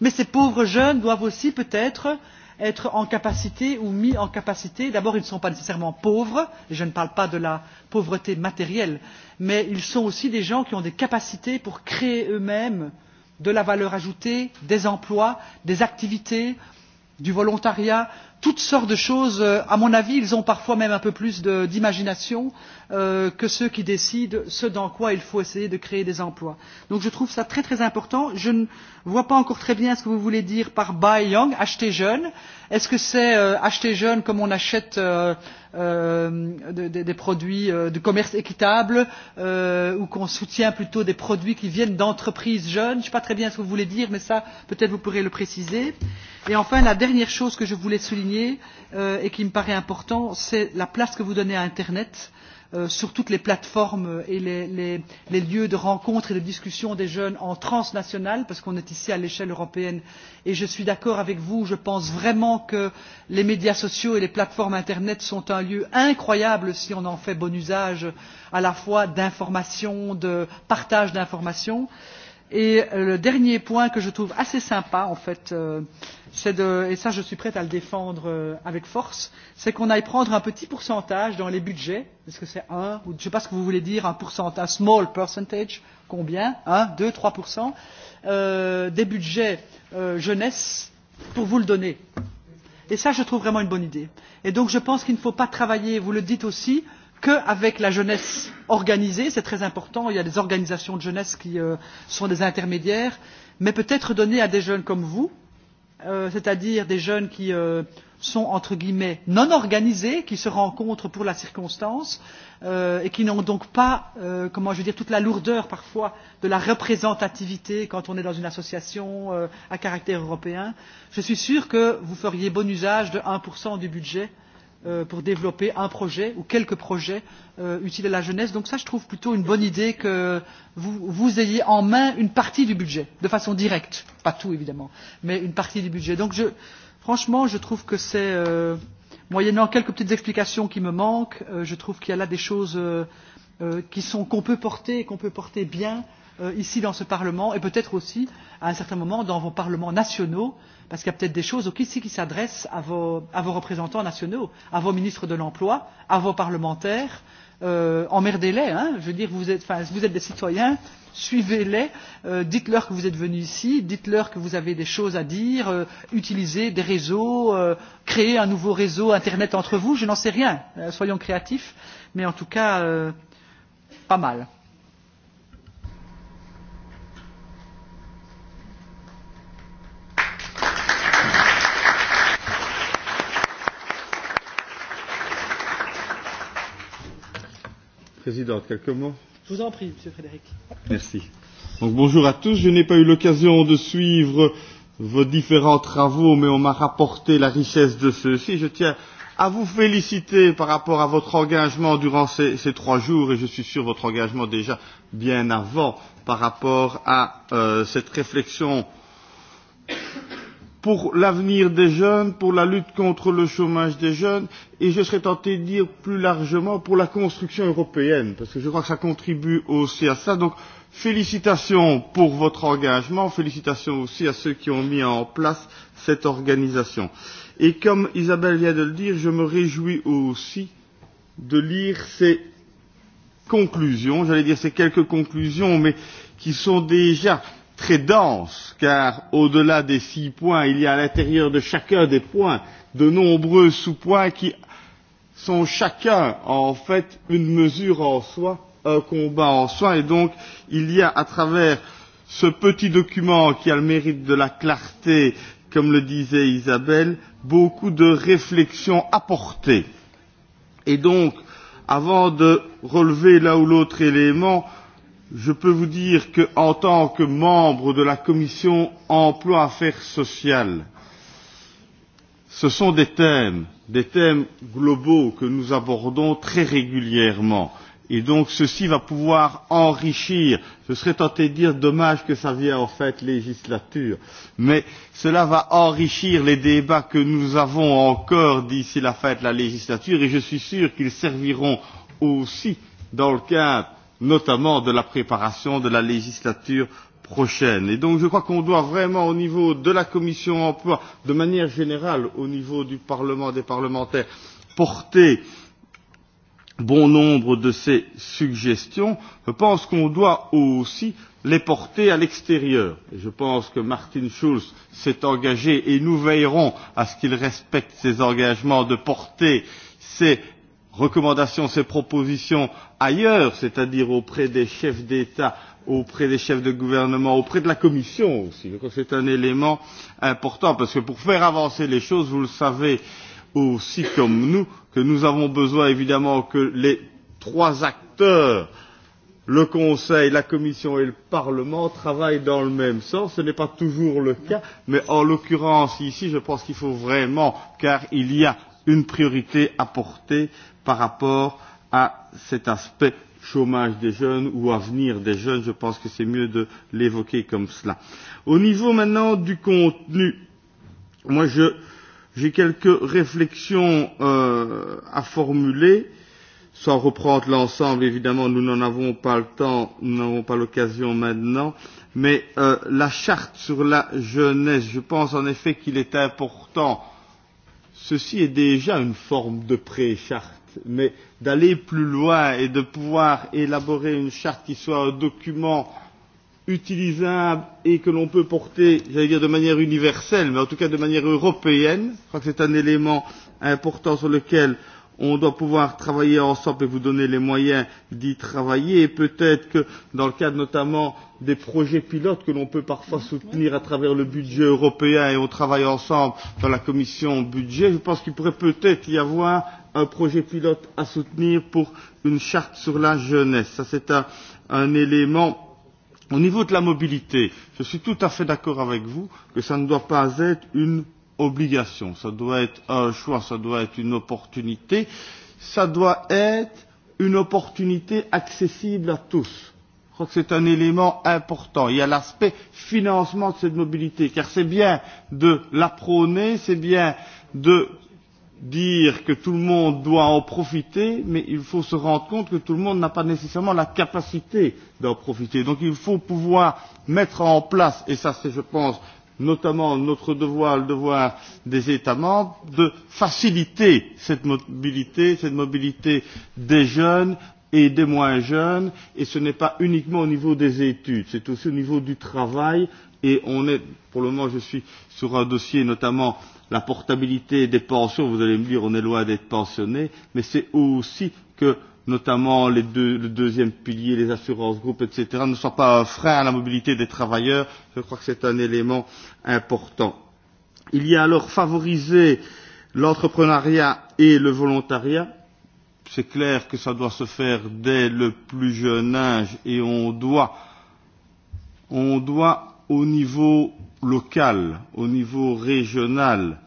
mais ces pauvres jeunes doivent aussi peut être être en capacité ou mis en capacité d'abord ils ne sont pas nécessairement pauvres et je ne parle pas de la pauvreté matérielle mais ils sont aussi des gens qui ont des capacités pour créer eux mêmes de la valeur ajoutée des emplois des activités du volontariat toutes sortes de choses. à mon avis ils ont parfois même un peu plus d'imagination que ceux qui décident ce dans quoi il faut essayer de créer des emplois. Donc je trouve ça très très important. Je ne vois pas encore très bien ce que vous voulez dire par buy young, acheter jeune. Est-ce que c'est acheter jeune comme on achète des produits de commerce équitable ou qu'on soutient plutôt des produits qui viennent d'entreprises jeunes Je ne sais pas très bien ce que vous voulez dire, mais ça peut-être vous pourrez le préciser. Et enfin, la dernière chose que je voulais souligner et qui me paraît importante, c'est la place que vous donnez à Internet sur toutes les plateformes et les lieux de rencontre et de discussion des jeunes en transnational, parce qu'on est ici à l'échelle européenne. Et je suis d'accord avec vous, je pense vraiment que les médias sociaux et les plateformes Internet sont un lieu incroyable si on en fait bon usage, à la fois d'information, de partage d'informations Et le dernier point que je trouve assez sympa, en fait, et ça je suis prête à le défendre avec force, c'est qu'on aille prendre un petit pourcentage dans les budgets, est-ce que c'est un, ou je ne sais pas ce que vous voulez dire, un pourcentage, small percentage, combien, 1, 2, 3%, euh, des budgets jeunesse pour vous le donner. Et ça je trouve vraiment une bonne idée. Et donc je pense qu'il ne faut pas travailler, vous le dites aussi, qu'avec la jeunesse organisée, c'est très important, il y a des organisations de jeunesse qui sont des intermédiaires, mais peut-être donner à des jeunes comme vous, c'est-à-dire des jeunes qui sont entre guillemets non organisés, qui se rencontrent pour la circonstance et qui n'ont donc pas, comment je veux dire, toute la lourdeur parfois de la représentativité quand on est dans une association à caractère européen. Je suis sûr que vous feriez bon usage de 1% du budget pour développer un projet ou quelques projets utiles à la jeunesse. Donc ça, je trouve plutôt une bonne idée que vous ayez en main une partie du budget, de façon directe. Pas tout, évidemment, mais une partie du budget. Donc, franchement, je trouve que c'est, moyennant quelques petites explications qui me manquent, je trouve qu'il y a là des choses qu'on peut porter et qu'on peut porter bien ici dans ce Parlement et peut-être aussi, à un certain moment, dans vos parlements nationaux parce qu'il y a peut-être des choses ici qui s'adressent à vos, à vos représentants nationaux, à vos ministres de l'Emploi, à vos parlementaires. Euh, Emmerdez-les, hein, je veux dire, vous êtes, vous êtes des citoyens, suivez-les, dites-leur que vous êtes venus ici, dites-leur que vous avez des choses à dire, utilisez des réseaux, créez un nouveau réseau Internet entre vous, je n'en sais rien, soyons créatifs, mais en tout cas, pas mal. Présidente, quelques mots Je vous en prie, Monsieur Frédéric. Merci. Donc, bonjour à tous. Je n'ai pas eu l'occasion de suivre vos différents travaux, mais on m'a rapporté la richesse de ceux-ci. Je tiens à vous féliciter par rapport à votre engagement durant ces, ces trois jours, et je suis sûr votre engagement déjà bien avant, par rapport à cette réflexion pour l'avenir des jeunes, pour la lutte contre le chômage des jeunes et je serais tenté de dire plus largement pour la construction européenne, parce que je crois que ça contribue aussi à ça. Donc félicitations pour votre engagement, félicitations aussi à ceux qui ont mis en place cette organisation. Et comme Isabelle vient de le dire, je me réjouis aussi de lire ces conclusions, j'allais dire ces quelques conclusions, mais qui sont déjà très dense, car au-delà des six points, il y a à l'intérieur de chacun des points de nombreux sous-points qui sont chacun en fait une mesure en soi, un combat en soi, et donc il y a à travers ce petit document qui a le mérite de la clarté, comme le disait Isabelle, beaucoup de réflexions apportées. Et donc, avant de relever l'un ou l'autre élément, je peux vous dire qu'en tant que membre de la commission emploi affaires sociales ce sont des thèmes des thèmes globaux que nous abordons très régulièrement et donc ceci va pouvoir enrichir je serais tenté de dire dommage que ça vienne en fait législature mais cela va enrichir les débats que nous avons encore d'ici la fin de la législature et je suis sûr qu'ils serviront aussi dans le cadre notamment de la préparation de la législature prochaine. Et donc je crois qu'on doit vraiment au niveau de la commission emploi, de manière générale au niveau du Parlement, des parlementaires, porter bon nombre de ces suggestions. Je pense qu'on doit aussi les porter à l'extérieur. Je pense que Martin Schulz s'est engagé et nous veillerons à ce qu'il respecte ses engagements de porter ces recommandations, ces propositions ailleurs, c'est-à-dire auprès des chefs d'État, auprès des chefs de gouvernement, auprès de la Commission aussi. C'est un élément important parce que pour faire avancer les choses, vous le savez aussi comme nous, que nous avons besoin évidemment que les trois acteurs le Conseil, la Commission et le Parlement travaillent dans le même sens. Ce n'est pas toujours le cas, mais en l'occurrence ici, je pense qu'il faut vraiment, car il y a une priorité apportée par rapport à cet aspect chômage des jeunes ou avenir des jeunes. Je pense que c'est mieux de l'évoquer comme cela. Au niveau maintenant du contenu, moi je, j'ai quelques réflexions euh, à formuler, sans reprendre l'ensemble, évidemment, nous n'en avons pas le temps, nous n'avons pas l'occasion maintenant, mais euh, la charte sur la jeunesse, je pense en effet qu'il est important ceci est déjà une forme de pré-charte, mais d'aller plus loin et de pouvoir élaborer une charte qui soit un document utilisable et que l'on peut porter, j'allais dire de manière universelle, mais en tout cas de manière européenne, je crois que c'est un élément important sur lequel on doit pouvoir travailler ensemble et vous donner les moyens d'y travailler et peut-être que dans le cadre notamment des projets pilotes que l'on peut parfois soutenir à travers le budget européen et on travaille ensemble dans la commission budget, je pense qu'il pourrait peut-être y avoir un projet pilote à soutenir pour une charte sur la jeunesse. Ça c'est un, un élément au niveau de la mobilité. Je suis tout à fait d'accord avec vous que ça ne doit pas être une obligation, ça doit être un choix, ça doit être une opportunité, ça doit être une opportunité accessible à tous. Je crois que c'est un élément important. Il y a l'aspect financement de cette mobilité, car c'est bien de la prôner, c'est bien de dire que tout le monde doit en profiter, mais il faut se rendre compte que tout le monde n'a pas nécessairement la capacité d'en profiter. Donc il faut pouvoir mettre en place, et ça c'est je pense notamment notre devoir, le devoir des États membres, de faciliter cette mobilité, cette mobilité des jeunes et des moins jeunes, et ce n'est pas uniquement au niveau des études, c'est aussi au niveau du travail, et on est, pour le moment, je suis sur un dossier notamment la portabilité des pensions, vous allez me dire on est loin d'être pensionné, mais c'est aussi que notamment les deux, le deuxième pilier, les assurances groupes, etc., ne soient pas un frein à la mobilité des travailleurs. Je crois que c'est un élément important. Il y a alors favoriser l'entrepreneuriat et le volontariat. C'est clair que ça doit se faire dès le plus jeune âge et on doit, on doit au niveau local, au niveau régional,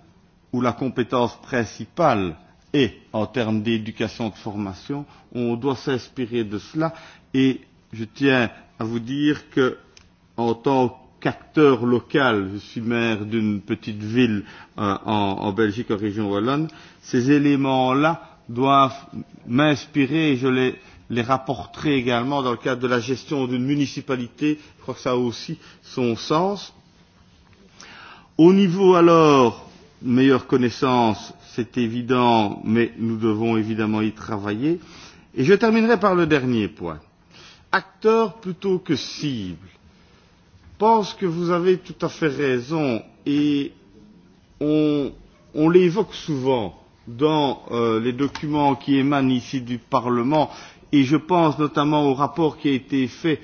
où la compétence principale et en termes d'éducation, et de formation. On doit s'inspirer de cela et je tiens à vous dire que, en tant qu'acteur local, je suis maire d'une petite ville en Belgique, en région Wallonne, ces éléments-là doivent m'inspirer et je les les rapporterai également dans le cadre de la gestion d'une municipalité. Je crois que ça a aussi son sens. Au niveau alors, meilleure connaissance c'est évident, mais nous devons évidemment y travailler. Et je terminerai par le dernier point. Acteur plutôt que cible. Je pense que vous avez tout à fait raison et on l'évoque souvent dans les documents qui émanent ici du Parlement et je pense notamment au rapport qui a été fait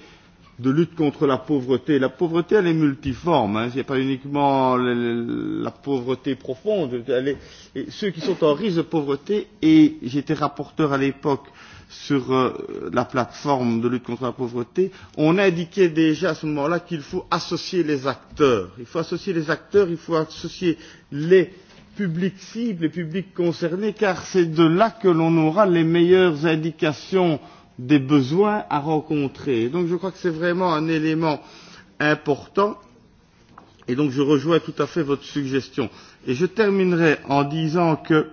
de lutte contre la pauvreté. La pauvreté, elle est multiforme. Il n'y a pas uniquement la pauvreté profonde. Ceux qui sont en risque de pauvreté, et j'étais rapporteur à l'époque sur la plateforme de lutte contre la pauvreté, on indiquait déjà à ce moment-là qu'il faut associer les acteurs. Il faut associer les acteurs, il faut associer les publics cibles, les publics concernés, car c'est de là que l'on aura les meilleures indications des besoins à rencontrer. Donc je crois que c'est vraiment un élément important et donc je rejoins tout à fait votre suggestion. Et je terminerai en disant que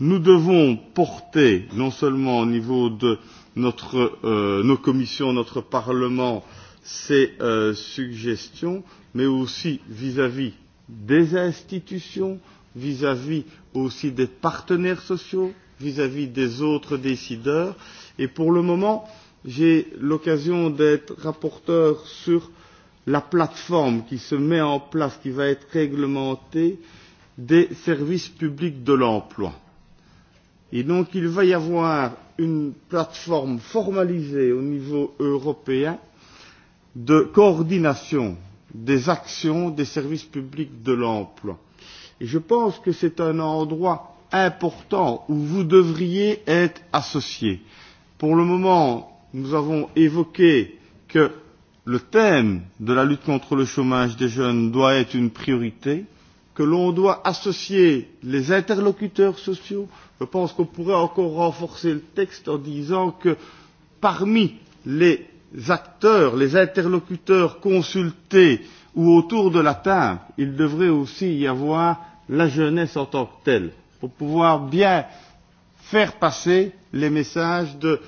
nous devons porter, non seulement au niveau de notre, nos commissions, notre Parlement, ces suggestions, mais aussi vis-à-vis des institutions, vis-à-vis aussi des partenaires sociaux, vis-à-vis des autres décideurs. Et pour le moment, j'ai l'occasion d'être rapporteur sur la plateforme qui se met en place, qui va être réglementée, des services publics de l'emploi. Et donc, il va y avoir une plateforme formalisée au niveau européen de coordination des actions des services publics de l'emploi. Et je pense que c'est un endroit important où vous devriez être associé. Pour le moment, nous avons évoqué que le thème de la lutte contre le chômage des jeunes doit être une priorité, que l'on doit associer les interlocuteurs sociaux. Je pense qu'on pourrait encore renforcer le texte en disant que parmi les acteurs, les interlocuteurs consultés ou autour de la table, il devrait aussi y avoir la jeunesse en tant que telle pour pouvoir bien faire passer les messages de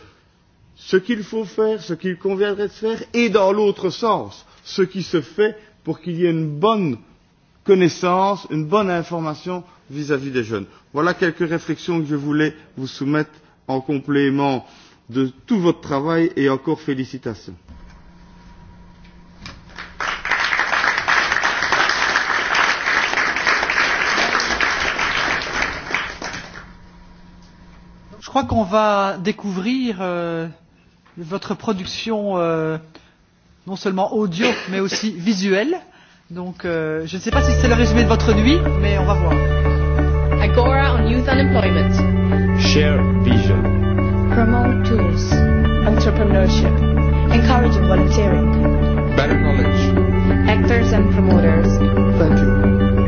ce qu'il faut faire, ce qu'il conviendrait de faire, et dans l'autre sens, ce qui se fait pour qu'il y ait une bonne connaissance, une bonne information vis-à-vis des jeunes. Voilà quelques réflexions que je voulais vous soumettre en complément de tout votre travail et encore félicitations. crois qu'on va découvrir votre production non seulement audio mais aussi visuelle. Donc je ne sais pas si c'est le résumé de votre nuit, mais on va voir. Agora on youth unemployment. Share vision. Promote tools. Entrepreneurship. Encourage volunteering. Better knowledge. Actors and promoters. Thank you.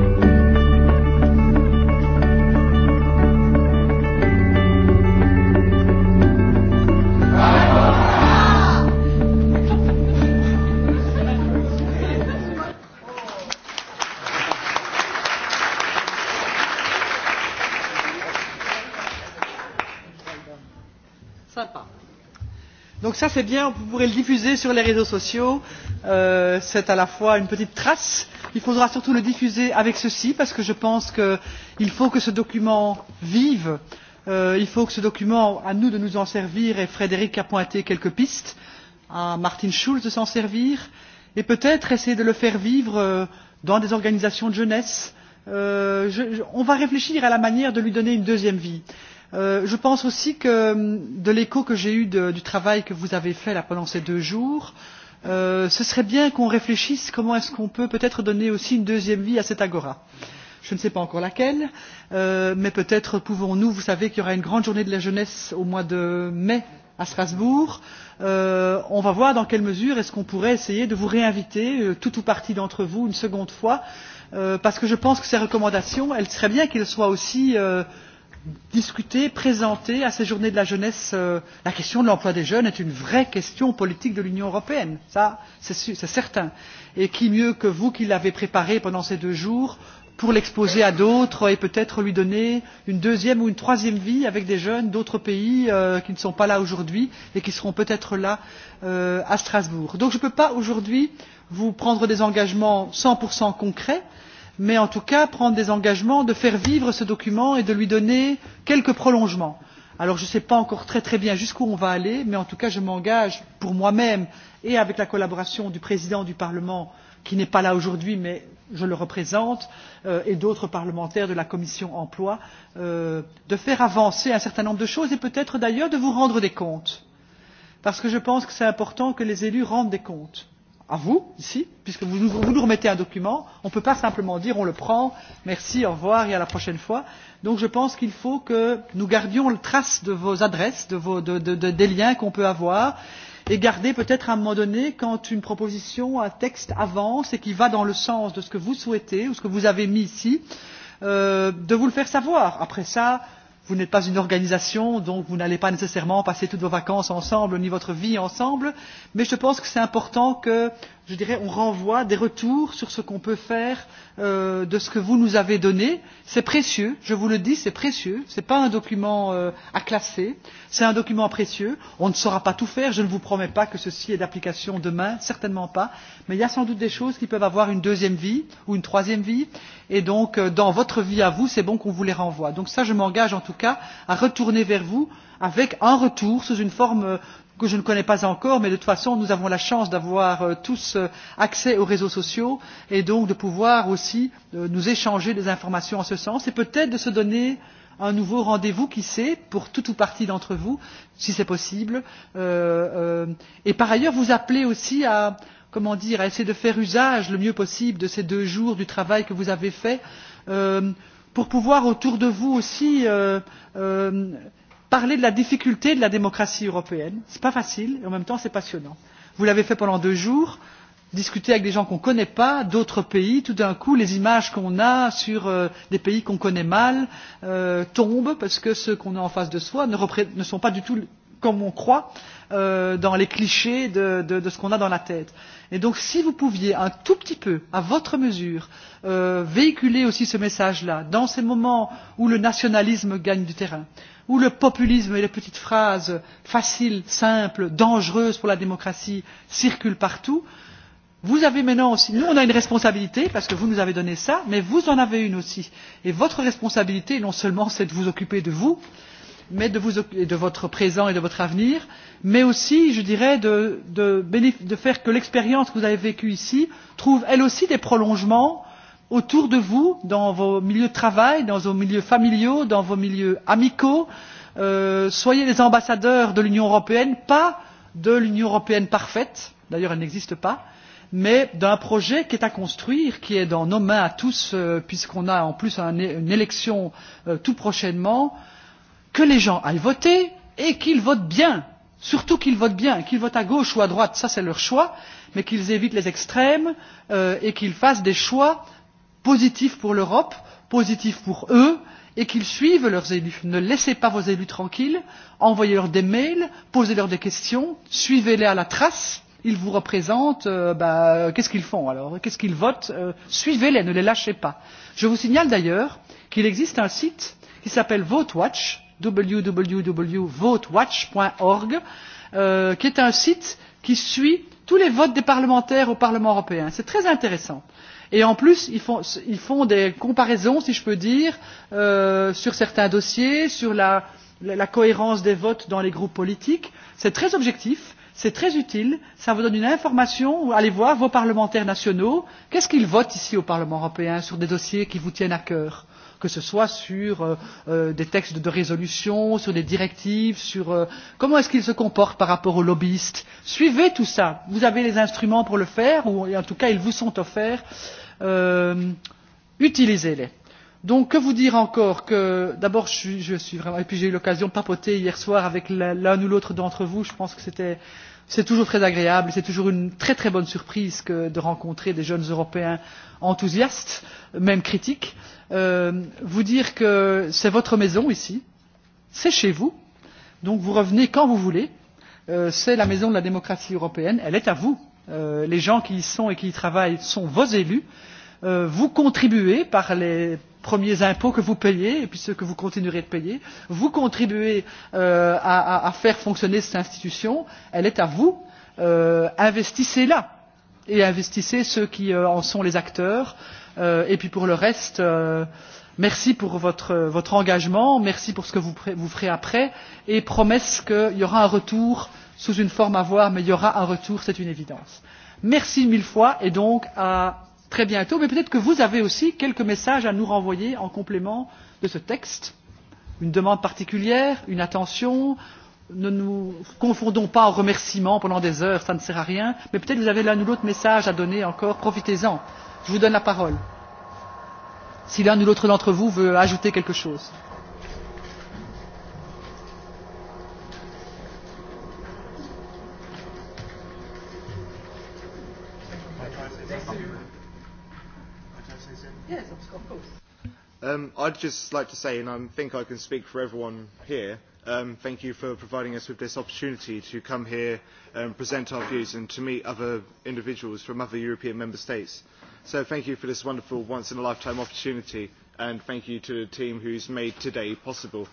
ça c'est bien, vous pourrez le diffuser sur les réseaux sociaux. C'est à la fois une petite trace. Il faudra surtout le diffuser avec ceci parce que je pense qu'il faut que ce document vive. Il faut que ce document, à nous de nous en servir, et Frédéric a pointé quelques pistes, à Martin Schulz de s'en servir, et peut-être essayer de le faire vivre dans des organisations de jeunesse. On va réfléchir à la manière de lui donner une deuxième vie je pense aussi que de l'écho que j'ai eu du travail que vous avez fait pendant ces deux jours ce serait bien qu'on réfléchisse comment est ce qu'on peut peut être donner aussi une deuxième vie à cette agora. je ne sais pas encore laquelle mais peut être pouvons nous vous savez qu'il y aura une grande journée de la jeunesse au mois de mai à strasbourg on va voir dans quelle mesure est ce qu'on pourrait essayer de vous réinviter tout ou partie d'entre vous une seconde fois parce que je pense que ces recommandations il serait bien qu'elles soient aussi discuter, présenter à ces journées de la jeunesse la question de l'emploi des jeunes est une vraie question politique de l'Union européenne, c'est certain. Et qui mieux que vous qui l'avez préparé pendant ces deux jours pour l'exposer à d'autres et peut-être lui donner une deuxième ou une troisième vie avec des jeunes d'autres pays qui ne sont pas là aujourd'hui et qui seront peut-être là à Strasbourg. Donc je ne peux pas aujourd'hui vous prendre des engagements 100% concrets mais en tout cas prendre des engagements de faire vivre ce document et de lui donner quelques prolongements. alors je ne sais pas encore très très bien jusqu'où on va aller mais en tout cas je m'engage pour moi même et avec la collaboration du président du parlement qui n'est pas là aujourd'hui mais je le représente et d'autres parlementaires de la commission emploi, de faire avancer un certain nombre de choses et peut être d'ailleurs de vous rendre des comptes parce que je pense que c'est important que les élus rendent des comptes à vous, ici, puisque vous nous remettez un document. On ne peut pas simplement dire on le prend, merci, au revoir et à la prochaine fois. Donc je pense qu'il faut que nous gardions le trace de vos adresses, des liens qu'on peut avoir et garder peut être à un moment donné quand une proposition un texte avance et qui va dans le sens de ce que vous souhaitez ou ce que vous avez mis ici de vous le faire savoir. après cela vous n'êtes pas une organisation, donc vous n'allez pas nécessairement passer toutes vos vacances ensemble, ni votre vie ensemble, mais je pense que c'est important que je dirais, on renvoie des retours sur ce qu'on peut faire de ce que vous nous avez donné. C'est précieux, je vous le dis, c'est précieux. Ce n'est pas un document à classer, c'est un document précieux. On ne saura pas tout faire, je ne vous promets pas que ceci est d'application demain, certainement pas. Mais il y a sans doute des choses qui peuvent avoir une deuxième vie ou une troisième vie. Et donc, dans votre vie à vous, c'est bon qu'on vous les renvoie. Donc ça, je m'engage en tout cas à retourner vers vous avec un retour sous une forme que je ne connais pas encore, mais de toute façon, nous avons la chance d'avoir tous accès aux réseaux sociaux et donc de pouvoir aussi nous échanger des informations en ce sens et peut-être de se donner un nouveau rendez-vous, qui sait, pour toute ou partie d'entre vous, si c'est possible. Et par ailleurs, vous appelez aussi à, comment dire, à essayer de faire usage le mieux possible de ces deux jours du travail que vous avez fait pour pouvoir autour de vous aussi parler de la difficulté de la démocratie européenne. Ce n'est pas facile et en même temps c'est passionnant. Vous l'avez fait pendant deux jours, discuter avec des gens qu'on ne connaît pas, d'autres pays. Tout d'un coup, les images qu'on a sur des pays qu'on connaît mal tombent parce que ceux qu'on a en face de soi ne sont pas du tout comme on croit dans les clichés de ce qu'on a dans la tête. Et donc si vous pouviez un tout petit peu, à votre mesure, véhiculer aussi ce message-là, dans ces moments où le nationalisme gagne du terrain, où le populisme et les petites phrases faciles, simples, dangereuses pour la démocratie circulent partout, vous avez maintenant aussi, nous on a une responsabilité parce que vous nous avez donné cela, mais vous en avez une aussi. Et votre responsabilité, non seulement c'est de vous occuper de vous, mais de, votre présent et de votre avenir, mais aussi, je dirais, de, de, de faire que l'expérience que vous avez vécue ici trouve elle aussi des prolongements autour de vous, dans vos milieux de travail, dans vos milieux familiaux, dans vos milieux amicaux. Soyez les ambassadeurs de l'Union européenne, pas de l'Union européenne parfaite, d'ailleurs elle n'existe pas, mais d'un projet qui est à construire, qui est dans nos mains à tous, puisqu'on a en plus une élection tout prochainement, que les gens aillent voter et qu'ils votent bien, surtout qu'ils votent bien, qu'ils votent à gauche ou à droite, ça c'est leur choix, mais qu'ils évitent les extrêmes et qu'ils fassent des choix positif pour l'Europe, positif pour eux, et qu'ils suivent leurs élus. Ne laissez pas vos élus tranquilles, envoyez-leur des mails, posez-leur des questions, suivez-les à la trace, ils vous représentent, qu'est-ce qu'ils font alors, qu'est-ce qu'ils votent, suivez-les, ne les lâchez pas. Je vous signale d'ailleurs qu'il existe un site qui s'appelle VoteWatch, www.votewatch.org, qui est un site qui suit tous les votes des parlementaires au Parlement européen. C'est très intéressant et en plus ils font des comparaisons si je peux dire sur certains dossiers sur la cohérence des votes dans les groupes politiques. c'est très objectif c'est très utile cela vous donne une information allez voir vos parlementaires nationaux qu'est ce qu'ils votent ici au parlement européen sur des dossiers qui vous tiennent à cœur? que ce soit sur des textes de résolution, sur des directives, sur comment est-ce qu'ils se comportent par rapport aux lobbyistes. Suivez tout ça. Vous avez les instruments pour le faire, ou en tout cas ils vous sont offerts. Utilisez-les. Donc, que vous dire encore que d'abord, je, je suis vraiment, et puis j'ai eu l'occasion de papoter hier soir avec l'un ou l'autre d'entre vous, je pense que c'était, c'est toujours très agréable, c'est toujours une très très bonne surprise que de rencontrer des jeunes Européens enthousiastes, même critiques, vous dire que c'est votre maison ici, c'est chez vous, donc vous revenez quand vous voulez, c'est la maison de la démocratie européenne, elle est à vous. Les gens qui y sont et qui y travaillent sont vos élus, vous contribuez par les premiers impôts que vous payez et puis ceux que vous continuerez de payer, vous contribuez à faire fonctionner cette institution, elle est à vous, investissez-la et investissez ceux qui en sont les acteurs et puis pour le reste merci pour votre votre engagement merci pour ce que vous vous ferez après et promesse qu'il y aura un retour sous une forme à voir mais il y aura un retour c'est une évidence merci mille fois et donc à très bientôt mais peut-être que vous avez aussi quelques messages à nous renvoyer en complément de ce texte une demande particulière une attention ne nous confondons pas en remerciements pendant des heures ça ne sert à rien mais peut-être vous avez l'un ou l'autre message à donner encore profitez-en Je vous donne la parole. Si l'un ou l'autre d'entre vous veut ajouter quelque chose. I'd just like to say, and I think I can speak for everyone here, thank you for providing us with this opportunity to come here and present our views and to meet other individuals from other European member states. So thank you for this wonderful once-in-a-lifetime opportunity, and thank you to the team has made today possible.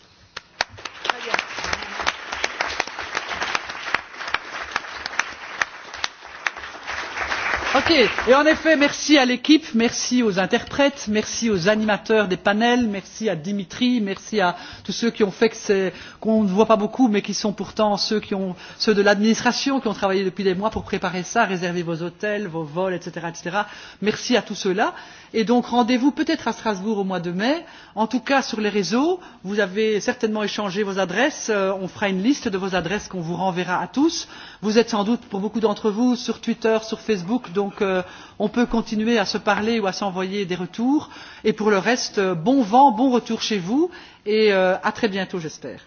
et en effet, merci à l'équipe, merci aux interprètes, merci aux animateurs des panels, merci à Dimitri, merci à tous ceux qui ont fait que qu'on ne voit pas beaucoup, mais qui sont pourtant ceux, qui ont, ceux de l'administration qui ont travaillé depuis des mois pour préparer ça, réserver vos hôtels, vos vols, etc. etc. Merci à tous ceux-là. Et donc rendez-vous peut-être à Strasbourg au mois de mai. En tout cas, sur les réseaux, vous avez certainement échangé vos adresses. On fera une liste de vos adresses qu'on vous renverra à tous. Vous êtes sans doute, pour beaucoup d'entre vous, sur Twitter, sur Facebook. Donc, donc on peut continuer à se parler ou à s'envoyer des retours et pour le reste bon vent bon retour chez vous et à très bientôt j'espère.